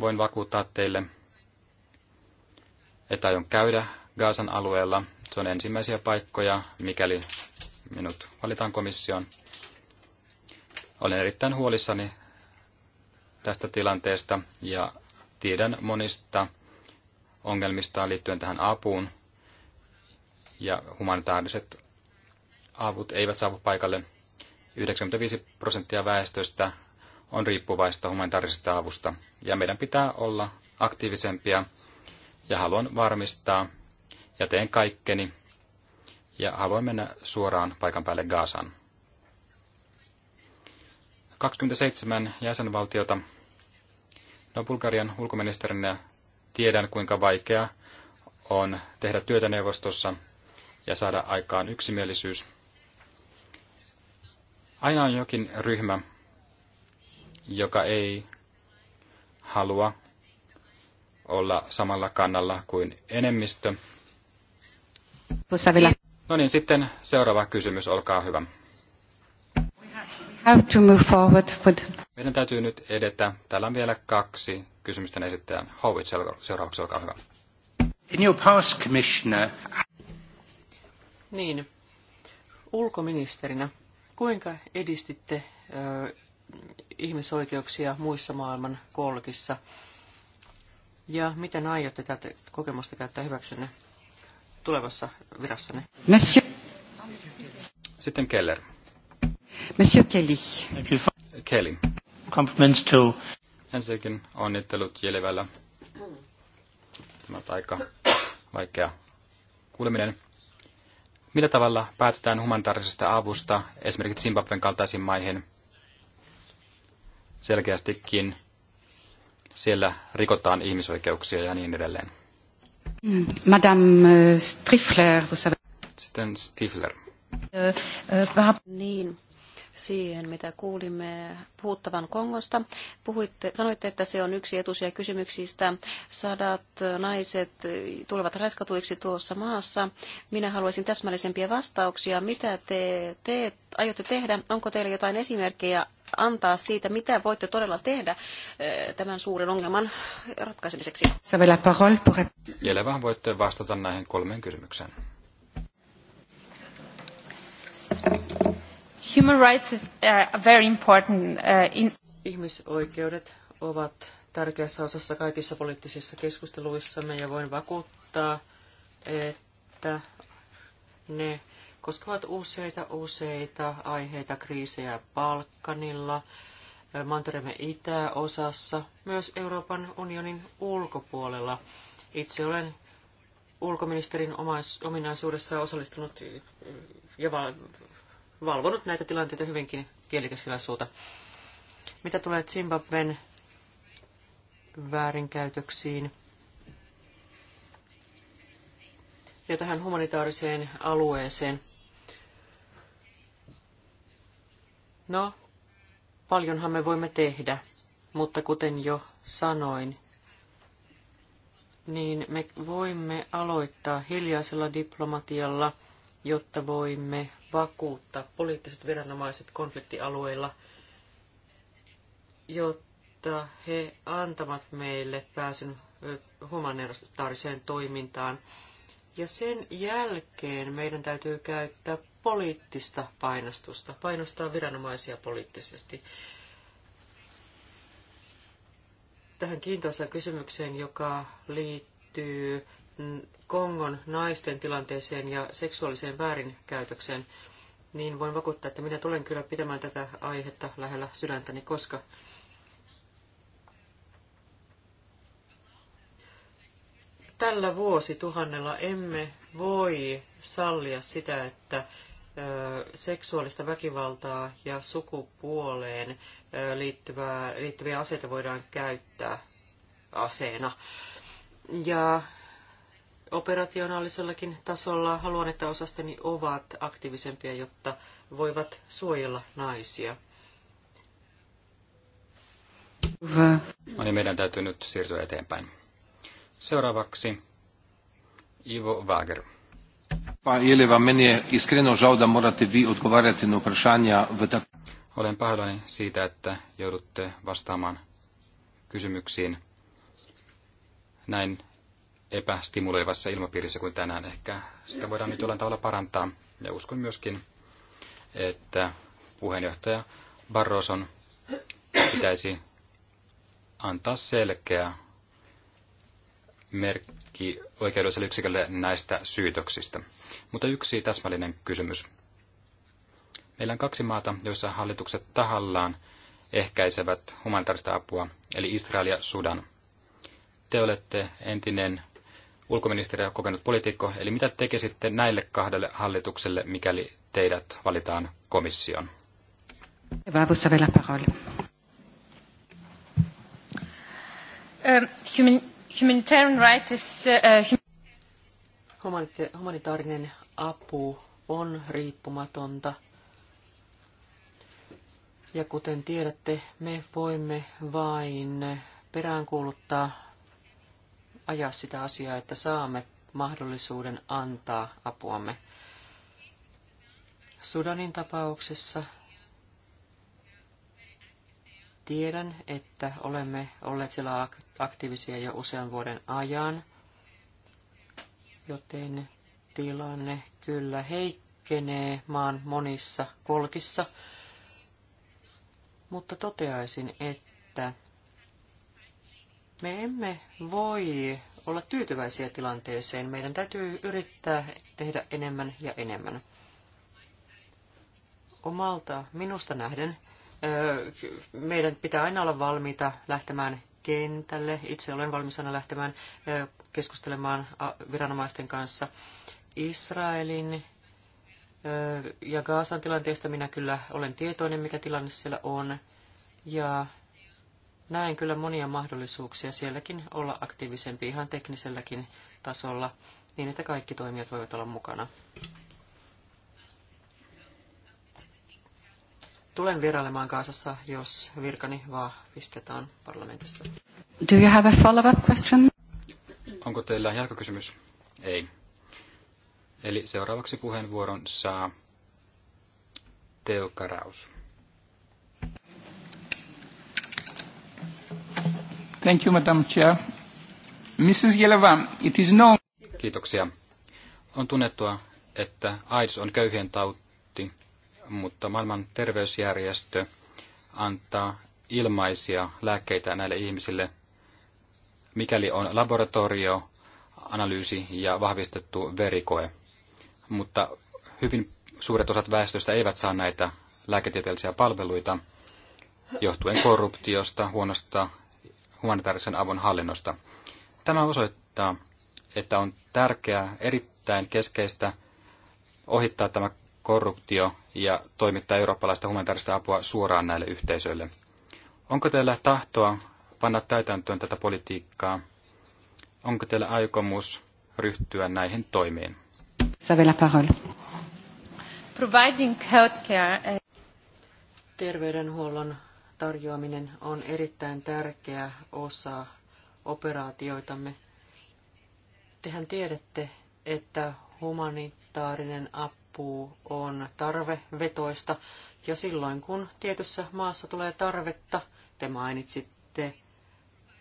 voin vakuuttaa teille, että aion käydä Gaasan alueella. Se on ensimmäisiä paikkoja, mikäli minut valitaan komissioon. Olen erittäin huolissani tästä tilanteesta ja tiedän monista ongelmista liittyen tähän apuun. Ja humanitaariset avut eivät saavu paikalle. 95 prosenttia väestöstä on riippuvaista humanitaarisesta avusta. Ja meidän pitää olla aktiivisempia ja haluan varmistaa ja teen kaikkeni ja haluan mennä suoraan paikan päälle Gaasan. 27 jäsenvaltiota. No Bulgarian ulkoministerinä tiedän, kuinka vaikea on tehdä työtä neuvostossa ja saada aikaan yksimielisyys. Aina on jokin ryhmä, joka ei halua olla samalla kannalla kuin enemmistö. No niin, sitten seuraava kysymys, olkaa hyvä. Meidän täytyy nyt edetä. Täällä on vielä kaksi kysymysten esittäjän. Howit, seuraavaksi olkaa hyvä. In your past commissioner... Niin, ulkoministerinä, kuinka edistitte ö, ihmisoikeuksia muissa maailman kolkissa? ja miten aiotte tätä kokemusta käyttää hyväksenne tulevassa virassanne? Monsieur. Sitten Keller. Monsieur Kelly. Kelly. Compliments to... Ensinnäkin onnittelut Jelivällä. Tämä on aika vaikea kuuleminen. Millä tavalla päätetään humanitaarisesta avusta esimerkiksi Zimbabwen kaltaisiin maihin? Selkeästikin siellä rikotaan ihmisoikeuksia ja niin edelleen. Madame eh, Stifler, vous savez. Sitten Stifler. Eh, eh, niin, siihen, mitä kuulimme puhuttavan Kongosta. Puhuitte, sanoitte, että se on yksi etusia kysymyksistä. Sadat naiset tulevat raskatuiksi tuossa maassa. Minä haluaisin täsmällisempiä vastauksia. Mitä te, te aiotte tehdä? Onko teillä jotain esimerkkejä antaa siitä, mitä voitte todella tehdä eh, tämän suuren ongelman ratkaisemiseksi? Jelevä, voitte vastata näihin kolmeen kysymykseen. Uh, uh, Ihmisoikeudet ovat tärkeässä osassa kaikissa poliittisissa keskusteluissamme ja voin vakuuttaa, että ne koskevat useita useita aiheita, kriisejä Balkanilla, Mantereemme itäosassa, myös Euroopan unionin ulkopuolella. Itse olen ulkoministerin omais, ominaisuudessa osallistunut ja valvonut näitä tilanteita hyvinkin kielikäsillä suuta. Mitä tulee Zimbabwen väärinkäytöksiin ja tähän humanitaariseen alueeseen, No, paljonhan me voimme tehdä, mutta kuten jo sanoin, niin me voimme aloittaa hiljaisella diplomatialla, jotta voimme vakuuttaa poliittiset viranomaiset konfliktialueilla, jotta he antavat meille pääsyn humanitaariseen toimintaan. Ja sen jälkeen meidän täytyy käyttää poliittista painostusta, painostaa viranomaisia poliittisesti. Tähän kiintoisaan kysymykseen, joka liittyy Kongon naisten tilanteeseen ja seksuaaliseen väärinkäytökseen, niin voin vakuuttaa, että minä tulen kyllä pitämään tätä aihetta lähellä sydäntäni, koska tällä vuosituhannella emme voi sallia sitä, että seksuaalista väkivaltaa ja sukupuoleen liittyvää, liittyviä aseita voidaan käyttää aseena. Ja operationaalisellakin tasolla. Haluan, että osastoni ovat aktiivisempia, jotta voivat suojella naisia. Hyvä. No niin, meidän täytyy nyt siirtyä eteenpäin. Seuraavaksi Ivo Wager. Pa Jeleva, meni iskreno da morate vi odgovarjati na v Olen pahoillani siitä, että joudutte vastaamaan kysymyksiin näin epästimuloivassa ilmapiirissä kuin tänään. Ehkä sitä voidaan nyt jollain tavalla parantaa. Ja uskon myöskin, että puheenjohtaja Barroson pitäisi antaa selkeä merkki oikeudelliselle yksikölle näistä syytöksistä. Mutta yksi täsmällinen kysymys. Meillä on kaksi maata, joissa hallitukset tahallaan ehkäisevät humanitaarista apua, eli Israel ja Sudan. Te olette entinen ulkoministeri ja kokenut poliitikko. Eli mitä tekisitte näille kahdelle hallitukselle, mikäli teidät valitaan komission? Um, uh, uh, humanitaarinen apu on riippumatonta. Ja kuten tiedätte, me voimme vain peräänkuuluttaa ajaa sitä asiaa, että saamme mahdollisuuden antaa apuamme. Sudanin tapauksessa tiedän, että olemme olleet siellä aktiivisia jo usean vuoden ajan, joten tilanne kyllä heikkenee maan monissa kolkissa, mutta toteaisin, että me emme voi olla tyytyväisiä tilanteeseen. Meidän täytyy yrittää tehdä enemmän ja enemmän. Omalta minusta nähden meidän pitää aina olla valmiita lähtemään kentälle. Itse olen valmis aina lähtemään keskustelemaan viranomaisten kanssa. Israelin ja Gaasan tilanteesta minä kyllä olen tietoinen, mikä tilanne siellä on. Ja näen kyllä monia mahdollisuuksia sielläkin olla aktiivisempi ihan tekniselläkin tasolla, niin että kaikki toimijat voivat olla mukana. Tulen vierailemaan Kaasassa, jos virkani vahvistetaan parlamentissa. Do you have a follow-up question? Onko teillä jatkokysymys? Ei. Eli seuraavaksi puheenvuoron saa Teo Karaus. Thank you, Madam Chair. Mrs. Jeleva, it is known... Kiitoksia. On tunnettua, että AIDS on köyhien tauti, mutta maailman terveysjärjestö antaa ilmaisia lääkkeitä näille ihmisille, mikäli on laboratorio, analyysi ja vahvistettu verikoe. Mutta hyvin suuret osat väestöstä eivät saa näitä lääketieteellisiä palveluita johtuen korruptiosta, huonosta humanitaarisen avun hallinnosta. Tämä osoittaa, että on tärkeää, erittäin keskeistä ohittaa tämä korruptio ja toimittaa eurooppalaista humanitaarista apua suoraan näille yhteisöille. Onko teillä tahtoa panna täytäntöön tätä politiikkaa? Onko teillä aikomus ryhtyä näihin toimiin? Savela parole. Providing healthcare. Terveydenhuollon tarjoaminen on erittäin tärkeä osa operaatioitamme. Tehän tiedätte, että humanitaarinen apu on tarvevetoista, ja silloin kun tietyssä maassa tulee tarvetta, te mainitsitte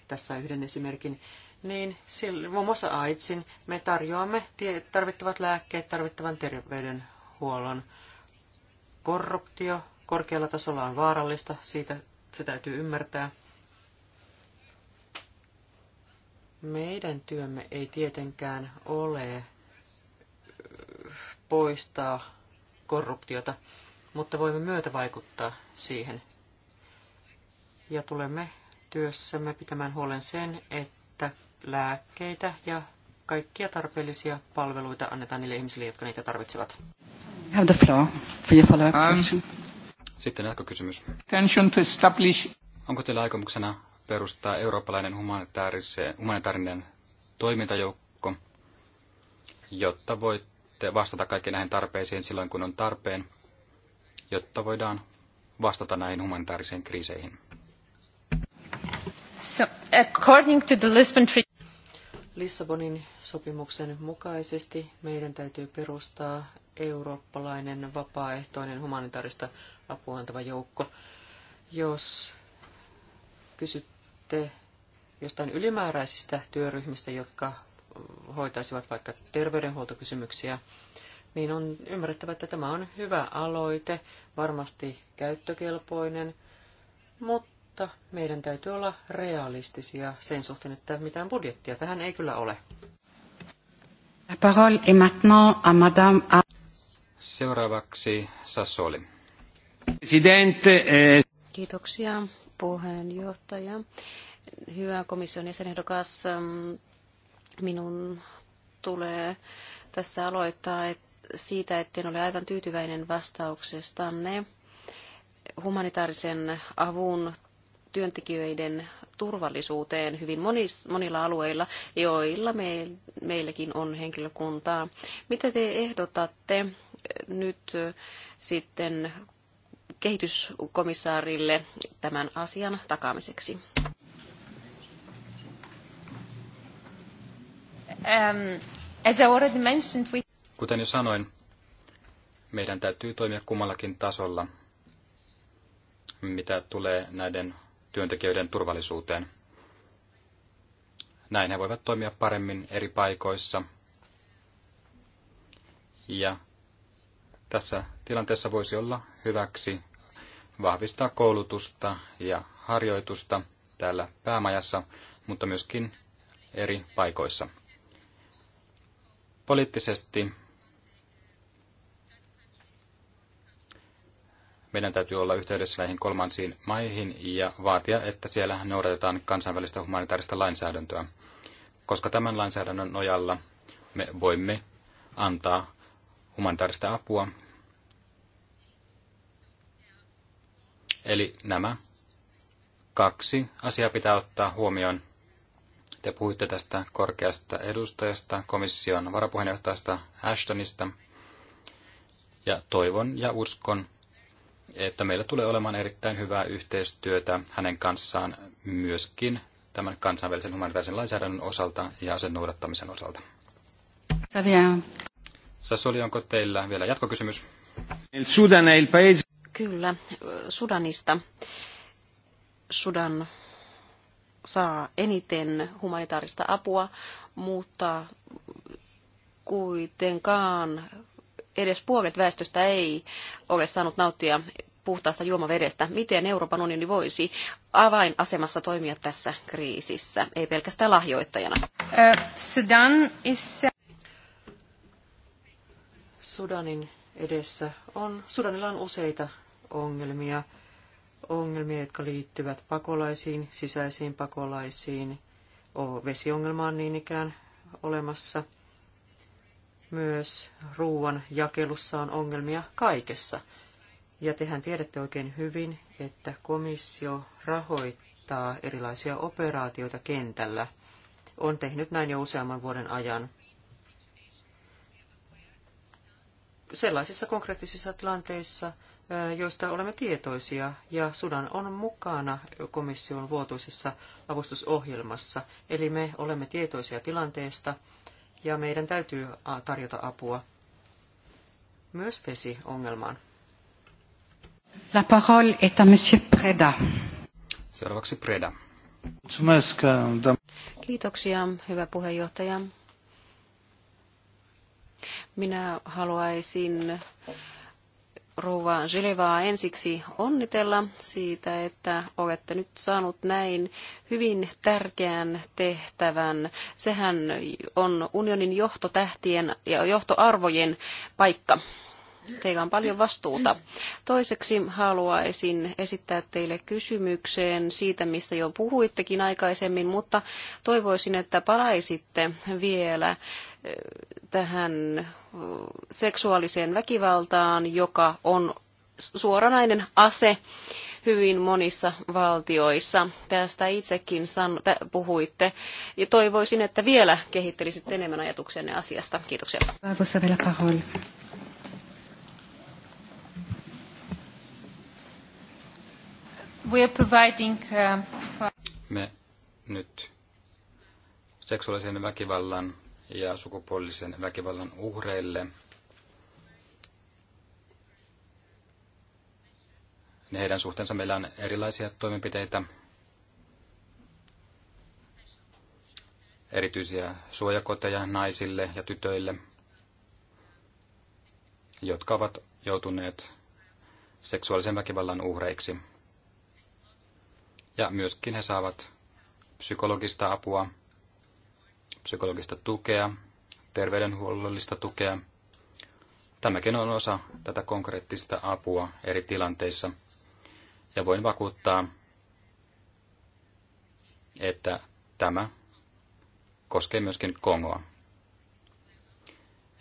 tässä yhden esimerkin, niin silloin, muun muassa AIDSin me tarjoamme tarvittavat lääkkeet, tarvittavan terveydenhuollon. Korruptio korkealla tasolla on vaarallista, siitä se täytyy ymmärtää. Meidän työmme ei tietenkään ole poistaa korruptiota, mutta voimme vaikuttaa siihen. Ja tulemme työssämme pitämään huolen sen, että lääkkeitä ja kaikkia tarpeellisia palveluita annetaan niille ihmisille, jotka niitä tarvitsevat. Have the floor for your follow-up um, question. Um, sitten jatkokysymys. Onko teillä aikomuksena perustaa eurooppalainen humanitaarinen toimintajoukko, jotta voitte vastata kaikkiin näihin tarpeisiin silloin, kun on tarpeen, jotta voidaan vastata näihin humanitaarisiin kriiseihin? So, according to the Lisbon Treaty... Lissabonin sopimuksen mukaisesti meidän täytyy perustaa eurooppalainen vapaaehtoinen humanitaarista apua antava joukko. Jos kysytte jostain ylimääräisistä työryhmistä, jotka hoitaisivat vaikka terveydenhuoltokysymyksiä, niin on ymmärrettävä, että tämä on hyvä aloite, varmasti käyttökelpoinen, mutta meidän täytyy olla realistisia sen suhteen, että mitään budjettia tähän ei kyllä ole. Seuraavaksi Sassoli. Eh, Kiitoksia puheenjohtaja. Hyvä komission jäsenehdokas, mm, minun tulee tässä aloittaa siitä, etten ole aivan tyytyväinen vastauksestanne humanitaarisen avun työntekijöiden turvallisuuteen hyvin monilla alueilla, joilla me, meilläkin on henkilökuntaa. Mitä te ehdotatte nyt sitten kehityskomissaarille tämän asian takaamiseksi? Um, Kuten jo sanoin, meidän täytyy toimia kummallakin tasolla, mitä tulee näiden työntekijöiden turvallisuuteen. Näin he voivat toimia paremmin eri paikoissa. Ja tässä tilanteessa voisi olla hyväksi vahvistaa koulutusta ja harjoitusta täällä päämajassa, mutta myöskin eri paikoissa. Poliittisesti meidän täytyy olla yhteydessä näihin kolmansiin maihin ja vaatia, että siellä noudatetaan kansainvälistä humanitaarista lainsäädäntöä, koska tämän lainsäädännön nojalla me voimme antaa humanitaarista apua. Eli nämä kaksi asiaa pitää ottaa huomioon. Te puhuitte tästä korkeasta edustajasta, komission varapuheenjohtajasta Ashtonista. Ja toivon ja uskon, että meillä tulee olemaan erittäin hyvää yhteistyötä hänen kanssaan myöskin tämän kansainvälisen humanitaarisen lainsäädännön osalta ja sen noudattamisen osalta. Sassoli, onko teillä vielä jatkokysymys? Kyllä, Sudanista. Sudan saa eniten humanitaarista apua, mutta kuitenkaan edes puolet väestöstä ei ole saanut nauttia puhtaasta juomavedestä. Miten Euroopan unioni voisi avainasemassa toimia tässä kriisissä, ei pelkästään lahjoittajana? Äh, Sudan is... Sudanin edessä on, Sudanilla on useita ongelmia, ongelmia, jotka liittyvät pakolaisiin, sisäisiin pakolaisiin, vesiongelma on niin ikään olemassa. Myös ruoan jakelussa on ongelmia kaikessa. Ja tehän tiedätte oikein hyvin, että komissio rahoittaa erilaisia operaatioita kentällä. On tehnyt näin jo useamman vuoden ajan. sellaisissa konkreettisissa tilanteissa, joista olemme tietoisia, ja Sudan on mukana komission vuotuisessa avustusohjelmassa, eli me olemme tietoisia tilanteesta, ja meidän täytyy tarjota apua myös vesiongelmaan. La parole est à monsieur Preda. Seuraavaksi Preda. Kiitoksia, hyvä puheenjohtaja. Minä haluaisin rouva Gelevaa ensiksi onnitella siitä, että olette nyt saanut näin hyvin tärkeän tehtävän. Sehän on unionin johtotähtien ja johtoarvojen paikka. Teillä on paljon vastuuta. Toiseksi haluaisin esittää teille kysymykseen siitä, mistä jo puhuittekin aikaisemmin, mutta toivoisin, että palaisitte vielä tähän seksuaaliseen väkivaltaan, joka on suoranainen ase hyvin monissa valtioissa. Tästä itsekin puhuitte. Ja toivoisin, että vielä kehittelisitte enemmän ajatuksenne asiasta. Kiitoksia. We are providing, uh, Me nyt seksuaalisen väkivallan ja sukupuolisen väkivallan uhreille, heidän suhteensa meillä on erilaisia toimenpiteitä, erityisiä suojakoteja naisille ja tytöille, jotka ovat joutuneet seksuaalisen väkivallan uhreiksi. Ja myöskin he saavat psykologista apua psykologista tukea, terveydenhuollollista tukea. Tämäkin on osa tätä konkreettista apua eri tilanteissa. Ja voin vakuuttaa, että tämä koskee myöskin Kongoa.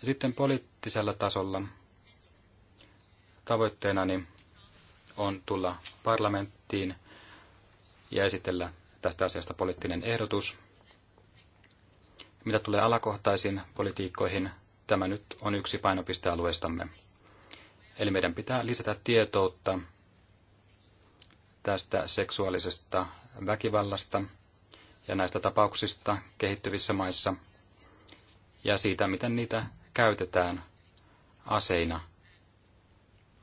Ja sitten poliittisella tasolla tavoitteenani on tulla parlamenttiin ja esitellä tästä asiasta poliittinen ehdotus. Mitä tulee alakohtaisiin politiikkoihin, tämä nyt on yksi painopistealueistamme. Eli meidän pitää lisätä tietoutta tästä seksuaalisesta väkivallasta ja näistä tapauksista kehittyvissä maissa ja siitä, miten niitä käytetään aseina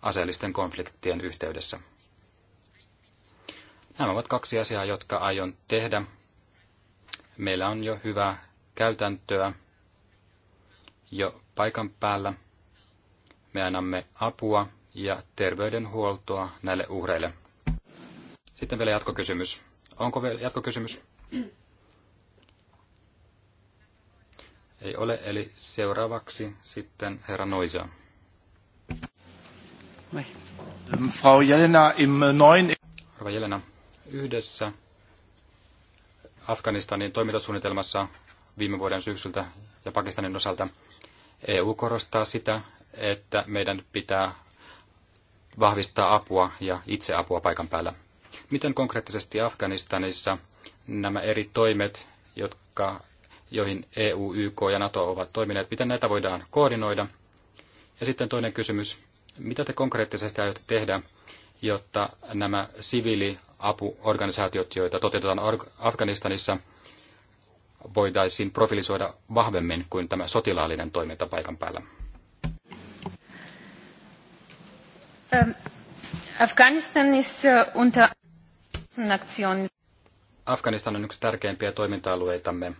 aseellisten konfliktien yhteydessä. Nämä ovat kaksi asiaa, jotka aion tehdä. Meillä on jo hyvä käytäntöä jo paikan päällä. Me annamme apua ja terveydenhuoltoa näille uhreille. Sitten vielä jatkokysymys. Onko vielä jatkokysymys? Ei ole, eli seuraavaksi sitten herra Noisa. Frau Jelena, im neuen... Rova Jelena, yhdessä Afganistanin toimintasuunnitelmassa viime vuoden syksyltä ja Pakistanin osalta. EU korostaa sitä, että meidän pitää vahvistaa apua ja itseapua paikan päällä. Miten konkreettisesti Afganistanissa nämä eri toimet, jotka, joihin EU, YK ja NATO ovat toimineet, miten näitä voidaan koordinoida? Ja sitten toinen kysymys, mitä te konkreettisesti aiotte tehdä, jotta nämä siviiliapuorganisaatiot, joita toteutetaan Afganistanissa, voitaisiin profilisoida vahvemmin kuin tämä sotilaallinen toiminta paikan päällä? Ähm, äh, Afganistan on yksi tärkeimpiä toiminta-alueitamme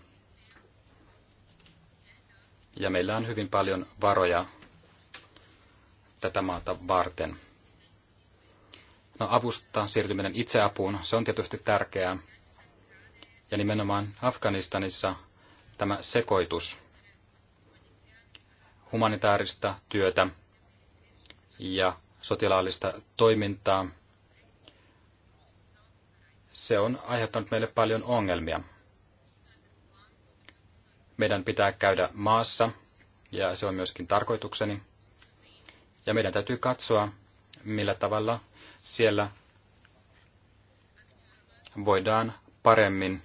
ja meillä on hyvin paljon varoja tätä maata varten. No avusta siirtyminen itseapuun, se on tietysti tärkeää, ja nimenomaan Afganistanissa tämä sekoitus humanitaarista työtä ja sotilaallista toimintaa, se on aiheuttanut meille paljon ongelmia. Meidän pitää käydä maassa, ja se on myöskin tarkoitukseni. Ja meidän täytyy katsoa, millä tavalla siellä voidaan paremmin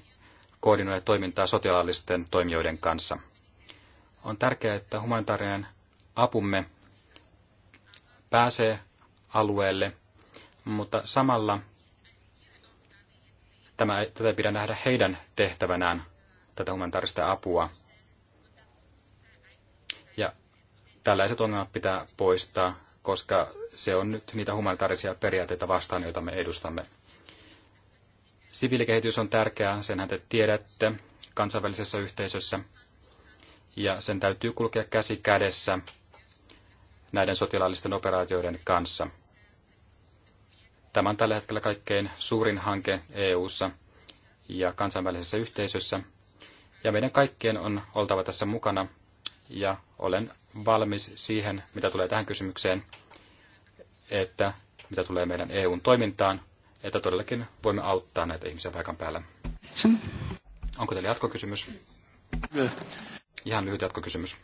koordinoida toimintaa sotilaallisten toimijoiden kanssa. On tärkeää, että humanitaarinen apumme pääsee alueelle, mutta samalla tämä, tätä ei pidä nähdä heidän tehtävänään, tätä humanitaarista apua. Ja tällaiset ongelmat pitää poistaa, koska se on nyt niitä humanitaarisia periaatteita vastaan, joita me edustamme. Siviilikehitys on tärkeää, senhän te tiedätte kansainvälisessä yhteisössä, ja sen täytyy kulkea käsi kädessä näiden sotilaallisten operaatioiden kanssa. Tämä on tällä hetkellä kaikkein suurin hanke EU:ssa ja kansainvälisessä yhteisössä, ja meidän kaikkien on oltava tässä mukana, ja olen valmis siihen, mitä tulee tähän kysymykseen, että mitä tulee meidän EUn toimintaan, että todellakin voimme auttaa näitä ihmisiä paikan päällä. Onko teillä jatkokysymys? Ihan lyhyt jatkokysymys.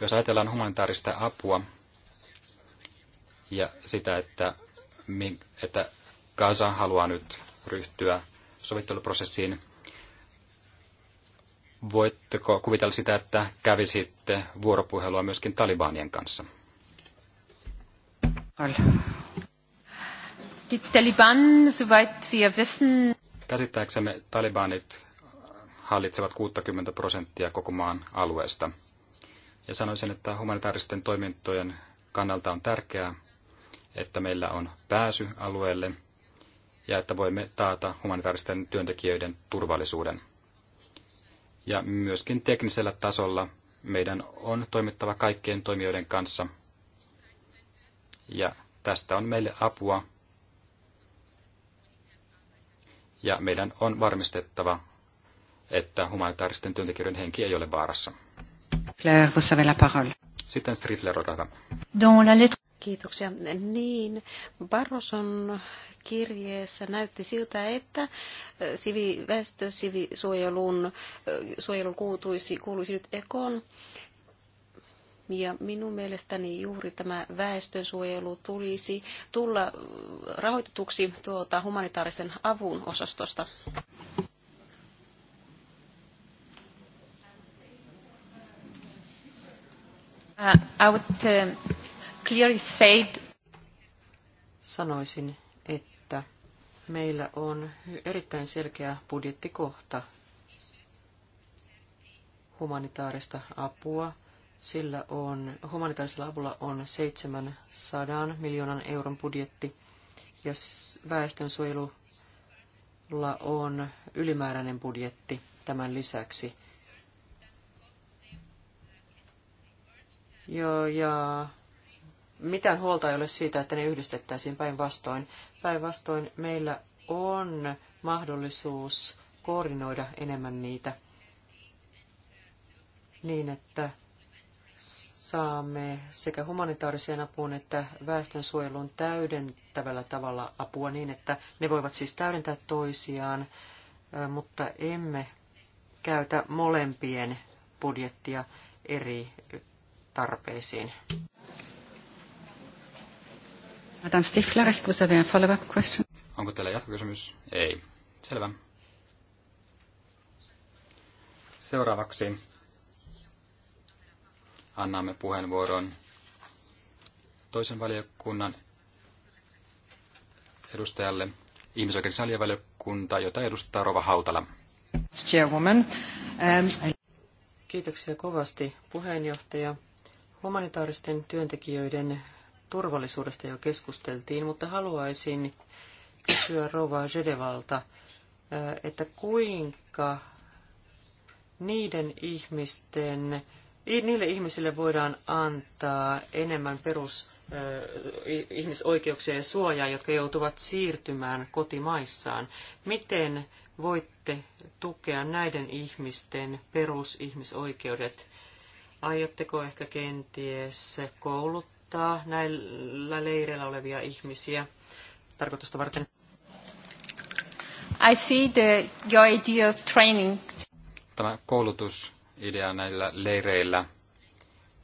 Jos ajatellaan humanitaarista apua ja sitä, että, että Gaza haluaa nyt ryhtyä sovitteluprosessiin, voitteko kuvitella sitä, että kävisitte vuoropuhelua myöskin talibanien kanssa? Die Taliban, soweit wir wissen... Käsittääksemme talibanit hallitsevat 60 prosenttia koko maan alueesta. Ja sanoisin, että humanitaaristen toimintojen kannalta on tärkeää, että meillä on pääsy alueelle ja että voimme taata humanitaaristen työntekijöiden turvallisuuden. Ja myöskin teknisellä tasolla meidän on toimittava kaikkien toimijoiden kanssa. Ja tästä on meille apua, ja meidän on varmistettava, että humanitaaristen työntekijöiden henki ei ole vaarassa. Claire, vous avez la parole. Sitten Strifler, olkaa hyvä. Kiitoksia. Niin, Barroson kirjeessä näytti siltä, että siviväestö, sivisuojelun suojelun, kuuluisi, kuuluisi nyt ekoon. Ja minun mielestäni juuri tämä väestönsuojelu tulisi tulla rahoitetuksi tuota humanitaarisen avun osastosta. Uh, I would, uh, clearly say... Sanoisin, että meillä on erittäin selkeä budjettikohta humanitaarista apua – sillä on, humanitaarisella avulla on 700 miljoonan euron budjetti ja väestönsuojelulla on ylimääräinen budjetti tämän lisäksi. Joo, ja mitään huolta ei ole siitä, että ne yhdistettäisiin päinvastoin. Päinvastoin meillä on mahdollisuus koordinoida enemmän niitä niin, että saamme sekä humanitaariseen apuun että väestönsuojeluun täydentävällä tavalla apua niin, että ne voivat siis täydentää toisiaan, mutta emme käytä molempien budjettia eri tarpeisiin. Madame Stifler, follow-up question? Onko teillä jatkokysymys? Ei. Selvä. Seuraavaksi annamme puheenvuoron toisen valiokunnan edustajalle, ihmisoikeuksien jota edustaa Rova Hautala. Chairwoman. Um, Kiitoksia kovasti puheenjohtaja. Humanitaaristen työntekijöiden turvallisuudesta jo keskusteltiin, mutta haluaisin kysyä Rova Jedevalta, äh, että kuinka niiden ihmisten niille ihmisille voidaan antaa enemmän perus ihmisoikeuksia ja suojaa, jotka joutuvat siirtymään kotimaissaan. Miten voitte tukea näiden ihmisten perusihmisoikeudet? Aiotteko ehkä kenties kouluttaa näillä leireillä olevia ihmisiä tarkoitusta varten? I see the, your idea of training. Tämä koulutus idea näillä leireillä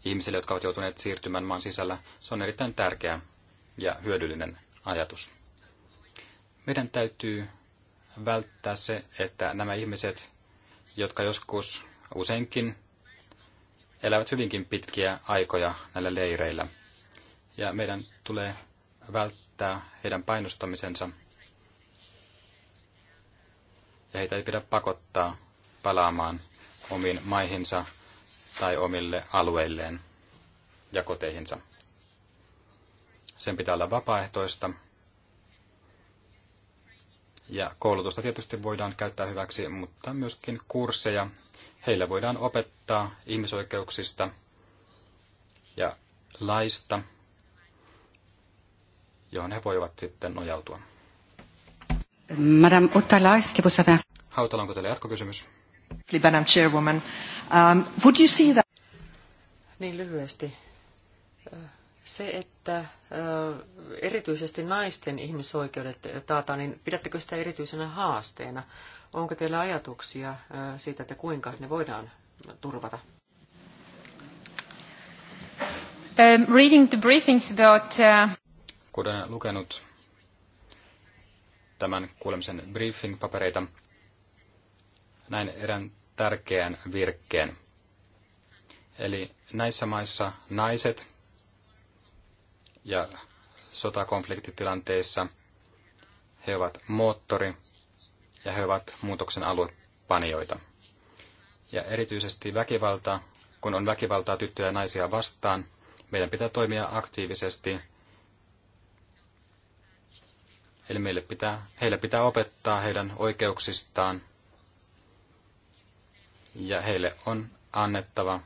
ihmisille, jotka ovat joutuneet siirtymään maan sisällä, se on erittäin tärkeä ja hyödyllinen ajatus. Meidän täytyy välttää se, että nämä ihmiset, jotka joskus useinkin elävät hyvinkin pitkiä aikoja näillä leireillä, ja meidän tulee välttää heidän painostamisensa, ja heitä ei pidä pakottaa palaamaan omiin maihinsa tai omille alueilleen ja koteihinsa. Sen pitää olla vapaaehtoista. Ja koulutusta tietysti voidaan käyttää hyväksi, mutta myöskin kursseja. Heille voidaan opettaa ihmisoikeuksista ja laista, johon he voivat sitten nojautua. Madame Hautala, onko teillä jatkokysymys? Libanon chairwoman. Um, would you see that... Niin lyhyesti. Äh, Se, että äh, erityisesti naisten ihmisoikeudet taataan, niin pidättekö sitä erityisenä haasteena? Onko teillä ajatuksia äh, siitä, että kuinka ne voidaan turvata? Um, reading the briefings about, uh... Kun olen lukenut tämän kuulemisen briefing-papereita, näin erään tärkeän virkkeen. Eli näissä maissa naiset ja sotakonfliktitilanteissa he ovat moottori ja he ovat muutoksen aluepanijoita. Ja erityisesti väkivalta, kun on väkivaltaa tyttöjä ja naisia vastaan, meidän pitää toimia aktiivisesti. Eli meille pitää, heille pitää opettaa heidän oikeuksistaan – ja heille on annettava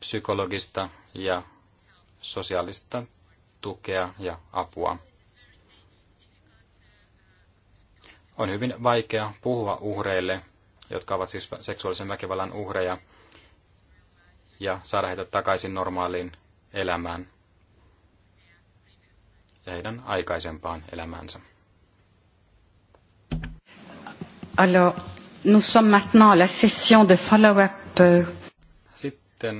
psykologista ja sosiaalista tukea ja apua. On hyvin vaikea puhua uhreille, jotka ovat siis seksuaalisen väkivallan uhreja, ja saada heitä takaisin normaaliin elämään ja heidän aikaisempaan elämäänsä. Alors, Nous sommes maintenant à la session de follow-up. Euh. Sitten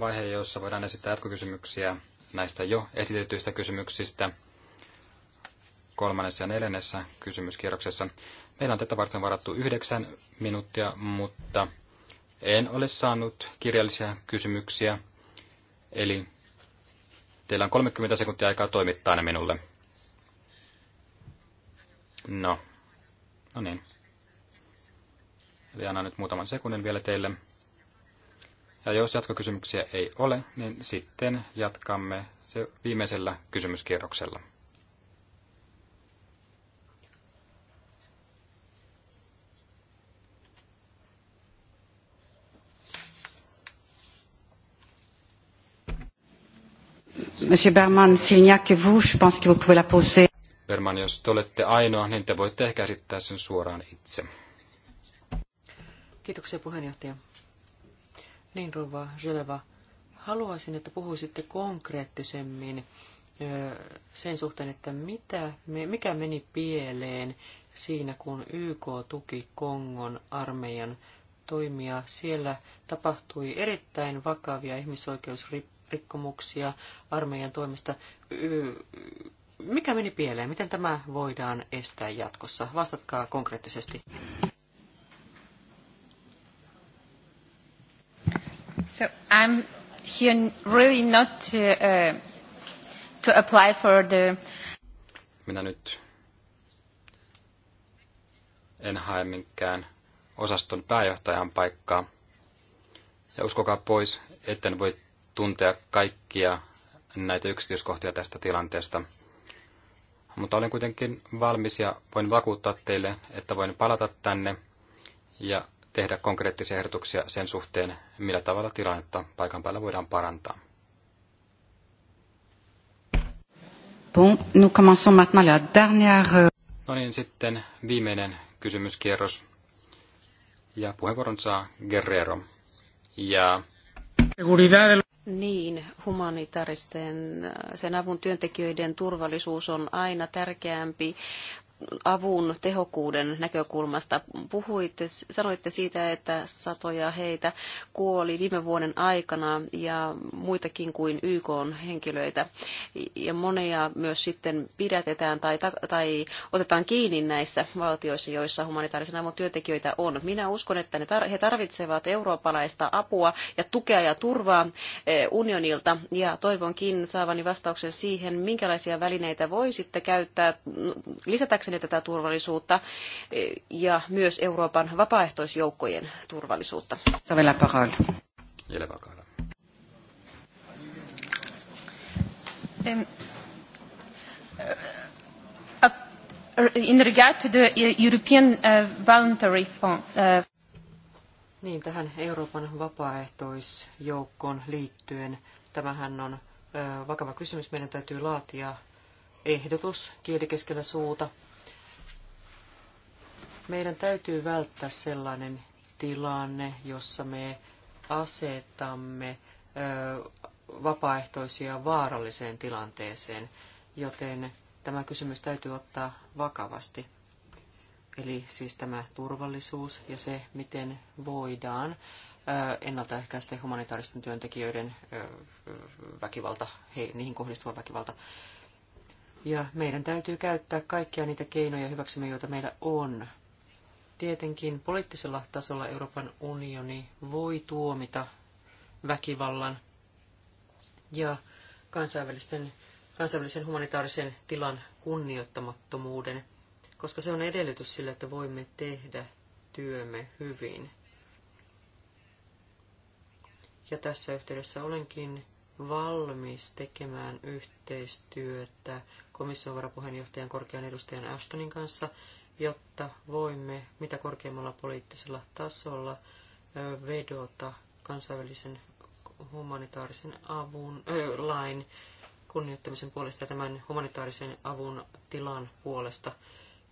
vaihe, jossa voidaan esittää jatkokysymyksiä näistä jo esitetyistä kysymyksistä kolmannessa ja neljännessä kysymyskierroksessa. Meillä on tätä varten varattu yhdeksän minuuttia, mutta en ole saanut kirjallisia kysymyksiä, eli teillä on 30 sekuntia aikaa toimittaa ne minulle. No, no niin. Eli annan nyt muutaman sekunnin vielä teille. Ja jos jatkokysymyksiä ei ole, niin sitten jatkamme se viimeisellä kysymyskierroksella. Monsieur Berman, s'il n'y a que vous, je pense que vous pouvez la poser. Berman, jos te olette ainoa, niin te voitte ehkä esittää sen suoraan itse. Kiitoksia puheenjohtaja. Niin, Rova Jeleva, haluaisin, että puhuisitte konkreettisemmin sen suhteen, että mitä, mikä meni pieleen siinä, kun YK tuki Kongon armeijan toimia. Siellä tapahtui erittäin vakavia ihmisoikeusrikkomuksia armeijan toimesta. Mikä meni pieleen? Miten tämä voidaan estää jatkossa? Vastatkaa konkreettisesti. So I'm here really not to, uh, to apply for the... Minä nyt en hae minkään osaston pääjohtajan paikkaa. Ja uskokaa pois, etten voi tuntea kaikkia näitä yksityiskohtia tästä tilanteesta. Mutta olen kuitenkin valmis ja voin vakuuttaa teille, että voin palata tänne ja tehdä konkreettisia ehdotuksia sen suhteen, millä tavalla tilannetta paikan päällä voidaan parantaa. Bon, nous commençons maintenant la dernière... Euh, no niin, sitten viimeinen kysymyskierros. Ja puheenvuoron saa Guerrero. Ja... Niin, humanitaaristen äh, sen avun työntekijöiden turvallisuus on aina tärkeämpi avun tehokkuuden näkökulmasta. Puhuitte, sanoitte siitä, että satoja heitä kuoli viime vuoden aikana ja muitakin kuin YK henkilöitä. Ja monia myös sitten pidätetään tai, tai otetaan kiinni näissä valtioissa, joissa humanitaarisen avun työntekijöitä on. Minä uskon, että ne tar- he tarvitsevat eurooppalaista apua ja tukea ja turvaa eh, unionilta. Ja toivonkin saavani vastauksen siihen, minkälaisia välineitä voisitte käyttää mm, lisätäkseen parantaakseni tätä turvallisuutta eh, ja myös Euroopan vapaaehtoisjoukkojen turvallisuutta. Eh, eh, in regard to the European voluntary fund, niin, tähän Euroopan vapaaehtoisjoukkoon liittyen. Tämähän on vakava kysymys. Meidän täytyy laatia ehdotus kieli keskellä suuta meidän täytyy välttää sellainen tilanne, jossa me asetamme vapaaehtoisia vaaralliseen tilanteeseen, joten tämä kysymys täytyy ottaa vakavasti. Eli siis tämä turvallisuus ja se, miten voidaan ennaltaehkäistä humanitaaristen työntekijöiden väkivalta, niihin kohdistuva väkivalta. Ja meidän täytyy käyttää kaikkia niitä keinoja hyväksemme, joita meillä on Tietenkin poliittisella tasolla Euroopan unioni voi tuomita väkivallan ja kansainvälisten, kansainvälisen humanitaarisen tilan kunnioittamattomuuden, koska se on edellytys sille, että voimme tehdä työmme hyvin. Ja tässä yhteydessä olenkin valmis tekemään yhteistyötä komission varapuheenjohtajan korkean edustajan Ashtonin kanssa – jotta voimme mitä korkeammalla poliittisella tasolla vedota kansainvälisen humanitaarisen avun ö, lain kunnioittamisen puolesta ja tämän humanitaarisen avun tilan puolesta,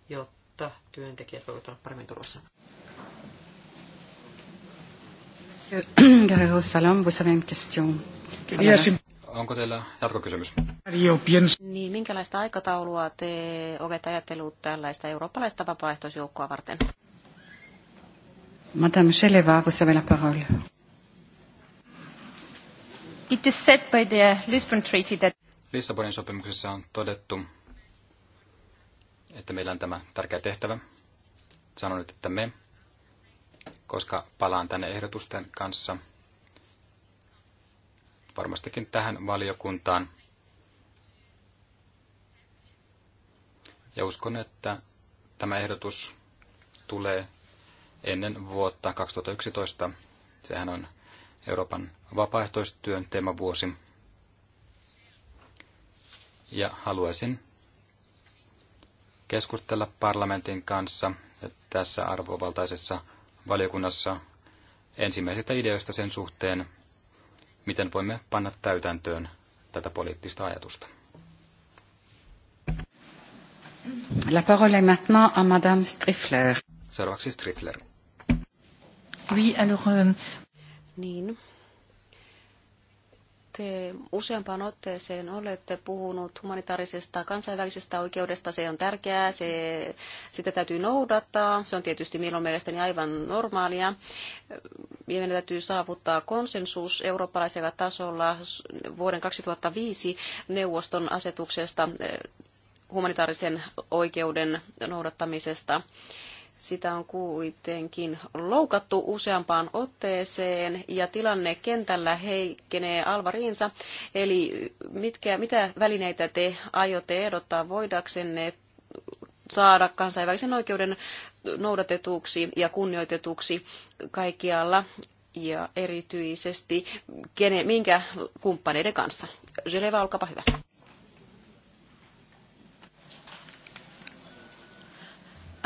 jotta työntekijät voivat olla paremmin turvassa. Salam, vous avez une question. Onko teillä jatkokysymys? Niin, minkälaista aikataulua te olette ajatellut tällaista eurooppalaista vapaaehtoisjoukkoa varten? Madame Cheleva, vous avez la parole. It is said by the Lisbon Treaty that... Lissabonin sopimuksessa on todettu, että meillä on tämä tärkeä tehtävä. Sanon nyt, että me, koska palaan tänne ehdotusten kanssa – varmastikin tähän valiokuntaan. Ja uskon, että tämä ehdotus tulee ennen vuotta 2011. Sehän on Euroopan vapaaehtoistyön teemavuosi. Ja haluaisin keskustella parlamentin kanssa tässä arvovaltaisessa valiokunnassa ensimmäisistä ideoista sen suhteen, miten voimme panna täytäntöön tätä poliittista ajatusta. La parole est maintenant à Madame Strifler. Seuraavaksi Strifler. Oui, alors, euh... Niin, te useampaan otteeseen olette puhunut humanitaarisesta kansainvälisestä oikeudesta. Se on tärkeää, se, sitä täytyy noudattaa. Se on tietysti on mielestäni aivan normaalia. Meidän täytyy saavuttaa konsensus eurooppalaisella tasolla vuoden 2005 neuvoston asetuksesta eh, humanitaarisen oikeuden noudattamisesta. Sitä on kuitenkin loukattu useampaan otteeseen ja tilanne kentällä heikkenee alvariinsa. Eli mitkä, mitä välineitä te aiotte ehdottaa voidaksenne saada kansainvälisen oikeuden noudatetuksi ja kunnioitetuksi kaikkialla ja erityisesti kene, minkä kumppaneiden kanssa? Jeleva, olkaapa hyvä.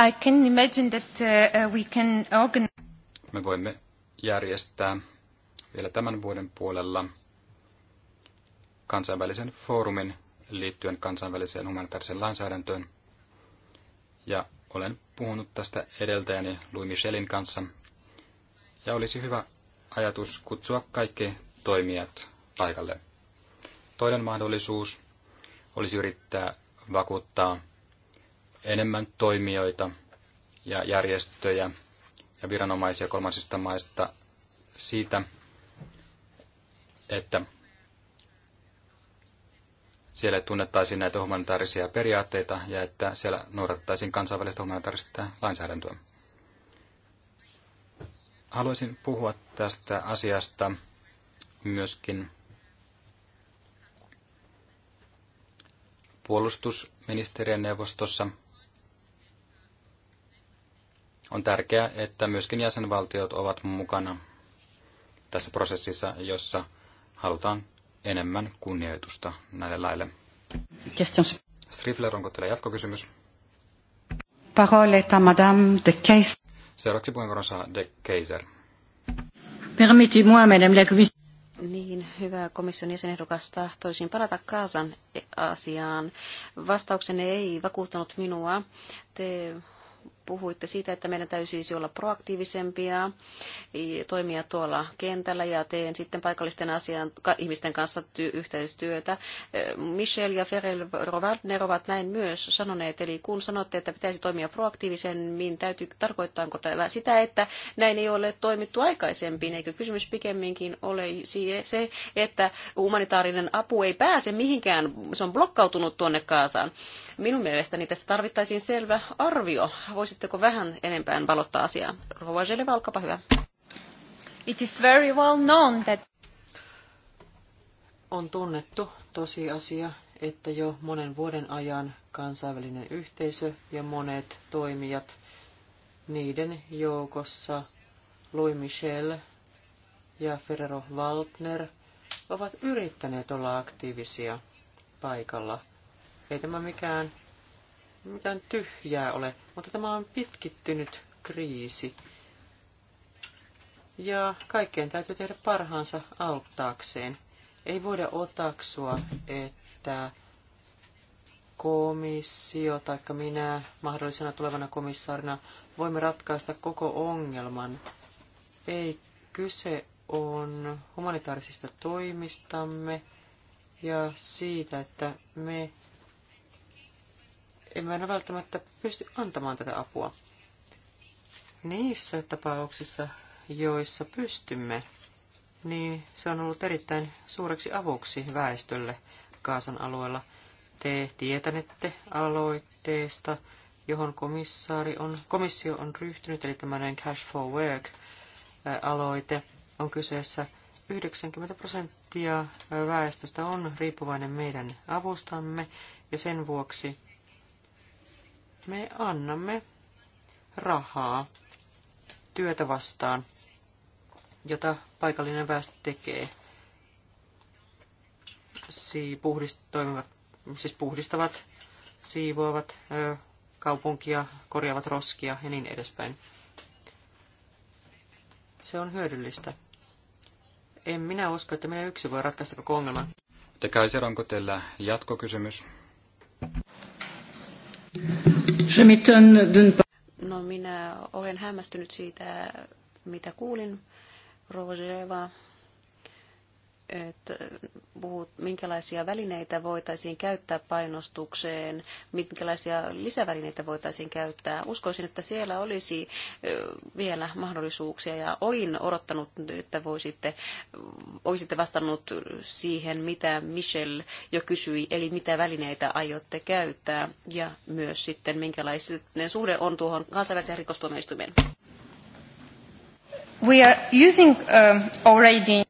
I can imagine that uh, uh, we can organize... Me voimme järjestää vielä tämän vuoden puolella kansainvälisen foorumin liittyen kansainväliseen humanitaariseen lainsäädäntöön. Ja olen puhunut tästä edeltäjäni Louis Michelin kanssa. Ja olisi hyvä ajatus kutsua kaikki toimijat paikalle. Toinen mahdollisuus olisi yrittää vakuuttaa enemmän toimijoita ja järjestöjä ja viranomaisia kolmansista maista siitä, että siellä tunnettaisiin näitä humanitaarisia periaatteita ja että siellä noudattaisiin kansainvälistä humanitaarista lainsäädäntöä. Haluaisin puhua tästä asiasta myöskin puolustusministeriön neuvostossa – on tärkeää, että myöskin jäsenvaltiot ovat mukana tässä prosessissa, jossa halutaan enemmän kunnioitusta näille laille. Questions. Strifler, onko teillä jatkokysymys? Parole à Madame de Keiser. Seuraavaksi puheenvuoron saa de Keiser. Permettez-moi, Madame la Commission. Niin, hyvä komission jäsenehdokas, tahtoisin palata Kaasan asiaan. Vastauksenne ei vakuuttanut minua. Te puhuitte siitä, että meidän täytyisi olla proaktiivisempia, toimia tuolla kentällä ja teen sitten paikallisten asian, ihmisten kanssa yhteistyötä. E, Michel ja Ferel Rovardner ovat näin myös sanoneet, eli kun sanotte, että pitäisi toimia proaktiivisemmin, täytyy, tarkoittaako tämä sitä, että näin ei ole toimittu aikaisemmin, eikö kysymys pikemminkin ole se, että humanitaarinen apu ei pääse mihinkään, se on blokkautunut tuonne Kaasaan. Minun mielestäni tässä tarvittaisiin selvä arvio. voisit Voisitteko vähän enempään valottaa asiaa? Rouva Jeleva, olkaapa hyvä. It is very well known that... On tunnettu tosiasia, että jo monen vuoden ajan kansainvälinen yhteisö ja monet toimijat, niiden joukossa Louis Michel ja Ferrero Waldner, ovat yrittäneet olla aktiivisia paikalla. Ei tämä mikään mitään tyhjää ole, mutta tämä on pitkittynyt kriisi. Ja kaikkeen täytyy tehdä parhaansa auttaakseen. Ei voida otaksua, että komissio tai minä mahdollisena tulevana komissaarina voimme ratkaista koko ongelman. Ei kyse on humanitaarisista toimistamme ja siitä, että me emme aina välttämättä pysty antamaan tätä apua. Niissä tapauksissa, joissa pystymme, niin se on ollut erittäin suureksi avuksi väestölle Kaasan alueella. Te tietänette aloitteesta, johon komissaari on, komissio on ryhtynyt, eli tämmöinen Cash for Work-aloite on kyseessä 90 prosenttia väestöstä on riippuvainen meidän avustamme, ja sen vuoksi me annamme rahaa työtä vastaan, jota paikallinen väestö tekee. Sii puhdist, toimivat, siis puhdistavat, siivoavat ö, kaupunkia, korjaavat roskia ja niin edespäin. Se on hyödyllistä. En minä usko, että minä yksi voi ratkaista koko ongelman. Te Kaiser, onko teillä jatkokysymys? No minä olen hämmästynyt siitä, mitä kuulin Rogereva että puhut, minkälaisia välineitä voitaisiin käyttää painostukseen, minkälaisia lisävälineitä voitaisiin käyttää. Uskoisin, että siellä olisi vielä mahdollisuuksia ja olin odottanut, että voisitte, olisitte vastannut siihen, mitä Michel jo kysyi, eli mitä välineitä aiotte käyttää ja myös sitten minkälainen suhde on tuohon kansainväliseen rikostuomioistuimeen. We are using um, already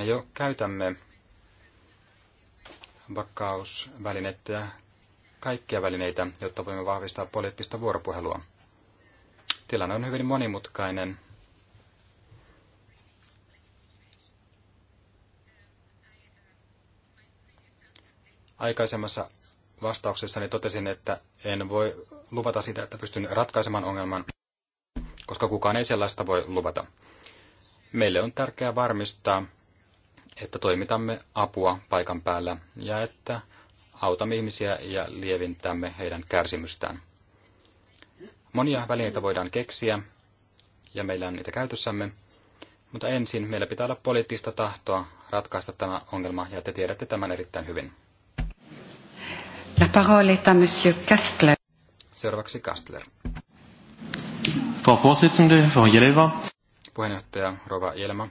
me jo käytämme vakausvälinettä ja kaikkia välineitä, jotta voimme vahvistaa poliittista vuoropuhelua. Tilanne on hyvin monimutkainen. Aikaisemmassa vastauksessani totesin, että en voi luvata sitä, että pystyn ratkaisemaan ongelman, koska kukaan ei sellaista voi luvata. Meille on tärkeää varmistaa, että toimitamme apua paikan päällä ja että autamme ihmisiä ja lievintämme heidän kärsimystään. Monia välineitä voidaan keksiä ja meillä on niitä käytössämme, mutta ensin meillä pitää olla poliittista tahtoa ratkaista tämä ongelma ja te tiedätte tämän erittäin hyvin. La parole est à monsieur Kastler. Seuraavaksi Kastler. Frau Vorsitzende, Frau Jeleva. Puheenjohtaja Rova Jelma.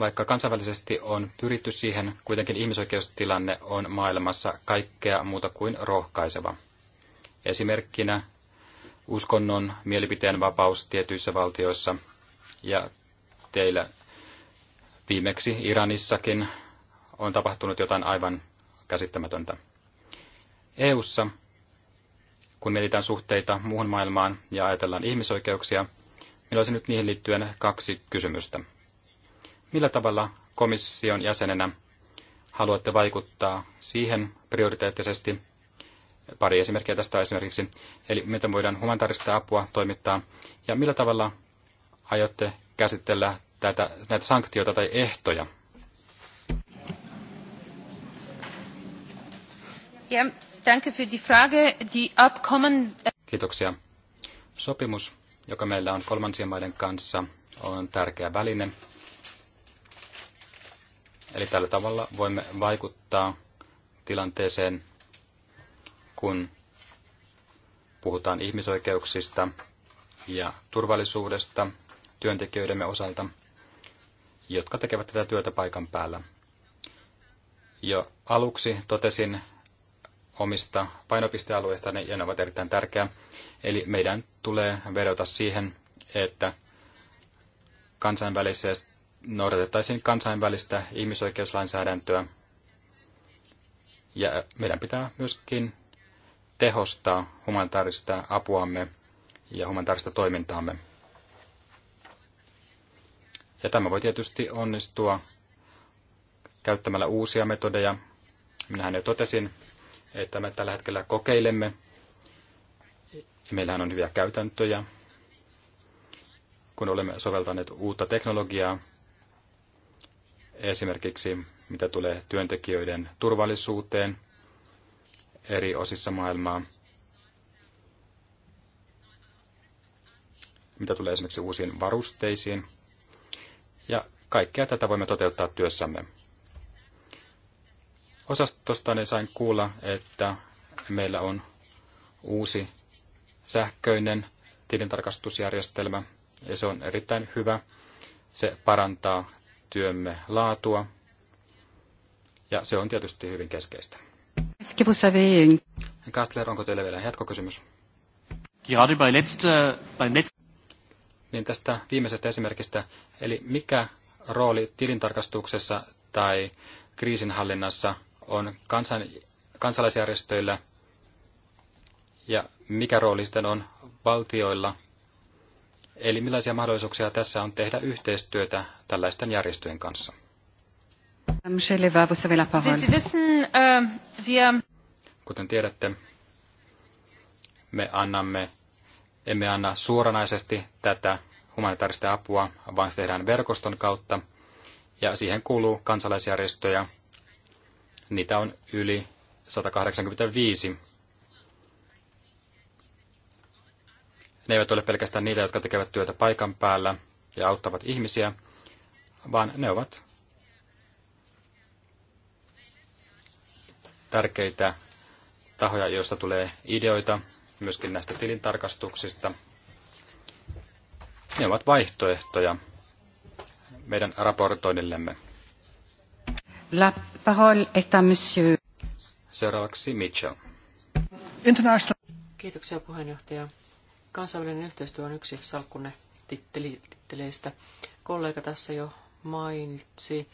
Vaikka kansainvälisesti on pyritty siihen, kuitenkin ihmisoikeustilanne on maailmassa kaikkea muuta kuin rohkaiseva. Esimerkkinä uskonnon mielipiteen vapaus tietyissä valtioissa ja teillä viimeksi Iranissakin on tapahtunut jotain aivan käsittämätöntä. EU:ssa, kun mietitään suhteita muuhun maailmaan ja ajatellaan ihmisoikeuksia, meillä olisi nyt niihin liittyen kaksi kysymystä. Millä tavalla komission jäsenenä haluatte vaikuttaa siihen prioriteettisesti? Pari esimerkkiä tästä esimerkiksi. Eli miten voidaan humanitaarista apua toimittaa ja millä tavalla aiotte käsitellä tätä, näitä sanktioita tai ehtoja? Ja, danke für die Frage. Die Abkommen... Äh Kiitoksia. Sopimus, joka meillä on kolmansien maiden kanssa, on tärkeä väline, Eli tällä tavalla voimme vaikuttaa tilanteeseen, kun puhutaan ihmisoikeuksista ja turvallisuudesta työntekijöidemme osalta, jotka tekevät tätä työtä paikan päällä. Jo aluksi totesin omista painopistealueista, ja ne ovat erittäin tärkeä. Eli meidän tulee vedota siihen, että kansainvälisesti noudatettaisiin kansainvälistä ihmisoikeuslainsäädäntöä. Ja meidän pitää myöskin tehostaa humanitaarista apuamme ja humanitaarista toimintaamme. Ja tämä voi tietysti onnistua käyttämällä uusia metodeja. Minähän jo totesin, että me tällä hetkellä kokeilemme. Meillähän on hyviä käytäntöjä, kun olemme soveltaneet uutta teknologiaa esimerkiksi mitä tulee työntekijöiden turvallisuuteen eri osissa maailmaa, mitä tulee esimerkiksi uusiin varusteisiin. Ja kaikkea tätä voimme toteuttaa työssämme. Osastostani sain kuulla, että meillä on uusi sähköinen tilintarkastusjärjestelmä, ja se on erittäin hyvä. Se parantaa työmme laatua, ja se on tietysti hyvin keskeistä. Kastler, onko teillä vielä jatkokysymys? Niin tästä viimeisestä esimerkistä, eli mikä rooli tilintarkastuksessa tai kriisinhallinnassa on kansan, kansalaisjärjestöillä ja mikä rooli sitten on valtioilla – Eli millaisia mahdollisuuksia tässä on tehdä yhteistyötä tällaisten järjestöjen kanssa? Euh, Kuten tiedätte, me annamme, emme anna suoranaisesti tätä humanitaarista apua, vaan se tehdään verkoston kautta. Ja siihen kuuluu kansalaisjärjestöjä. Niitä on yli 185 Ne eivät ole pelkästään niitä, jotka tekevät työtä paikan päällä ja auttavat ihmisiä, vaan ne ovat tärkeitä tahoja, joista tulee ideoita, myöskin näistä tilintarkastuksista. Ne ovat vaihtoehtoja meidän raportoinnillemme. La parole est à monsieur. Seuraavaksi Mitchell. International. Kiitoksia puheenjohtaja. Kansainvälinen yhteistyö on yksi salkkunne titteleistä. Kollega tässä jo mainitsi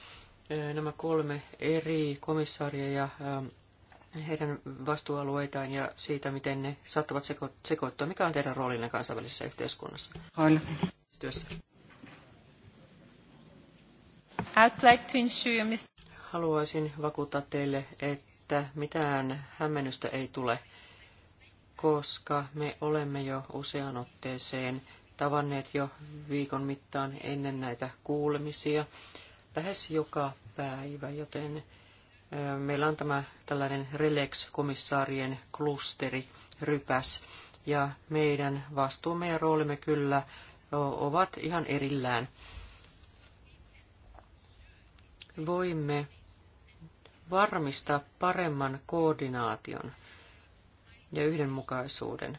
nämä kolme eri komissaaria ja heidän vastuualueitaan ja siitä, miten ne saattavat seko- sekoittua. Mikä on teidän roolinne kansainvälisessä yhteiskunnassa? Hail. Työssä. I'd like to ensure, Mr. Haluaisin vakuuttaa teille, että mitään hämmennystä ei tule koska me olemme jo useaan otteeseen tavanneet jo viikon mittaan ennen näitä kuulemisia lähes joka päivä, joten meillä on tämä tällainen Relex-komissaarien klusteri, rypäs, ja meidän vastuumme ja roolimme kyllä ovat ihan erillään. Voimme varmistaa paremman koordinaation ja yhdenmukaisuuden.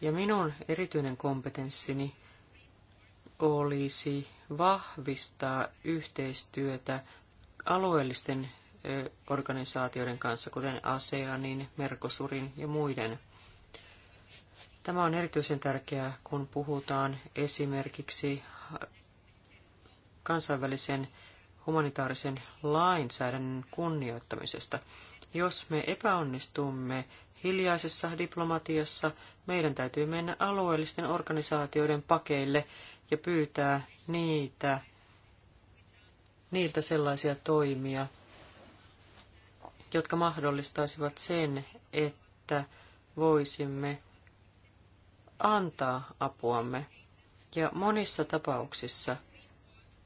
Ja minun erityinen kompetenssini olisi vahvistaa yhteistyötä alueellisten organisaatioiden kanssa, kuten ASEANin, Mercosurin ja muiden. Tämä on erityisen tärkeää, kun puhutaan esimerkiksi kansainvälisen humanitaarisen lainsäädännön kunnioittamisesta. Jos me epäonnistumme Hiljaisessa diplomatiassa meidän täytyy mennä alueellisten organisaatioiden pakeille ja pyytää niitä, niiltä sellaisia toimia, jotka mahdollistaisivat sen, että voisimme antaa apuamme. Ja monissa tapauksissa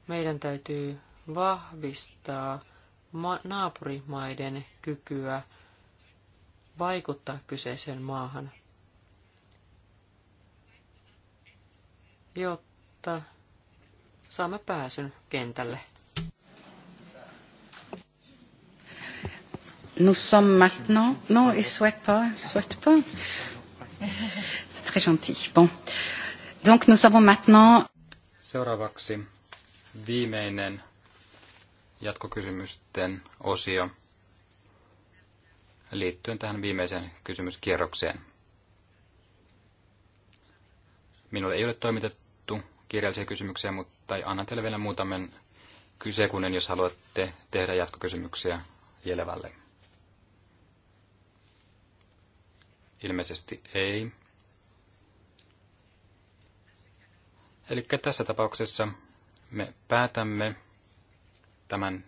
meidän täytyy vahvistaa naapurimaiden kykyä vaikuttaa kyseiseen maahan, jotta saamme pääsyn kentälle. Nous sommes maintenant. Non, il souhaite pas. souhaite pas. C'est très gentil. Bon. Donc nous avons maintenant. Seuraavaksi viimeinen jatkokysymysten osio liittyen tähän viimeiseen kysymyskierrokseen. Minulle ei ole toimitettu kirjallisia kysymyksiä, mutta annan teille vielä muutaman sekunnin, jos haluatte tehdä jatkokysymyksiä Jelevälle. Ilmeisesti ei. Eli tässä tapauksessa me päätämme tämän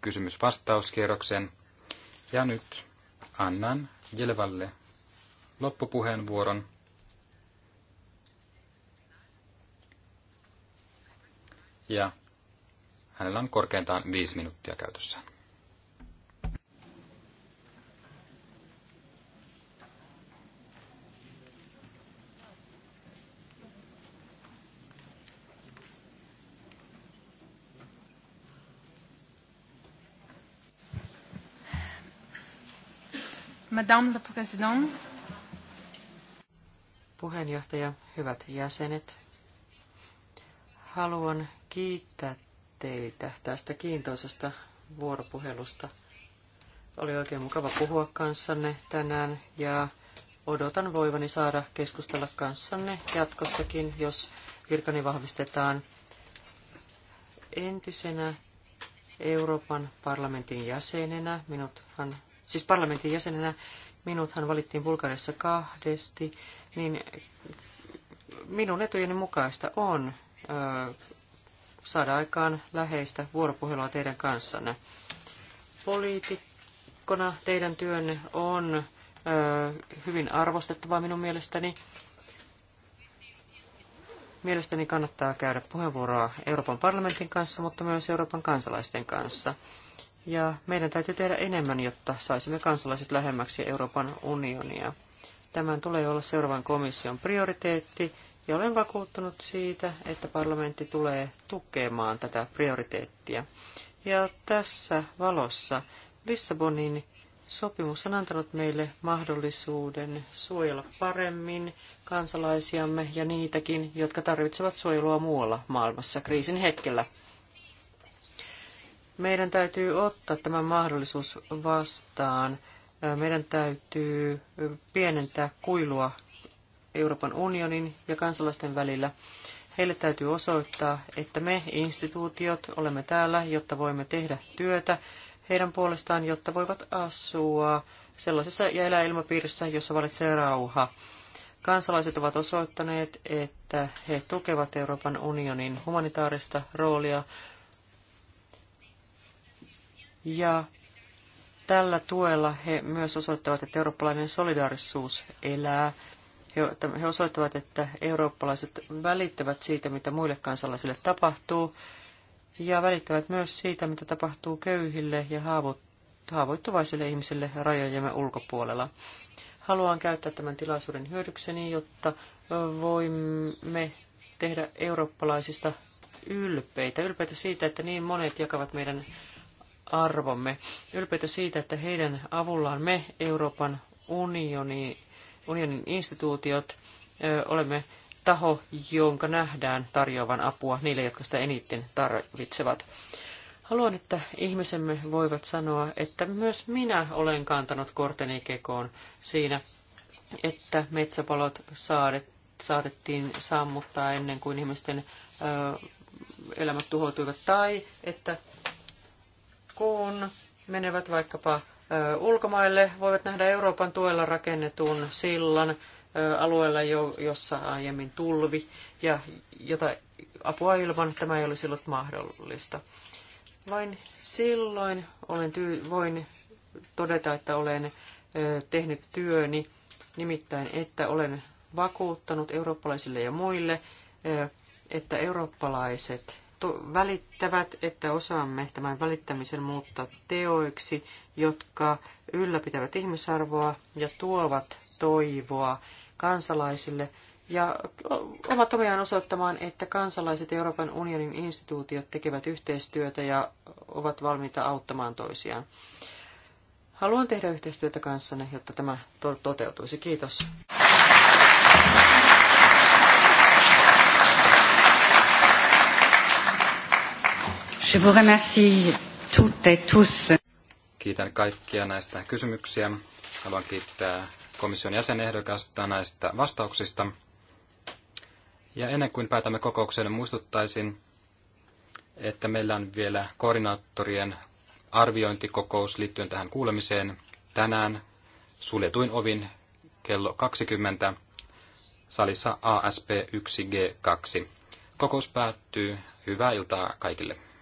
kysymysvastauskierroksen. Ja nyt annan Jelvalle loppupuheenvuoron. Ja hänellä on korkeintaan viisi minuuttia käytössään. Madame la Présidente. Puheenjohtaja, hyvät jäsenet. Haluan kiittää teitä tästä kiintoisesta vuoropuhelusta. Oli oikein mukava puhua kanssanne tänään ja odotan voivani saada keskustella kanssanne jatkossakin, jos virkani vahvistetaan entisenä Euroopan parlamentin jäsenenä. Minuthan siis parlamentin jäsenenä, minuthan valittiin Bulgariassa kahdesti, niin minun etujeni mukaista on ö, saada aikaan läheistä vuoropuhelua teidän kanssanne. Poliitikkona teidän työnne on ö, hyvin arvostettavaa minun mielestäni. Mielestäni kannattaa käydä puheenvuoroa Euroopan parlamentin kanssa, mutta myös Euroopan kansalaisten kanssa. Ja meidän täytyy tehdä enemmän, jotta saisimme kansalaiset lähemmäksi Euroopan unionia. Tämän tulee olla seuraavan komission prioriteetti, ja olen vakuuttunut siitä, että parlamentti tulee tukemaan tätä prioriteettia. Ja tässä valossa Lissabonin sopimus on antanut meille mahdollisuuden suojella paremmin kansalaisiamme ja niitäkin, jotka tarvitsevat suojelua muualla maailmassa kriisin hetkellä. Meidän täytyy ottaa tämä mahdollisuus vastaan. Meidän täytyy pienentää kuilua Euroopan unionin ja kansalaisten välillä. Heille täytyy osoittaa, että me instituutiot olemme täällä, jotta voimme tehdä työtä heidän puolestaan, jotta voivat asua sellaisessa ja elää ilmapiirissä, jossa valitsee rauha. Kansalaiset ovat osoittaneet, että he tukevat Euroopan unionin humanitaarista roolia ja tällä tuella he myös osoittavat, että eurooppalainen solidaarisuus elää. He osoittavat, että eurooppalaiset välittävät siitä, mitä muille kansalaisille tapahtuu, ja välittävät myös siitä, mitä tapahtuu köyhille ja haavoittuvaisille ihmisille rajojemme ulkopuolella. Haluan käyttää tämän tilaisuuden hyödykseni, jotta voimme tehdä eurooppalaisista ylpeitä. Ylpeitä siitä, että niin monet jakavat meidän arvomme. Ylpeitä siitä, että heidän avullaan me Euroopan unioni, unionin instituutiot olemme taho, jonka nähdään tarjoavan apua niille, jotka sitä eniten tarvitsevat. Haluan, että ihmisemme voivat sanoa, että myös minä olen kantanut korteni kekoon siinä, että metsäpalot saadet, saatettiin sammuttaa ennen kuin ihmisten ö, elämät tuhoutuivat, tai että kun menevät vaikkapa ulkomaille, voivat nähdä Euroopan tuella rakennetun sillan alueella, jossa aiemmin tulvi, ja jota apua ilman tämä ei olisi ollut mahdollista. Vain silloin olen tyy- voin todeta, että olen tehnyt työni, nimittäin että olen vakuuttanut eurooppalaisille ja muille, että eurooppalaiset välittävät, että osaamme tämän välittämisen muuttaa teoiksi, jotka ylläpitävät ihmisarvoa ja tuovat toivoa kansalaisille ja ovat omiaan osoittamaan, että kansalaiset ja Euroopan unionin instituutiot tekevät yhteistyötä ja ovat valmiita auttamaan toisiaan. Haluan tehdä yhteistyötä kanssanne, jotta tämä toteutuisi. Kiitos. Je vous remercie toutes et tous. Kiitän kaikkia näistä kysymyksiä. Haluan kiittää komission jäsenehdokasta näistä vastauksista. Ja ennen kuin päätämme kokoukseen, muistuttaisin, että meillä on vielä koordinaattorien arviointikokous liittyen tähän kuulemiseen tänään suljetuin ovin kello 20 salissa ASP 1G2. Kokous päättyy. Hyvää iltaa kaikille.